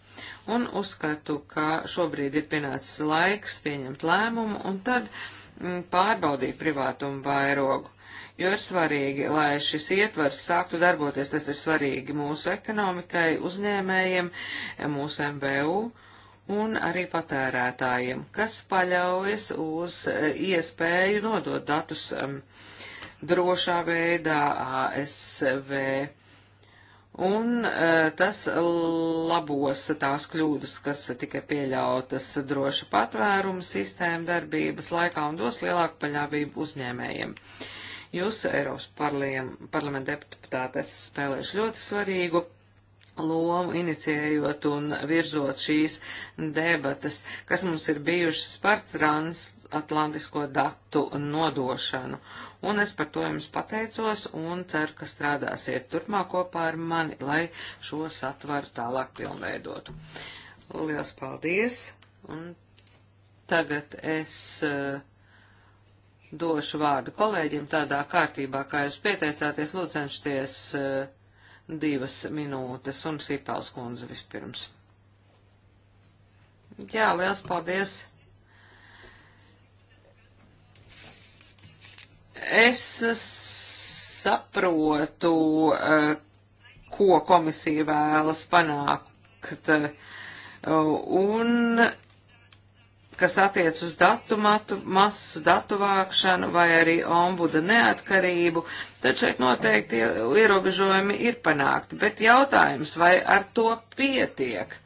Speaker 2: un uzskatu, ka šobrīd ir pienācis laiks pieņemt lēmumu un tad mm, pārbaudīt privātumu vairogu jo ir svarīgi, lai šis ietvers sāktu darboties. Tas ir svarīgi mūsu ekonomikai, uzņēmējiem, mūsu MBU un arī patērētājiem, kas paļaujas uz eh, iespēju nodot datus mm, drošā veidā ASV un e, tas labos tās kļūdas, kas tika pieļautas droša patvēruma sistēma darbības laikā un dos lielāku paļāvību uzņēmējiem. Jūs, Eiropas parlamenta deputāte, esat spēlējuši ļoti svarīgu lomu iniciējot un virzot šīs debatas, kas mums ir bijušas par trans transatlantisko datu nodošanu. Un es par to jums pateicos un ceru, ka strādāsiet turpmāk kopā ar mani, lai šo satvaru tālāk pilnveidotu. Lielas paldies! Un tagad es uh, došu vārdu kolēģim tādā kārtībā, kā jūs pieteicāties, lūdzu cenšties uh, eh, divas minūtes un Sipels kundze vispirms. Jā, liels paldies! Es saprotu, eh, ko komisija vēlas panākt, eh, un kas attiec uz datu matu, masu datu vākšanu vai arī ombuda neatkarību, tad šeit noteikti ierobežojumi ir panākti, bet jautājums, vai ar to pietiek?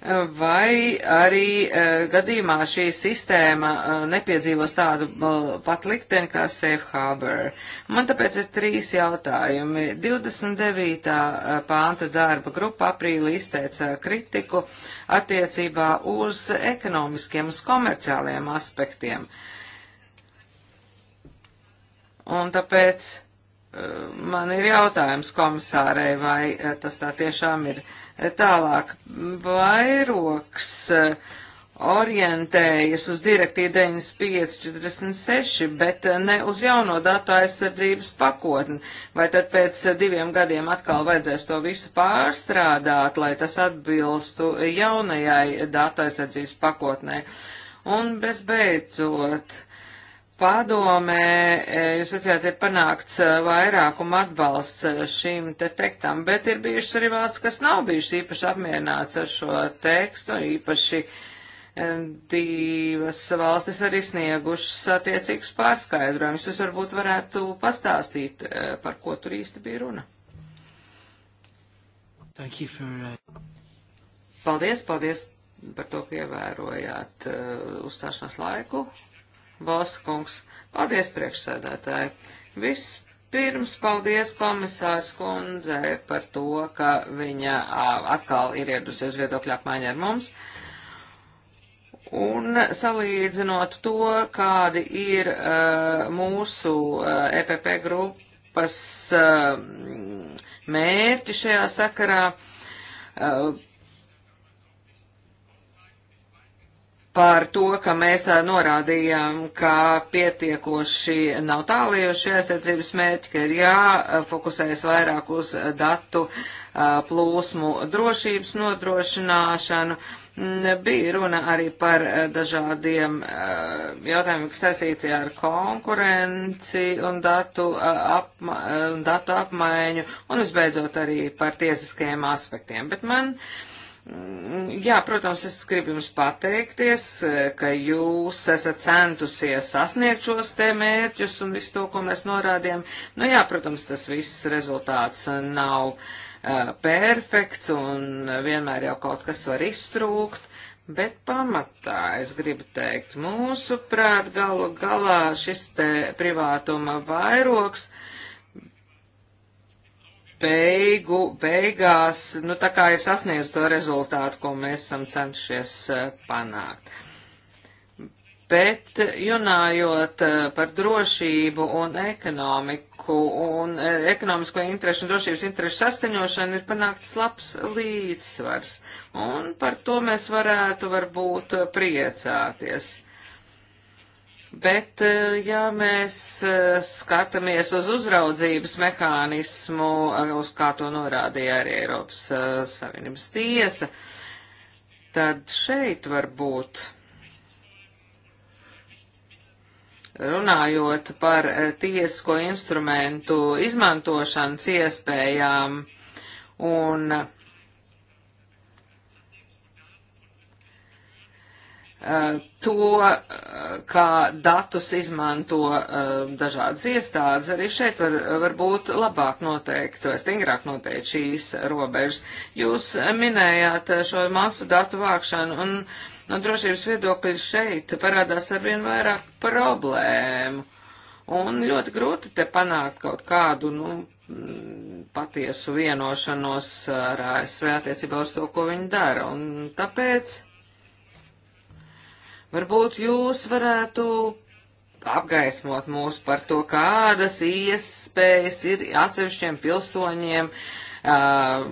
Speaker 2: Vai arī uh, gadījumā šī sistēma uh, nepiedzīvos tādu uh, pat likteni kā Safe Harbor? Man tāpēc ir trīs jautājumi. 29. pānta darba grupa aprīlī izteica kritiku attiecībā uz ekonomiskiem, uz komerciāliem aspektiem. Un tāpēc man ir jautājums komisārei, vai tas tā tiešām ir. Uh, Tālāk, vairoks eh, orientējas uz direktīvu 9546, bet eh, ne uz jauno datu aizsardzības pakotni. Vai tad pēc eh, diviem gadiem atkal vajadzēs to visu pārstrādāt, lai tas atbilstu jaunajai datu aizsardzības pakotnē? Un bezbeidzot, Padomē, e, jūs redzējāt, ir panākts e, vairākuma atbalsts e, šīm te tektam, bet ir bijušas arī valsts, kas nav bijušas īpaši apmierināts ar šo tekstu, īpaši divas valstis arī sniegušas attiecīgus pārskaidrojumus. Jūs varbūt varētu pastāstīt, par ko tur īsti bija runa. For... Uh, paldies, paldies par to, ka ievērojāt uzstāšanās laiku. Boskungs. Paldies, priekšsēdētāji. Viss Pirms paldies komisārs kundzei par to, ka viņa atkal ir ieradusies viedokļa apmaiņa ar mums. Un salīdzinot to, kādi ir uh, mūsu uh, EPP grupas uh, mērķi šajā sakarā, uh, par to, ka mēs norādījām, ka pietiekoši nav tāliejoši aizsardzības mērķi, ka ir jāfokusējas vairāk uz datu plūsmu drošības nodrošināšanu. Bija runa arī par dažādiem jautājumiem, kas saistīti ar konkurenci un datu, apma, datu apmaiņu, un visbeidzot arī par tiesiskajiem aspektiem. Bet man uh, Jā, protams, es gribu jums pateikties, ka jūs esat centusies sasniegt šos te mērķus un visu to, ko mēs norādījām. Nu jā, protams, tas viss rezultāts nav uh, perfekts un vienmēr jau kaut kas var iztrūkt, bet pamatā es gribu teikt, mūsu prāt galu galā šis te privātuma vairoks uh, beigu, beigās, nu tā kā ir sasniedz to rezultātu, ko mēs esam centušies eh, panākt. Bet eh, runājot eh, par drošību un ekonomiku un ekonomisko interešu un drošības interešu sastaņošanu ir panākts labs līdzsvars. Un par to mēs varētu varbūt priecāties. Bet, eh, ja mēs eh, skatāmies uz uzraudzības mehānismu, eh, uz kā to norādīja arī Eiropas Savienības tiesa, tad šeit varbūt runājot par tiesisko instrumentu izmantošanas iespējām un Eh, to, eh, kā datus izmanto eh, dažādas iestādes, arī šeit var, var būt labāk noteikt vai stingrāk noteikt šīs robežas. Jūs minējāt šo masu datu vākšanu, un no drošības viedokļa šeit parādās arvien vairāk problēmu. Un ļoti grūti te panākt kaut kādu, nu, mm, patiesu vienošanos ar ASV attiecībā uz to, ko viņi dara. Un tāpēc Varbūt jūs varētu apgaismot mūs par to, kādas iespējas ir atsevišķiem pilsoņiem uh,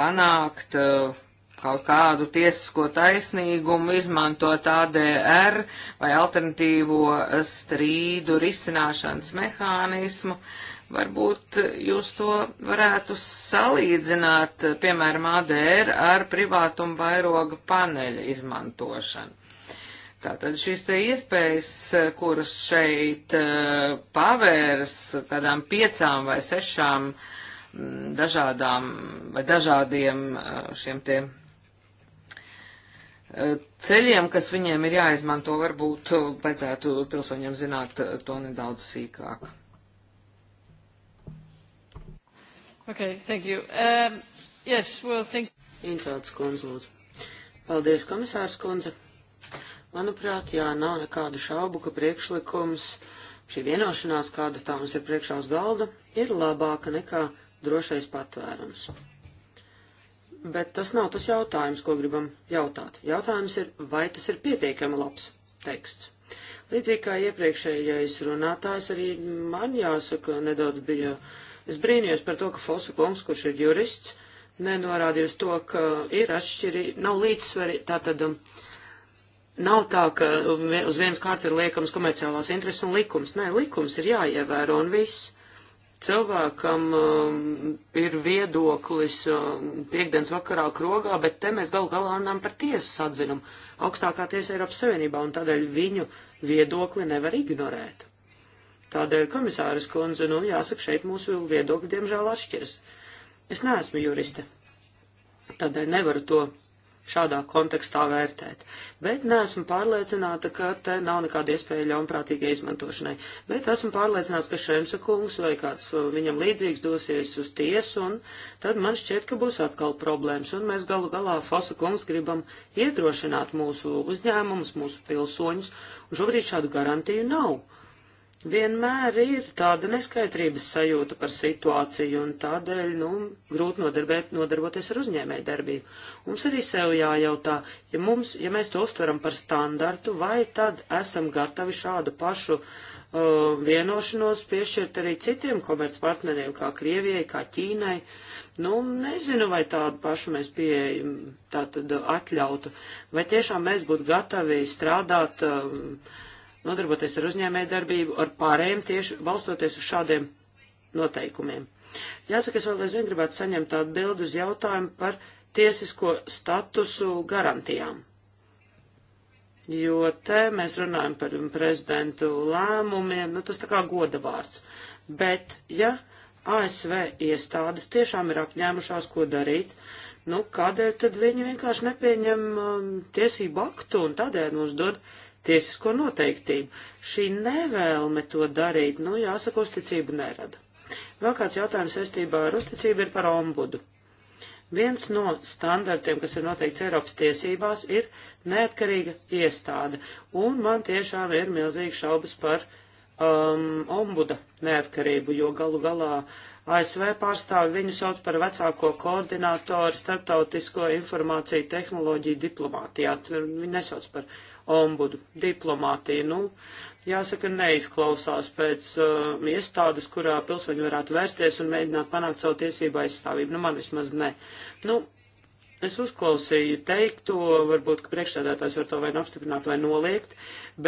Speaker 2: panākt uh, kaut kādu tiesisko taisnīgumu, izmantot ADR vai alternatīvo strīdu risināšanas mehānismu. Varbūt jūs to varētu salīdzināt, piemēram, ADR ar privātumu vairoga paneļa izmantošanu. Tātad šīs te iespējas, eh, kuras šeit eh, pavērs kādām piecām vai sešām mm, dažādām vai dažādiem eh, šiem tie ceļiem, kas viņiem ir jāizmanto, varbūt vajadzētu pilsoņiem zināt to nedaudz sīkāk.
Speaker 3: Okay, thank you. Um, yes, well, thank you. Intelts kundze, lūdzu. Paldies, komisārs kundze. Manuprāt, jā, nav nekādu šaubu, ka priekšlikums, šī vienošanās, kāda tā mums ir priekšā uz galda, ir labāka nekā drošais patvērums. Bet tas nav tas jautājums, ko gribam jautāt. Jautājums ir, vai tas ir pietiekami labs teksts. Līdzīgi kā iepriekšējais runātājs, arī man jāsaka, nedaudz bija. Es brīnījos par to, ka Fosu kungs, kurš ir jurists, nenorādīja uz to, ka ir atšķirīgi, nav līdzsveri, tātad um, Nav tā, ka uz vienas kārtas ir liekams komerciālās intereses un likums. Nē, likums ir jāievēro un viss. Cilvēkam um, ir viedoklis um, piekdienas vakarā krogā, bet te mēs gal galā runājam par tiesas atzinumu. Augstākā tiesa Eiropas Savienībā un tādēļ viņu viedokli nevar ignorēt. Tādēļ komisāras kundze, nu jāsaka, šeit mūsu viedokļi diemžēl atšķiras. Es neesmu juriste, tādēļ nevaru to šādā kontekstā vērtēt. Bet neesmu pārliecināta, ka te nav nekāda iespēja ļaunprātīgai izmantošanai. Bet esmu pārliecināts, ka Šemsa kungs vai kāds uh, viņam līdzīgs dosies uz tiesu, un tad man šķiet, ka būs atkal problēmas. Un mēs galu galā Fosa kungs gribam iedrošināt mūsu uzņēmumus, mūsu pilsoņus, un šobrīd šādu garantiju nav vienmēr ir tāda neskaidrības sajūta par situāciju un tādēļ, nu, grūti nodarbēt, nodarboties ar uzņēmēju darbību. Mums arī sev jājautā, ja, mums, ja mēs to uztveram par standartu, vai tad esam gatavi šādu pašu uh, vienošanos piešķirt arī citiem komercpartneriem, kā Krievijai, kā Ķīnai. Nu, nezinu, vai tādu pašu mēs pieejam, tātad atļautu. Vai tiešām mēs būtu gatavi strādāt. Um, uh, nodarboties ar uzņēmēju darbību, ar pārējiem tieši balstoties uz šādiem noteikumiem. Jāsaka, es vēl aizvien gribētu saņemt tādu bildu uz jautājumu par tiesisko statusu garantijām. Jo te mēs runājam par prezidentu lēmumiem, nu tas tā kā goda vārds. Bet, ja ASV iestādes tiešām ir apņēmušās, ko darīt, nu kādēļ tad viņi vienkārši nepieņem um, tiesību aktu un tādēļ mums dod uh, tiesisko noteiktību. Šī nevēlme to darīt, nu, jāsaka, uzticību nerada. Vēl kāds jautājums saistībā ar uzticību ir par ombudu. Viens no standartiem, kas ir noteikts Eiropas tiesībās, ir neatkarīga iestāde, un man tiešām ir milzīgi šaubas par um, ombuda neatkarību, jo galu galā ASV pārstāvi viņu sauc par vecāko koordinātoru starptautisko informāciju tehnoloģiju diplomātijā. Viņi nesauc par ombudu diplomātiju. Nu, jāsaka, neizklausās pēc uh, iestādes, kurā pilsoņi varētu vērsties un mēģināt panākt savu tiesību aizstāvību. Nu, man vismaz ne. Nu, es uzklausīju teikto, varbūt, ka priekšsēdētājs var to vai nu apstiprināt vai noliegt,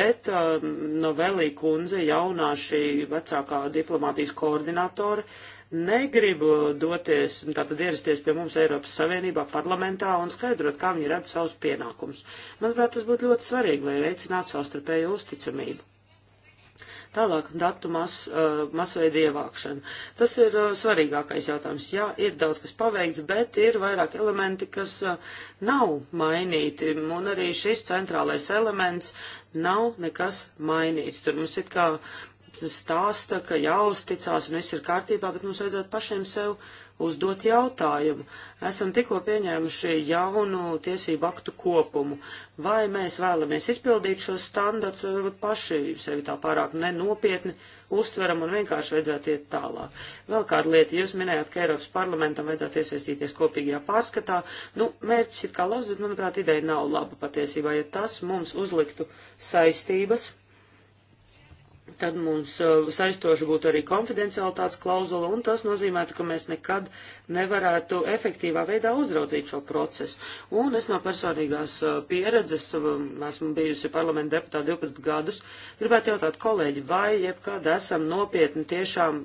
Speaker 3: bet uh, Novelī kundze, jaunā šī vecākā diplomātijas koordinātore, uh, negribu doties, tātad ierasties pie mums Eiropas Savienībā parlamentā un skaidrot, kā viņi redz savus pienākumus. Manuprāt, tas būtu ļoti svarīgi, lai veicinātu savstarpēju uzticamību. Tālāk datu mas, uh, masveida ievākšana. Tas ir uh, svarīgākais jautājums. Jā, ir daudz kas paveikts, bet ir vairāk elementi, kas uh, nav mainīti. Un arī šis centrālais elements nav nekas mainīts. Tur mums ir kā stāsta, ka jāuzticās un viss ir kārtībā, bet mums vajadzētu pašiem sev uzdot jautājumu. Esam tikko pieņēmuši jaunu tiesību aktu kopumu. Vai mēs vēlamies izpildīt šos standarts, vai varbūt paši sevi tā pārāk nenopietni uztveram un vienkārši vajadzētu iet tālāk. Vēl kāda lieta, jūs minējāt, ka Eiropas parlamentam vajadzētu iesaistīties kopīgajā pārskatā. Nu, mērķis ir kā labs, bet, manuprāt, ideja nav laba patiesībā, ja tas mums uzliktu saistības tad mums uh, saistoši būtu arī konfidencialitātes klauzula, un tas nozīmētu, ka mēs nekad nevarētu efektīvā veidā uzraudzīt šo procesu. Un es no personīgās uh, pieredzes, um, esmu bijusi parlamenta deputāta 12 gadus, gribētu jautāt kolēģi, vai jebkad esam nopietni tiešām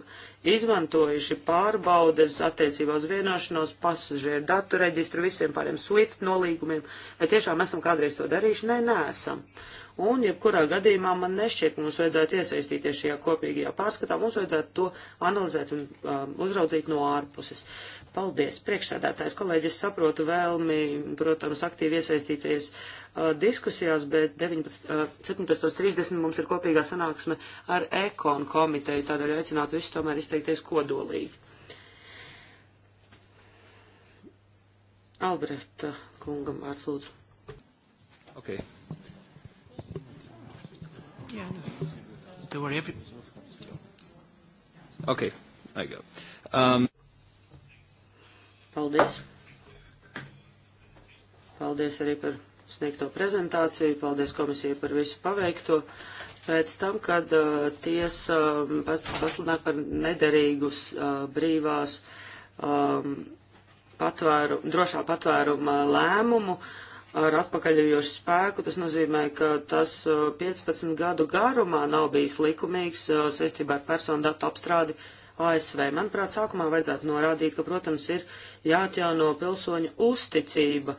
Speaker 3: izmantojuši pārbaudes attiecībā uz vienošanos pasažieru datu reģistru, visiem pāriem SWIFT nolīgumiem, vai tiešām esam kādreiz to darījuši? Nē, neesam. Ne Un, ja kurā gadījumā man nešķiet, ka mums vajadzētu iesaistīties šajā kopīgajā pārskatā, mums vajadzētu to analizēt un um, uzraudzīt no ārpuses. Paldies, priekšsēdētājs kolēģis, saprotu vēlmi, protams, aktīvi iesaistīties uh, diskusijās, bet 19, uh, 17.30 mums ir kopīgā sanāksme ar ekonu komiteju, tādēļ aicinātu visus tomēr izteikties kodolīgi. Albrehta kungam vārds lūdzu. Okay. Yeah, there were every...
Speaker 2: Okay, I go. Um... Paldies.
Speaker 3: Paldies arī par sniegto prezentāciju, paldies komisijai par visu paveikto. Pēc tam, kad uh, tiesa um, pasludināja par nederīgus uh, brīvās um, patvēru, drošā patvēruma lēmumu, uh, ar atpakaļojošu spēku. Tas nozīmē, ka tas 15 uh, gadu garumā nav bijis likumīgs uh, saistībā ar personu datu apstrādi ASV. Manuprāt, sākumā vajadzētu norādīt, ka, protams, ir jāatjauno pilsoņu uzticība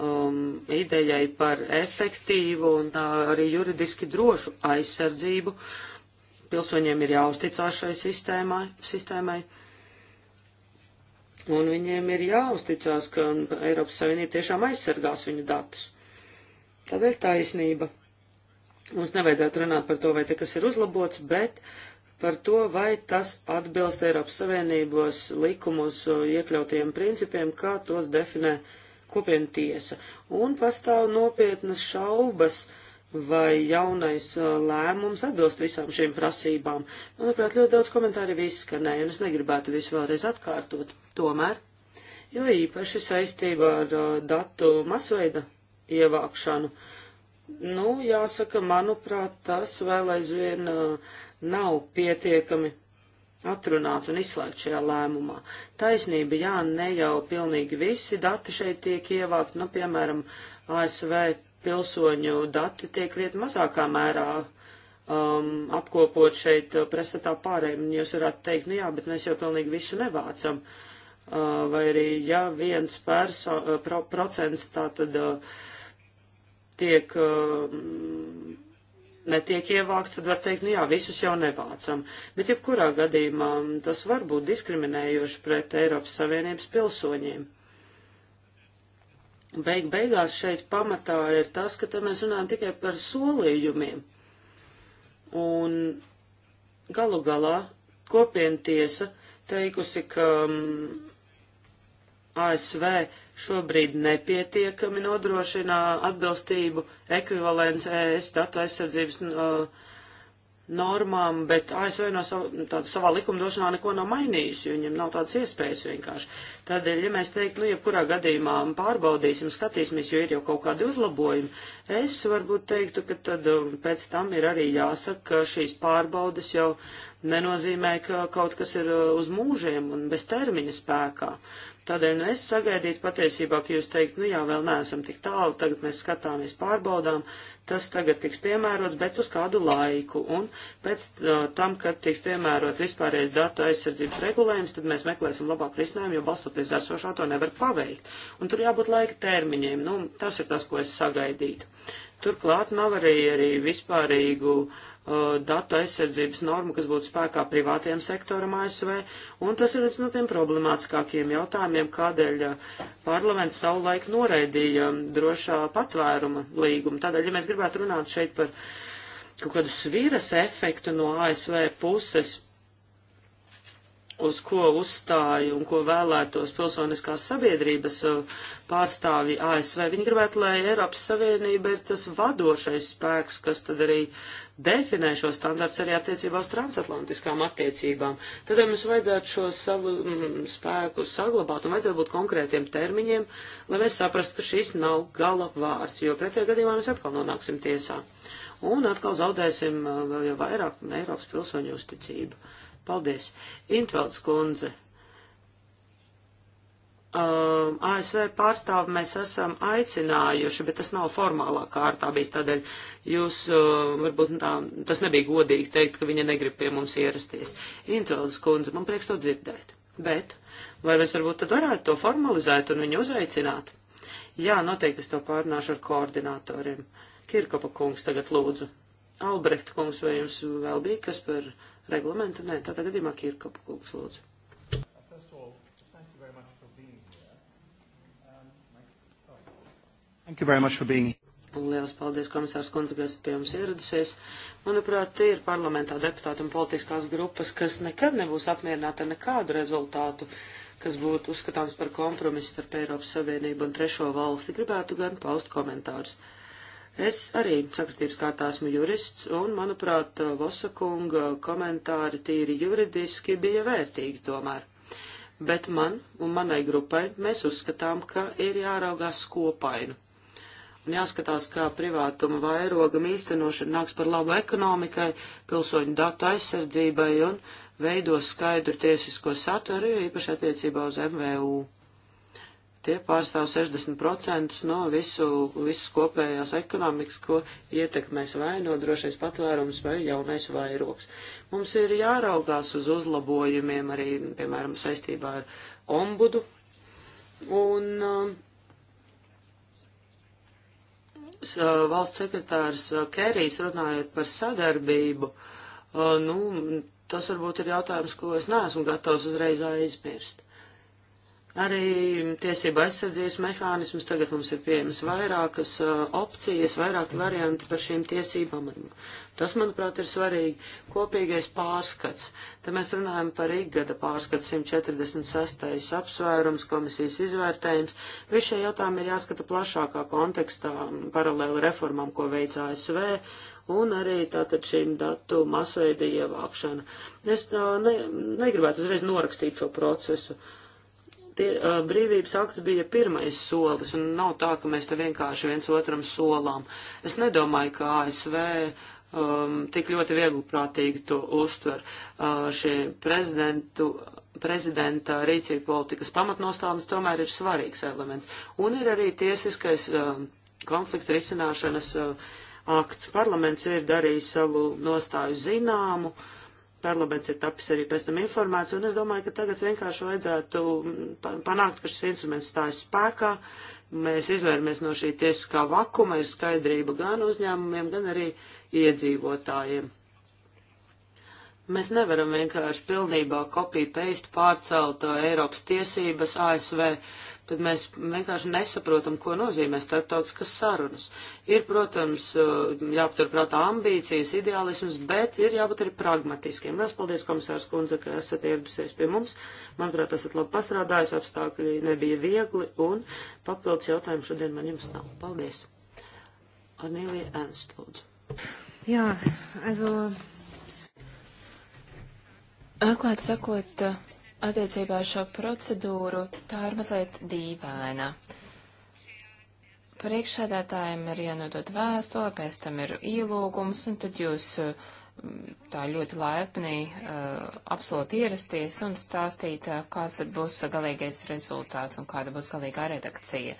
Speaker 3: um, idejai par efektīvu un uh, arī juridiski drošu aizsardzību. Pilsoņiem ir jāuzticās šai sistēmai. sistēmai. Uh, Un viņiem ir jāuzticās, ka Eiropas Savienība tiešām aizsargās viņu datus. Tad ir taisnība. Mums nevajadzētu runāt par to, vai te kas ir uzlabots, bet par to, vai tas atbilst Eiropas Savienības likumus iekļautiem principiem, kā tos definē kopiena tiesa. Un pastāv nopietnas šaubas. Uh, vai jaunais uh, lēmums atbilst visām šīm prasībām. Manuprāt, ļoti daudz komentāri viss skanēja, un es negribētu visu vēlreiz atkārtot. Tomēr, jo īpaši saistībā ar uh, datu masveida ievākšanu, nu, jāsaka, manuprāt, tas vēl aizvien uh, nav pietiekami atrunāts un izslēgts šajā lēmumā. Taisnība, jā, ne jau pilnīgi visi dati šeit tiek ievākt, nu, piemēram, ASV pilsoņu dati tiek liet mazākā mērā um, apkopot šeit uh, prestatā pārējiem. Jūs varētu teikt, nu jā, bet mēs jau pilnīgi visu nevācam. Uh, vai arī, ja viens perso, uh, pro, procents tā tad uh, tiek. Uh, netiek ievāks, tad var teikt, nu jā, visus jau nevācam. Bet jebkurā gadījumā um, tas var būt diskriminējoši pret Eiropas Savienības pilsoņiem. Uh, Beig beigās šeit pamatā ir tas, ka te mēs runājam tikai par solījumiem. Un galu galā kopientiesa teikusi, ka mm, ASV šobrīd nepietiekami nodrošina atbilstību ekvivalents ES datu aizsardzības uh, normām, bet ASV no sav, savā likumdošanā neko nav mainījusi, jo viņiem nav tādas iespējas vienkārši. Tādēļ, ja mēs teiktu, nu, jebkurā gadījumā pārbaudīsim, skatīsimies, jo ir jau kaut kādi uzlabojumi, es varbūt teiktu, ka tad um, pēc tam ir arī jāsaka, ka šīs pārbaudes jau nenozīmē, ka kaut kas ir uh, uz mūžiem un bez termiņa spēkā. Uh, Tādēļ nu, es sagaidītu patiesībā, ka jūs teikt, nu jā, vēl neesam tik tālu, tagad mēs skatāmies, pārbaudām, tas tagad tiks piemērots, bet uz kādu laiku. Un pēc uh, tam, kad tiks piemērot vispārējais datu aizsardzības regulējums, tad mēs meklēsim labāku risinājumu, jo balstoties esošā to nevar paveikt. Un tur jābūt laika termiņiem. Nu, tas ir tas, ko es sagaidītu. Turklāt nav arī, arī vispārīgu. Uh, Uh, datu aizsardzības normu, kas būtu spēkā privātajam sektoram ASV, un tas ir viens no tiem problemātiskākiem jautājumiem, kādēļ uh, parlaments savulaik noraidīja um, drošā patvēruma līgumu. Tādēļ, ja mēs gribētu runāt šeit par kaut kādu sviras efektu no ASV puses, uz ko uzstāja un ko vēlētos pilsoniskās sabiedrības uh, pārstāvji ASV. Viņi gribētu, lai Eiropas Savienība ir tas vadošais spēks, kas tad arī definē šo standarts arī attiecībā uz transatlantiskām attiecībām, tad ja mums vajadzētu šo savu mm, spēku saglabāt un vajadzētu būt konkrētiem termiņiem, lai mēs saprastu, ka šis nav gala vārds, jo pretējā gadījumā mēs atkal nonāksim tiesā. Un atkal zaudēsim uh, vēl jau vairāk Eiropas pilsoņu uzticību. Paldies. Intvelds kundze, um, ASV pārstāvi mēs esam aicinājuši, bet tas nav formālā kārtā bijis tādēļ. Jūs uh, varbūt nu tā, tas nebija godīgi teikt, ka viņa negrib pie mums ierasties. Intveldes kundze, man prieks to dzirdēt. Bet vai mēs varbūt tad varētu to formalizēt un viņu uzaicināt? Jā, noteikti es to pārnāšu ar koordinatoriem. Kirkopa kungs tagad lūdzu. Albrecht kungs, vai jums vēl bija kas par reglamentu? Nē, tādā gadījumā Kirkopa kungs lūdzu.
Speaker 2: Lielas
Speaker 3: paldies, komisārs Kundze, kas pie mums ieradusies. Manuprāt, tie ir parlamentā deputāti un politiskās grupas, kas nekad nebūs apmierināti ar nekādu rezultātu, kas būtu uzskatāms par kompromisu starp Eiropas Savienību un trešo valsti. Gribētu gan paust komentārus. Es arī sakritības kārtā esmu jurists, un, manuprāt, Vosakunga komentāri tīri juridiski bija vērtīgi tomēr. Bet man un manai grupai mēs uzskatām, ka ir jāraugās kopainu. Un jāskatās, kā privātuma vairogam īstenošana nāks par labu ekonomikai, pilsoņu datu aizsardzībai un veidos skaidru tiesisko saturu, jo īpaši attiecībā uz MVU. Tie pārstāv 60% no visu, visas kopējās ekonomikas, ko ietekmēs vai no drošais patvērums vai jaunais vairoks. Mums ir jāraugās uz uzlabojumiem arī, piemēram, saistībā ar ombudu. Un, uh, Uh, valsts sekretārs uh, Kērijs runājot par sadarbību, uh, nu, tas varbūt ir jautājums, ko es neesmu gatavs uzreiz aizmirst. Arī tiesība aizsardzības mehānismus tagad mums ir pieejamas vairākas uh, opcijas, vairāki varianti par šīm tiesībām. Tas, manuprāt, ir svarīgi. Kopīgais pārskats. Te mēs runājam par ikgada pārskats 146. apsvērums, komisijas izvērtējums. Visi šie jautājumi ir jāskata plašākā kontekstā, paralēli reformām, ko veic ASV, un arī tātad šīm datu masveida ievākšana. Es uh, ne, negribētu uzreiz norakstīt šo procesu. Uh, tie, uh, brīvības akts bija pirmais solis, un nav tā, ka mēs te vienkārši viens otram solām. Es nedomāju, ka ASV um, tik ļoti viegli prātīgi to uztver. Uh, šie prezidentu prezidenta rīcība politikas pamatnostādnes tomēr ir svarīgs elements. Un ir arī tiesiskais uh, konflikta risināšanas uh, akts. Parlaments ir darījis savu nostāju zināmu. Uh, parlaments ir tapis arī pēc tam informēts, un es domāju, ka tagad vienkārši vajadzētu mm, panākt, ka šis instruments stājas spēkā, mēs izvērmies no šī tiesiskā vakuma, ir skaidrība gan uzņēmumiem, gan arī iedzīvotājiem. Mēs nevaram vienkārši pilnībā kopiju paste pārcelt uh, Eiropas tiesības ASV tad mēs vienkārši nesaprotam, ko nozīmē starptautiskas sarunas. Ir, protams, uh, jāpaturprātā ambīcijas, ideālisms, bet ir jābūt arī pragmatiskiem. Lielas paldies, komisārs Kundze, ka esat ieradusies pie mums. Manuprāt, esat labi pastrādājis, apstākļi nebija viegli, un papildus jautājumu šodien man jums nav. Paldies. Arnīlija Ernst, lūdzu.
Speaker 1: Jā, also. Atklāt sakot, uh attiecībā uz šo procedūru tā ir mazliet dīvaina. Priekšsēdētājiem ir jānodot vēstule, pēc tam ir ielūgums, un tad jūs mm, tā ļoti laipni uh, eh, absolūti ierasties un stāstīt, eh, kāds tad būs galīgais rezultāts un kāda būs galīgā redakcija.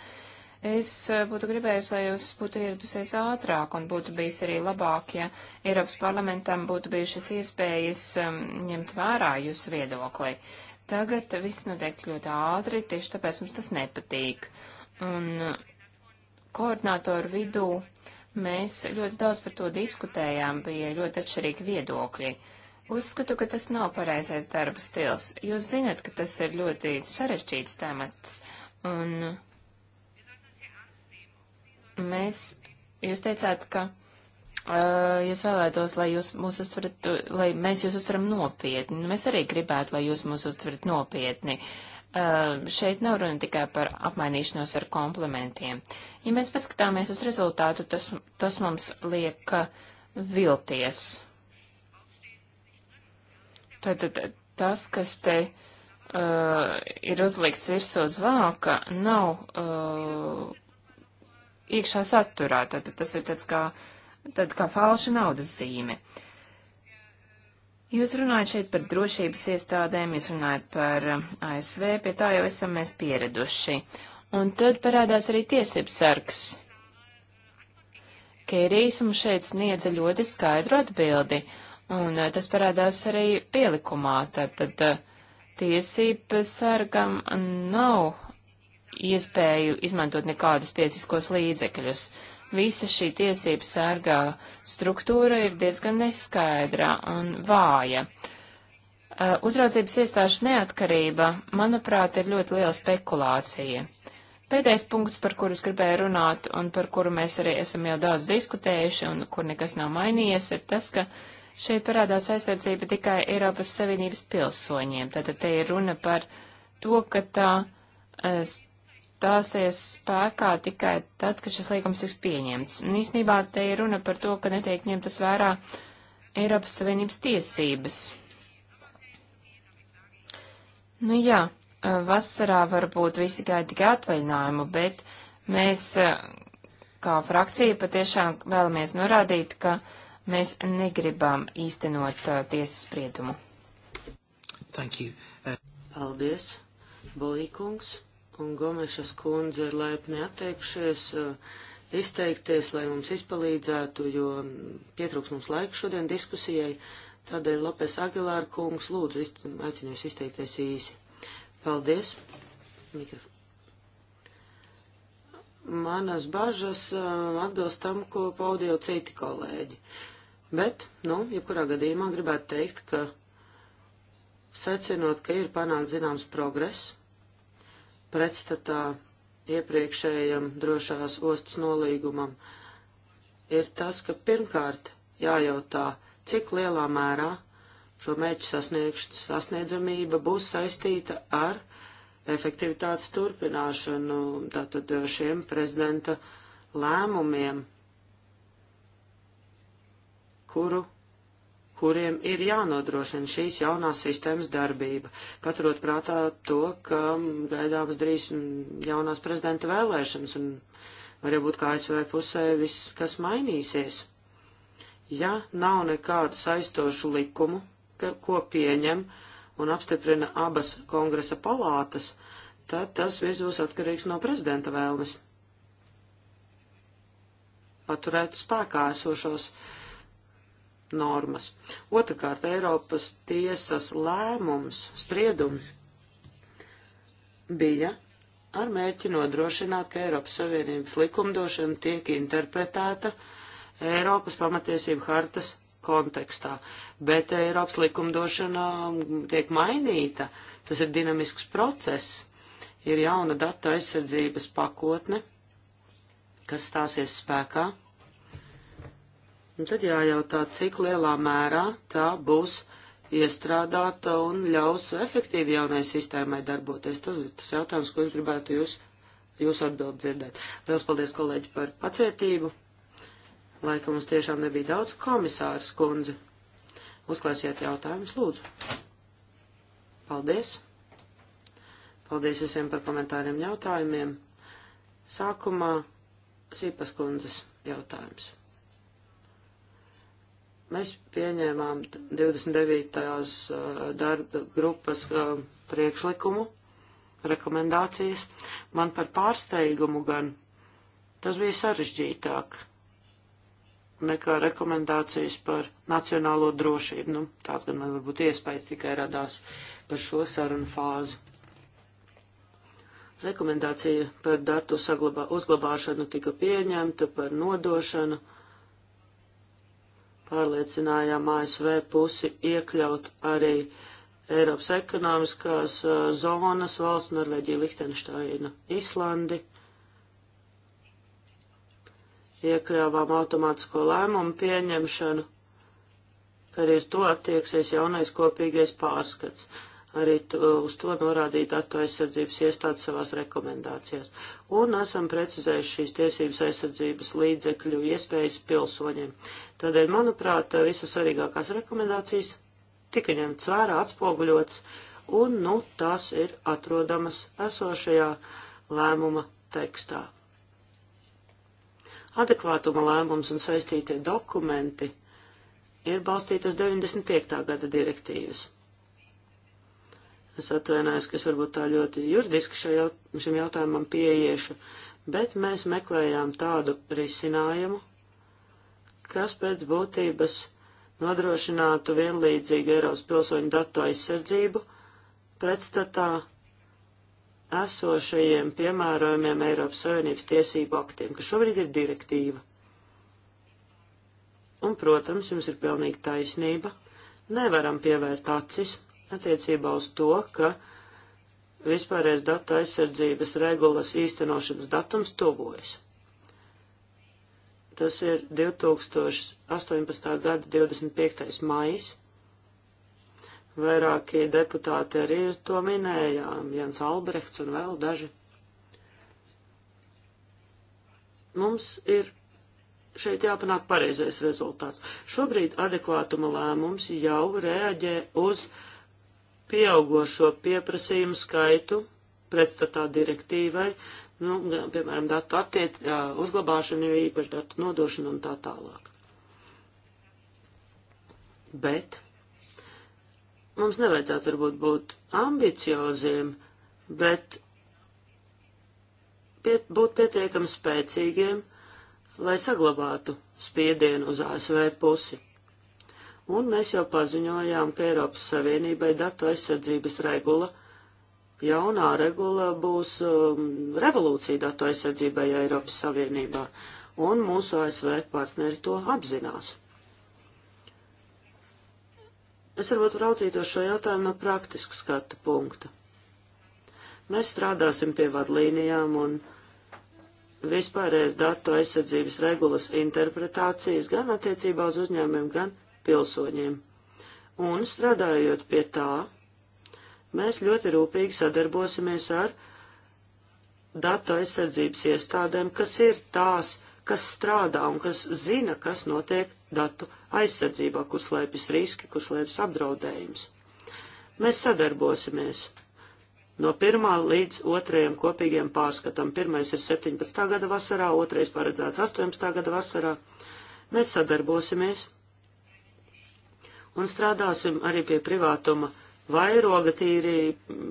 Speaker 1: Es eh, būtu gribējusi, lai jūs būtu ieradusies ātrāk un būtu bijis arī labāk, ja Eiropas parlamentam būtu bijušas iespējas um, ņemt vērā jūsu viedokli. Uh, Tagad viss notiek ļoti ātri, tieši tāpēc mums tas nepatīk. Un uh, koordinātoru vidū mēs ļoti daudz par to diskutējām, bija ļoti atšķirīgi viedokļi. Uzskatu, ka tas nav pareizais darba stils. Jūs zinat, ka tas ir ļoti sarežģīts temats, un mēs, jūs teicāt, ka jūs eh, vēlētos, lai jūs mūs uztverat, lai mēs jūs uztveram nopietni. Nu, mēs arī gribētu, lai jūs mūs uztverat nopietni. Uh, šeit nav runa tikai par apmainīšanos ar komplementiem. Ja mēs paskatāmies uz rezultātu, tas, tas mums liek eh, vilties. Tātad tas, kas te uh, ir uzlikts virsū uz vāka, nav uh, iekšā saturā. Tātad tas ir tāds kā uh, tad kā falša naudas zīme. Jūs runājat šeit par drošības iestādēm, jūs runājat par um, ASV, pie tā jau esam mēs pieraduši. Un tad parādās arī tiesības sargs. Kērijs mums šeit sniedza ļoti skaidru atbildi, un uh, tas parādās arī pielikumā. Tātad uh, tiesības sargam nav iespēju izmantot nekādus tiesiskos līdzekļus. Uh, visa šī tiesība sārgā struktūra ir diezgan neskaidra un vāja. Uh, uzraudzības iestāžu neatkarība, manuprāt, ir ļoti liela spekulācija. Pēdējais punkts, par kuru es gribēju runāt un par kuru mēs arī esam jau daudz diskutējuši un kur nekas nav mainījies, ir tas, ka šeit parādās aizsardzība tikai Eiropas Savienības pilsoņiem. Tātad te ir runa par to, ka tā eh, stāsies spēkā tikai tad, kad šis līgums tiks pieņemts. Un īstenībā te ir runa par to, ka netiek ņemtas vērā Eiropas Savienības tiesības. Nu jā, vasarā varbūt visi gaida tikai atvaļinājumu, bet mēs kā frakcija patiešām vēlamies norādīt, ka mēs negribam īstenot uh, tiesas spriedumu. Thank you. Uh...
Speaker 3: Paldies, Bolīkungs un Gomešas kundze ir laipni atteikšies eh, izteikties, lai mums izpalīdzētu, jo pietrūks mums laika šodien diskusijai. Tādēļ Lopes Agilāra kungs lūdzu aicinu jūs izteikties īsi. Paldies. Mikrofon. Manas bažas eh, atbilst tam, ko paudīja citi kolēģi. Bet, nu, jebkurā gadījumā gribētu teikt, ka secinot, ka ir panākt zināms progress pretstatā iepriekšējam drošās ostas nolīgumam, ir tas, ka pirmkārt jājautā, cik lielā mērā šo mērķu sasniedzamība būs saistīta ar efektivitātes turpināšanu, tātad šiem prezidenta lēmumiem, kuru kuriem ir jānodrošina šīs jaunās sistēmas darbība, paturot prātā to, ka gaidāmas drīz jaunās prezidenta vēlēšanas, un varbūt kā ASV pusē viss, kas mainīsies. Ja nav nekādu saistošu likumu, ka, ko pieņem un apstiprina abas kongresa palātas, tad tas viss būs atkarīgs no prezidenta vēlmes. Paturēt spēkā esošos normas. Otrakārt, Eiropas tiesas lēmums, spriedums bija ar mērķi nodrošināt, ka Eiropas Savienības likumdošana tiek interpretēta Eiropas pamatiesību hartas kontekstā, bet Eiropas likumdošana tiek mainīta. Tas ir dinamisks process, ir jauna datu aizsardzības pakotne, kas stāsies spēkā Un tad jājautā, cik lielā mērā tā būs iestrādāta un ļaus efektīvi jaunai sistēmai darboties. Tas ir tas jautājums, ko es gribētu jūs, jūs atbild dzirdēt. Liels paldies, kolēģi, par pacietību. Laika mums tiešām nebija daudz komisārs kundze. Uzklāsiet jautājumus, lūdzu. Paldies. Paldies visiem par komentāriem jautājumiem. Sākumā Sīpas kundzes jautājums. Mēs pieņēmām 29. Eh, darba grupas eh, priekšlikumu, rekomendācijas. Man par pārsteigumu gan tas bija sarežģītāk nekā rekomendācijas par nacionālo drošību. Nu, tāds gan man varbūt iespējas tikai radās par šo sarunu fāzi. Rekomendācija par datu saglabā, uzglabāšanu tika pieņemta, par nodošanu pārliecinājām ASV pusi iekļaut arī Eiropas ekonomiskās uh, zonas valsts Norvēģija, Lihtenštaina, Islandi. Iekļāvām automātisko lēmumu pieņemšanu, ka arī uz to attieksies jaunais kopīgais pārskats. Arī uz to norādīt datu aizsardzības iestādes savās rekomendācijās. Un esam precizējuši šīs tiesības aizsardzības līdzekļu iespējas pilsoņiem. Tādēļ, manuprāt, visas svarīgākās rekomendācijas tika ņemts vērā, atspoguļots, un, nu, tās ir atrodamas esošajā lēmuma tekstā adekvātuma lēmums un saistītie dokumenti ir balstīti uz 95. gada direktīvas. Es atvainojos, ka es varbūt tā ļoti juridiski jaut šim jautājumam pieiešu, bet mēs meklējām tādu risinājumu, kas pēc būtības nodrošinātu vienlīdzīgu Eiropas pilsoņu datu aizsardzību pretstatā esošajiem piemērojumiem Eiropas Savienības tiesību aktiem, kas šobrīd ir direktīva. Un, protams, jums ir pilnīgi taisnība. Nevaram pievērt acis attiecībā uz to, ka vispārējais datu aizsardzības regulas īstenošanas datums tuvojas. Tas ir 2018. gada 25. maijs. Vairākie deputāti arī ir to minējām, Jans Albrechts un vēl daži. Mums ir šeit jāpanāk pareizais rezultāts. Šobrīd adekvātuma lēmums jau reaģē uz uh, pieaugošo pieprasījumu skaitu pretstatā direktīvai, nu, piemēram, datu attiec, uzglabāšanu, jo īpaši datu nodošanu un tā tālāk. Bet mums nevajadzētu varbūt būt ambicioziem, bet piet, būt pietiekami spēcīgiem, lai saglabātu spiedienu uz ASV pusi un mēs jau paziņojām, ka Eiropas Savienībai datu aizsardzības regula, jaunā regula būs um, revolūcija datu aizsardzībai Eiropas Savienībā, un mūsu ASV partneri to apzinās. Es varbūt raudzītos šo jautājumu no praktiska skatu punkta. Mēs strādāsim pie vadlīnijām un vispārējais datu aizsardzības regulas interpretācijas gan attiecībā uz uzņēmumiem, gan pilsoņiem. Un strādājot pie tā, mēs ļoti rūpīgi sadarbosimies ar datu aizsardzības iestādēm, kas ir tās, kas strādā un kas zina, kas notiek datu aizsardzībā, kur slēpjas riski, kur slēpjas apdraudējums. Mēs sadarbosimies no pirmā līdz otrajam kopīgiem pārskatam. Pirmais ir 17. gada vasarā, otrais paredzēts 18. gada vasarā. Mēs sadarbosimies un strādāsim arī pie privātuma vairoga tīri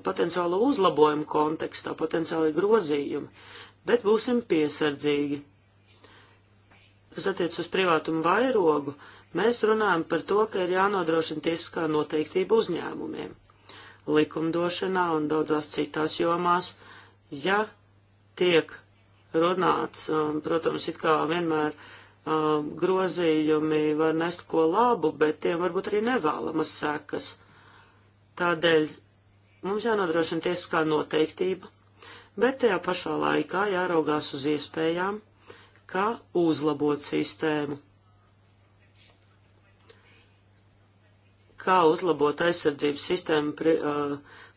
Speaker 3: potenciāla uzlabojuma kontekstā, potenciāli grozījumi, bet būsim piesardzīgi. Kas attiec uz privātumu vairogu, mēs runājam par to, ka ir jānodrošina tiesiskā noteiktība uzņēmumiem. Likumdošanā un daudzās citās jomās, ja tiek runāts, um, protams, it kā vienmēr uh, um, grozījumi var nest ko labu, bet tiem varbūt arī nevēlamas sekas. Tādēļ mums jānodrošina tiesiskā noteiktība, bet tajā pašā laikā jāraugās uz iespējām, kā uzlabot sistēmu. Kā uzlabot aizsardzības sistēmu pri, uh,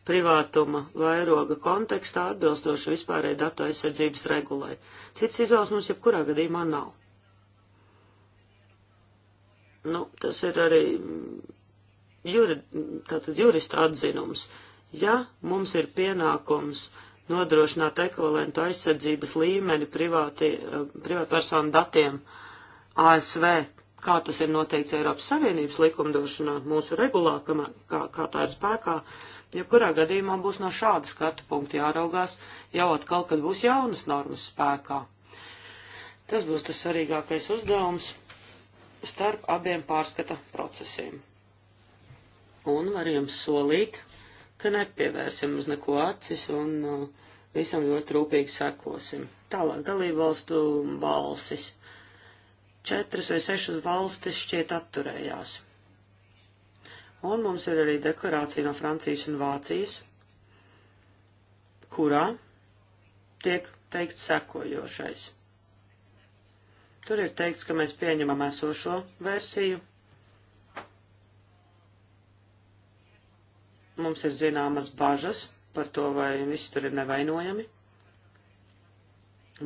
Speaker 3: privātuma vairoga kontekstā atbilstoši vispārēji datu aizsardzības regulai. Cits izvēles mums jebkurā gadījumā nav. Nu, tas ir arī juri, jurista atzinums. Ja mums ir pienākums nodrošināt ekvivalentu aizsardzības līmeni privāti, eh, privātpersonu datiem ASV, kā tas ir noteikts Eiropas Savienības likumdošanā, mūsu regulā, kā, kā tā ir spēkā, jebkurā ja gadījumā būs no šāda skatu punkta jāraugās jau atkal, kad būs jaunas normas spēkā. Tas būs tas svarīgākais uzdevums starp abiem pārskata procesiem. Un var jums solīt, ka nepievērsim uz neko acis un uh, visam ļoti rūpīgi sekosim. Tālāk dalībvalstu balsis. Četras vai sešas valstis šķiet atturējās. Un mums ir arī deklarācija no Francijas un Vācijas, kurā tiek teikt sekojošais. Tur ir teikts, ka mēs pieņemam esošo versiju. Mums ir zināmas bažas par to, vai visi tur ir nevainojami,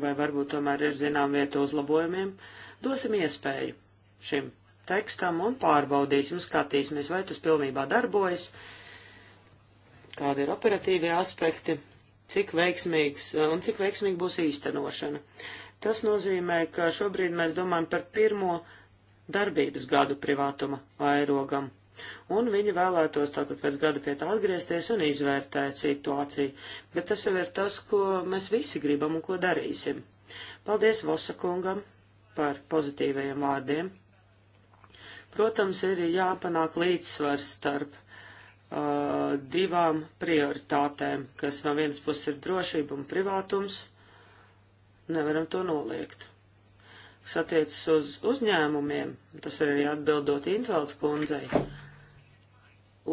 Speaker 3: vai varbūt tomēr ir zinām vieta uzlabojumiem. Dosim iespēju šim tekstam un pārbaudīsim, skatīsimies, vai tas pilnībā darbojas, kādi ir operatīvie aspekti, cik veiksmīgs un cik veiksmīgi būs īstenošana. Tas nozīmē, ka šobrīd mēs domājam par pirmo darbības gadu privātuma vairogam. Un viņi vēlētos tātad pēc gada pie tā atgriezties un izvērtēt situāciju. Bet tas jau ir tas, ko mēs visi gribam un ko darīsim. Paldies Vosakungam par pozitīvajiem vārdiem. Protams, ir jāpanāk līdzsvars starp uh, divām prioritātēm, kas no vienas puses ir drošība un privātums, uh, Nevaram to noliegt. Kas attiecas uz uzņēmumiem, tas ir arī atbildot Intvelds kundzei,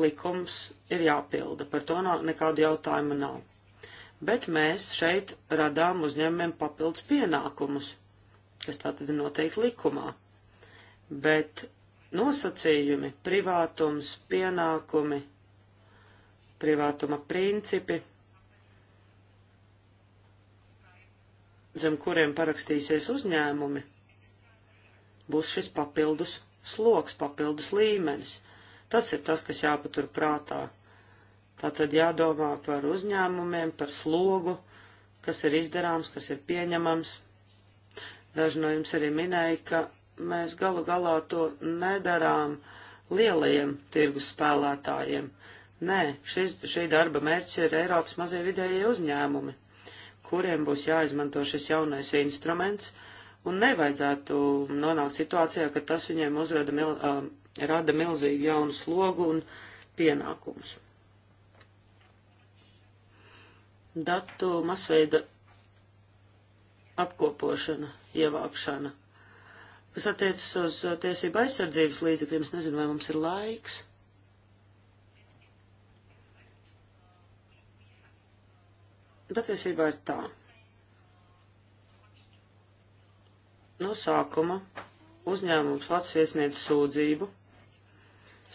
Speaker 3: likums ir jāpilda, par to nav, nekādu jautājumu nav. Bet mēs šeit radām uzņēmumiem papildus pienākumus, kas tā tad ir noteikti likumā. Bet nosacījumi, privātums, pienākumi, privātuma principi zem kuriem parakstīsies uzņēmumi, būs šis papildus sloks, papildus līmenis. Tas ir tas, kas jāpatur prātā. Tātad jādomā par uzņēmumiem, par slogu, kas ir izdarāms, kas ir pieņemams. Daži no jums arī minēja, ka mēs galu galā to nedarām lielajiem tirgus spēlētājiem. Nē, šis, šī darba mērķis ir Eiropas mazie vidējie uzņēmumi kuriem būs jāizmanto šis jaunais instruments, un nevajadzētu nonākt situācijā, ka tas viņiem uzrada, mil, uh, rada milzīgu jaunu slogu un pienākumus. Datu masveida apkopošana, ievākšana, kas attiecas uz tiesību aizsardzības līdzekļiem, es nezinu, vai mums ir laiks. patiesībā ir tā. No sākuma uzņēmums pats iesniedz sūdzību.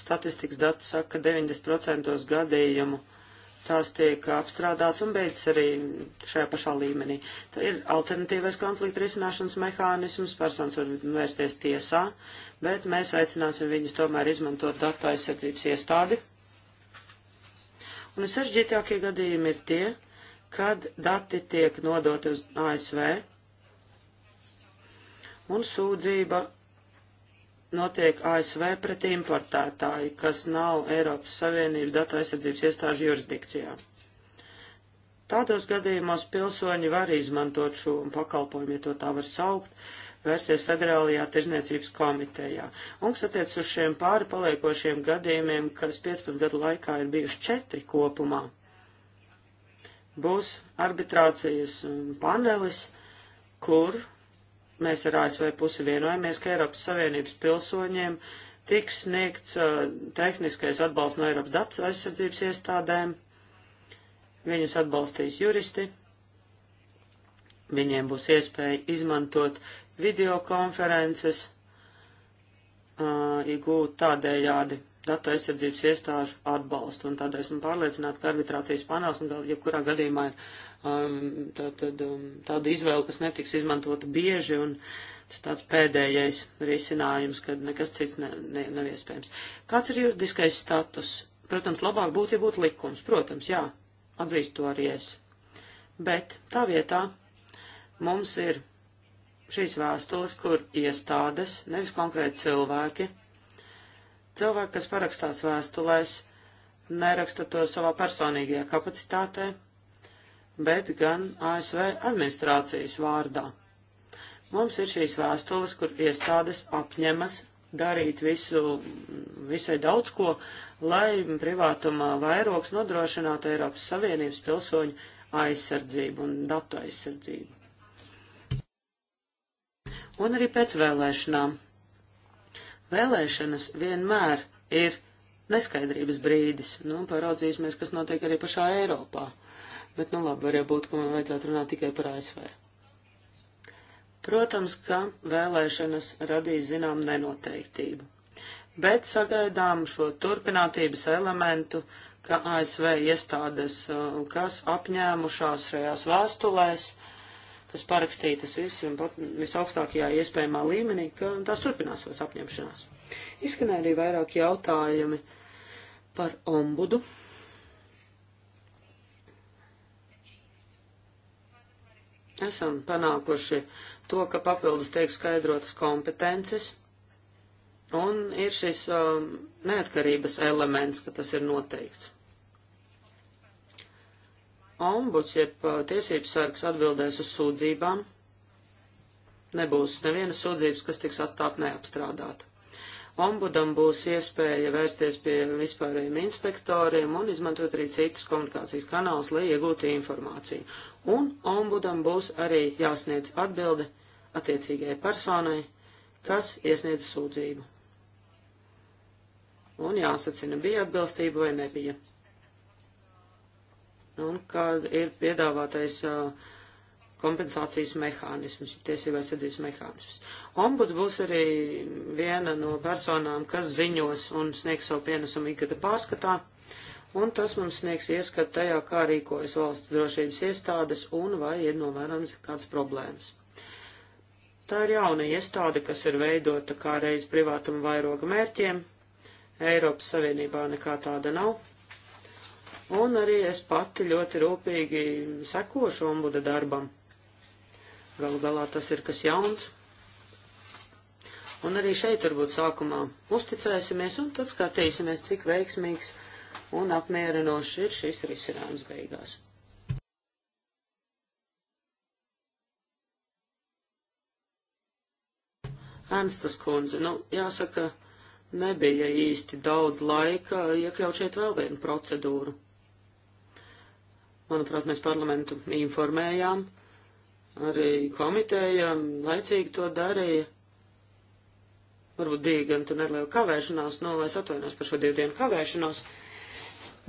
Speaker 3: Statistikas dati saka, ka 90% gadījumu tās tiek apstrādāts un beidzas arī šajā pašā līmenī. Tā ir alternatīvais konflikta risināšanas mehānisms, persons var vērsties tiesā, bet mēs aicināsim viņus tomēr izmantot datu aizsardzības iestādi. Un sarežģītākie gadījumi ir tie, kad dati tiek nodoti uz ASV un sūdzība notiek ASV pret importētāju, kas nav Eiropas Savienības datu aizsardzības iestāžu jurisdikcijā. Tādos gadījumos pilsoņi var izmantot šo pakalpojumu, ja to tā var saukt, vērsties Federālajā tirzniecības komitejā. Un, kas attiec uz šiem pāri paliekošiem gadījumiem, kas 15 gadu laikā ir bijuši četri kopumā, būs arbitrācijas panelis, kur mēs ar ASV pusi vienojamies, ka Eiropas Savienības pilsoņiem tiks sniegts uh, tehniskais atbalsts no Eiropas datu aizsardzības iestādēm, viņus atbalstīs juristi, viņiem būs iespēja izmantot videokonferences, uh, iegūt tādējādi datu aizsardzības iestāžu atbalstu. Un tādēļ esmu pārliecināta, ka arbitrācijas panels un jebkurā gadījumā ir um, tā, tad, um, tāda izvēle, kas netiks izmantota bieži. Un, Tas tāds pēdējais risinājums, kad nekas cits ne, ne, nav iespējams. Kāds ir juridiskais status? Protams, labāk būtu, ja būtu likums. Protams, jā, atzīst to arī es. Bet tā vietā mums ir šīs vēstules, kur iestādes, nevis konkrēti cilvēki, Cilvēki, kas parakstās vēstulēs, neraksta to savā personīgajā kapacitātē, bet gan ASV administrācijas vārdā. Mums ir šīs vēstules, kur iestādes apņemas darīt visu, visai daudz ko, lai privātumā vairoks nodrošinātu Eiropas Savienības pilsoņu aizsardzību un datu aizsardzību. Un arī pēc vēlēšanām Vēlēšanas vienmēr ir neskaidrības brīdis, nu, paraudzīsimies, kas notiek arī pašā Eiropā. Bet, nu, labi, var jau būt, ka man vajadzētu runāt tikai par ASV. Protams, ka vēlēšanas radīs zinām nenoteiktību, bet sagaidām šo turpinātības elementu, ka ASV iestādes, uh, kas apņēmušās šajās vēstulēs, kas parakstītas visu un pat visaugstākajā iespējamā līmenī, ka tās turpinās savas apņemšanās. Izskanēja arī vairāk jautājumi par ombudu. Esam panākuši to, ka papildus tiek skaidrotas kompetences, un ir šis um, neatkarības elements, ka tas ir noteikts ombuds, jeb tiesības sargs atbildēs uz sūdzībām. Nebūs nevienas sūdzības, kas tiks atstāt neapstrādāt. Ombudam būs iespēja vērsties pie vispārējiem inspektoriem un izmantot arī citus komunikācijas kanālus, lai iegūtu informāciju. Un ombudam būs arī jāsniedz atbildi attiecīgajai personai, kas iesniedz sūdzību. Un jāsacina, bija atbilstība vai nebija un kad ir piedāvātais uh, kompensācijas mehānisms, tiesībā aizsardzības mehānisms. Ombuds būs arī viena no personām, kas ziņos un sniegs savu pienesumu ikgada pārskatā, un tas mums sniegs ieskat tajā, kā rīkojas valsts drošības iestādes un vai ir novērams kāds problēmas. Tā ir jauna iestāde, kas ir veidota kā reiz privātuma vairoga mērķiem. Eiropas Savienībā nekā tāda nav un arī es pati ļoti rūpīgi sekošu ombuda darbam. Galu galā tas ir kas jauns. Un arī šeit varbūt sākumā uzticēsimies un tad skatīsimies, cik veiksmīgs un apmierinošs ir šis risinājums beigās. Ernstas kundze, nu, jāsaka, nebija īsti daudz laika iekļaut šeit vēl vienu procedūru. Manuprāt, mēs parlamentu informējām, arī komiteja laicīgi to darīja. Varbūt bija gan tur neliela kavēšanās, no nu, es atvainos par šo divu dienu kavēšanos,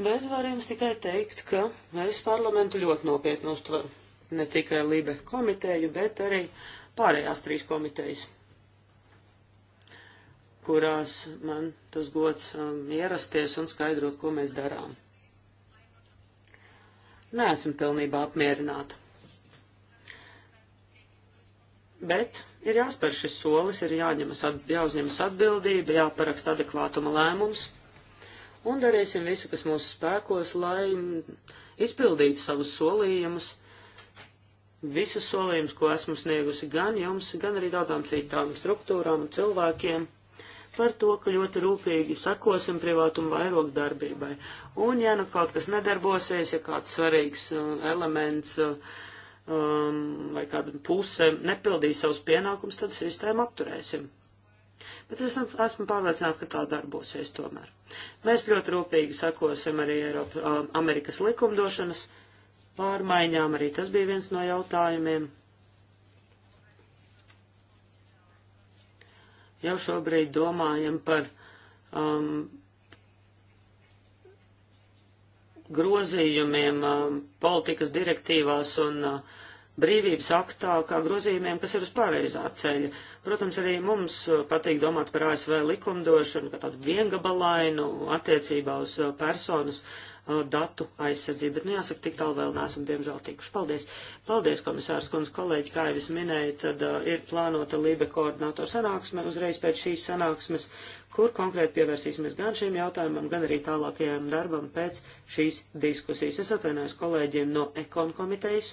Speaker 3: bet varu jums tikai teikt, ka es parlamentu ļoti nopietni uztveru ne tikai Libe komiteju, bet arī pārējās trīs komitejas, kurās man tas gods um, ierasties un skaidrot, ko mēs darām neesmu pilnībā apmierināta. Bet ir jāspēr šis solis, ir jāņemas at, jāuzņemas atbildība, jāparaksta adekvātuma lēmums, un darīsim visu, kas mūsu spēkos, lai izpildītu savus solījumus, visus solījumus, ko esmu sniegusi gan jums, gan arī daudzām citām struktūrām un cilvēkiem par to, ka ļoti rūpīgi sakosim privātumu vairogu darbībai Un, ja nu kaut kas nedarbosies, ja kāds svarīgs uh, elements uh, um, vai kāda puse nepildīs savus pienākumus, tad sistēmu apturēsim. Bet es esmu pārliecināts, ka tā darbosies tomēr. Mēs ļoti rūpīgi sakosim arī Eiropa, uh, Amerikas likumdošanas pārmaiņām, arī tas bija viens no jautājumiem. Jau šobrīd domājam par um, grozījumiem um, politikas direktīvās un uh, brīvības aktā, kā grozījumiem, kas ir uz pareizā ceļa. Protams, arī mums uh, patīk domāt par ASV likumdošanu, kā tādu viengabalainu attiecībā uz uh, personas uh, datu aizsardzību. Bet, nu, jāsaka, tik tālu vēl neesam, diemžēl, tikuši. Paldies. Paldies, komisārs kundz, kolēģi, kā jau es minēju, tad uh, ir plānota Lībe koordinātora sanāksme uzreiz pēc šīs sanāksmes, kur konkrēti pievērsīsimies gan šim jautājumam, gan arī tālākajam darbam pēc šīs diskusijas. Es atvainojos kolēģiem no Ekon komitejas.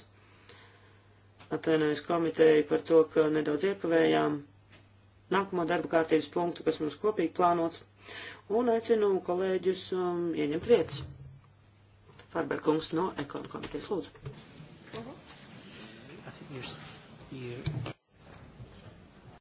Speaker 3: Atvainojos komiteju par to, ka nedaudz iekavējām nākamo darba kārtības punktu, kas mums kopīgi plānots, un aicinu kolēģus um, ieņemt vietas. Farberkungs no Ekonu komitejas. Lūdzu. Uh -huh.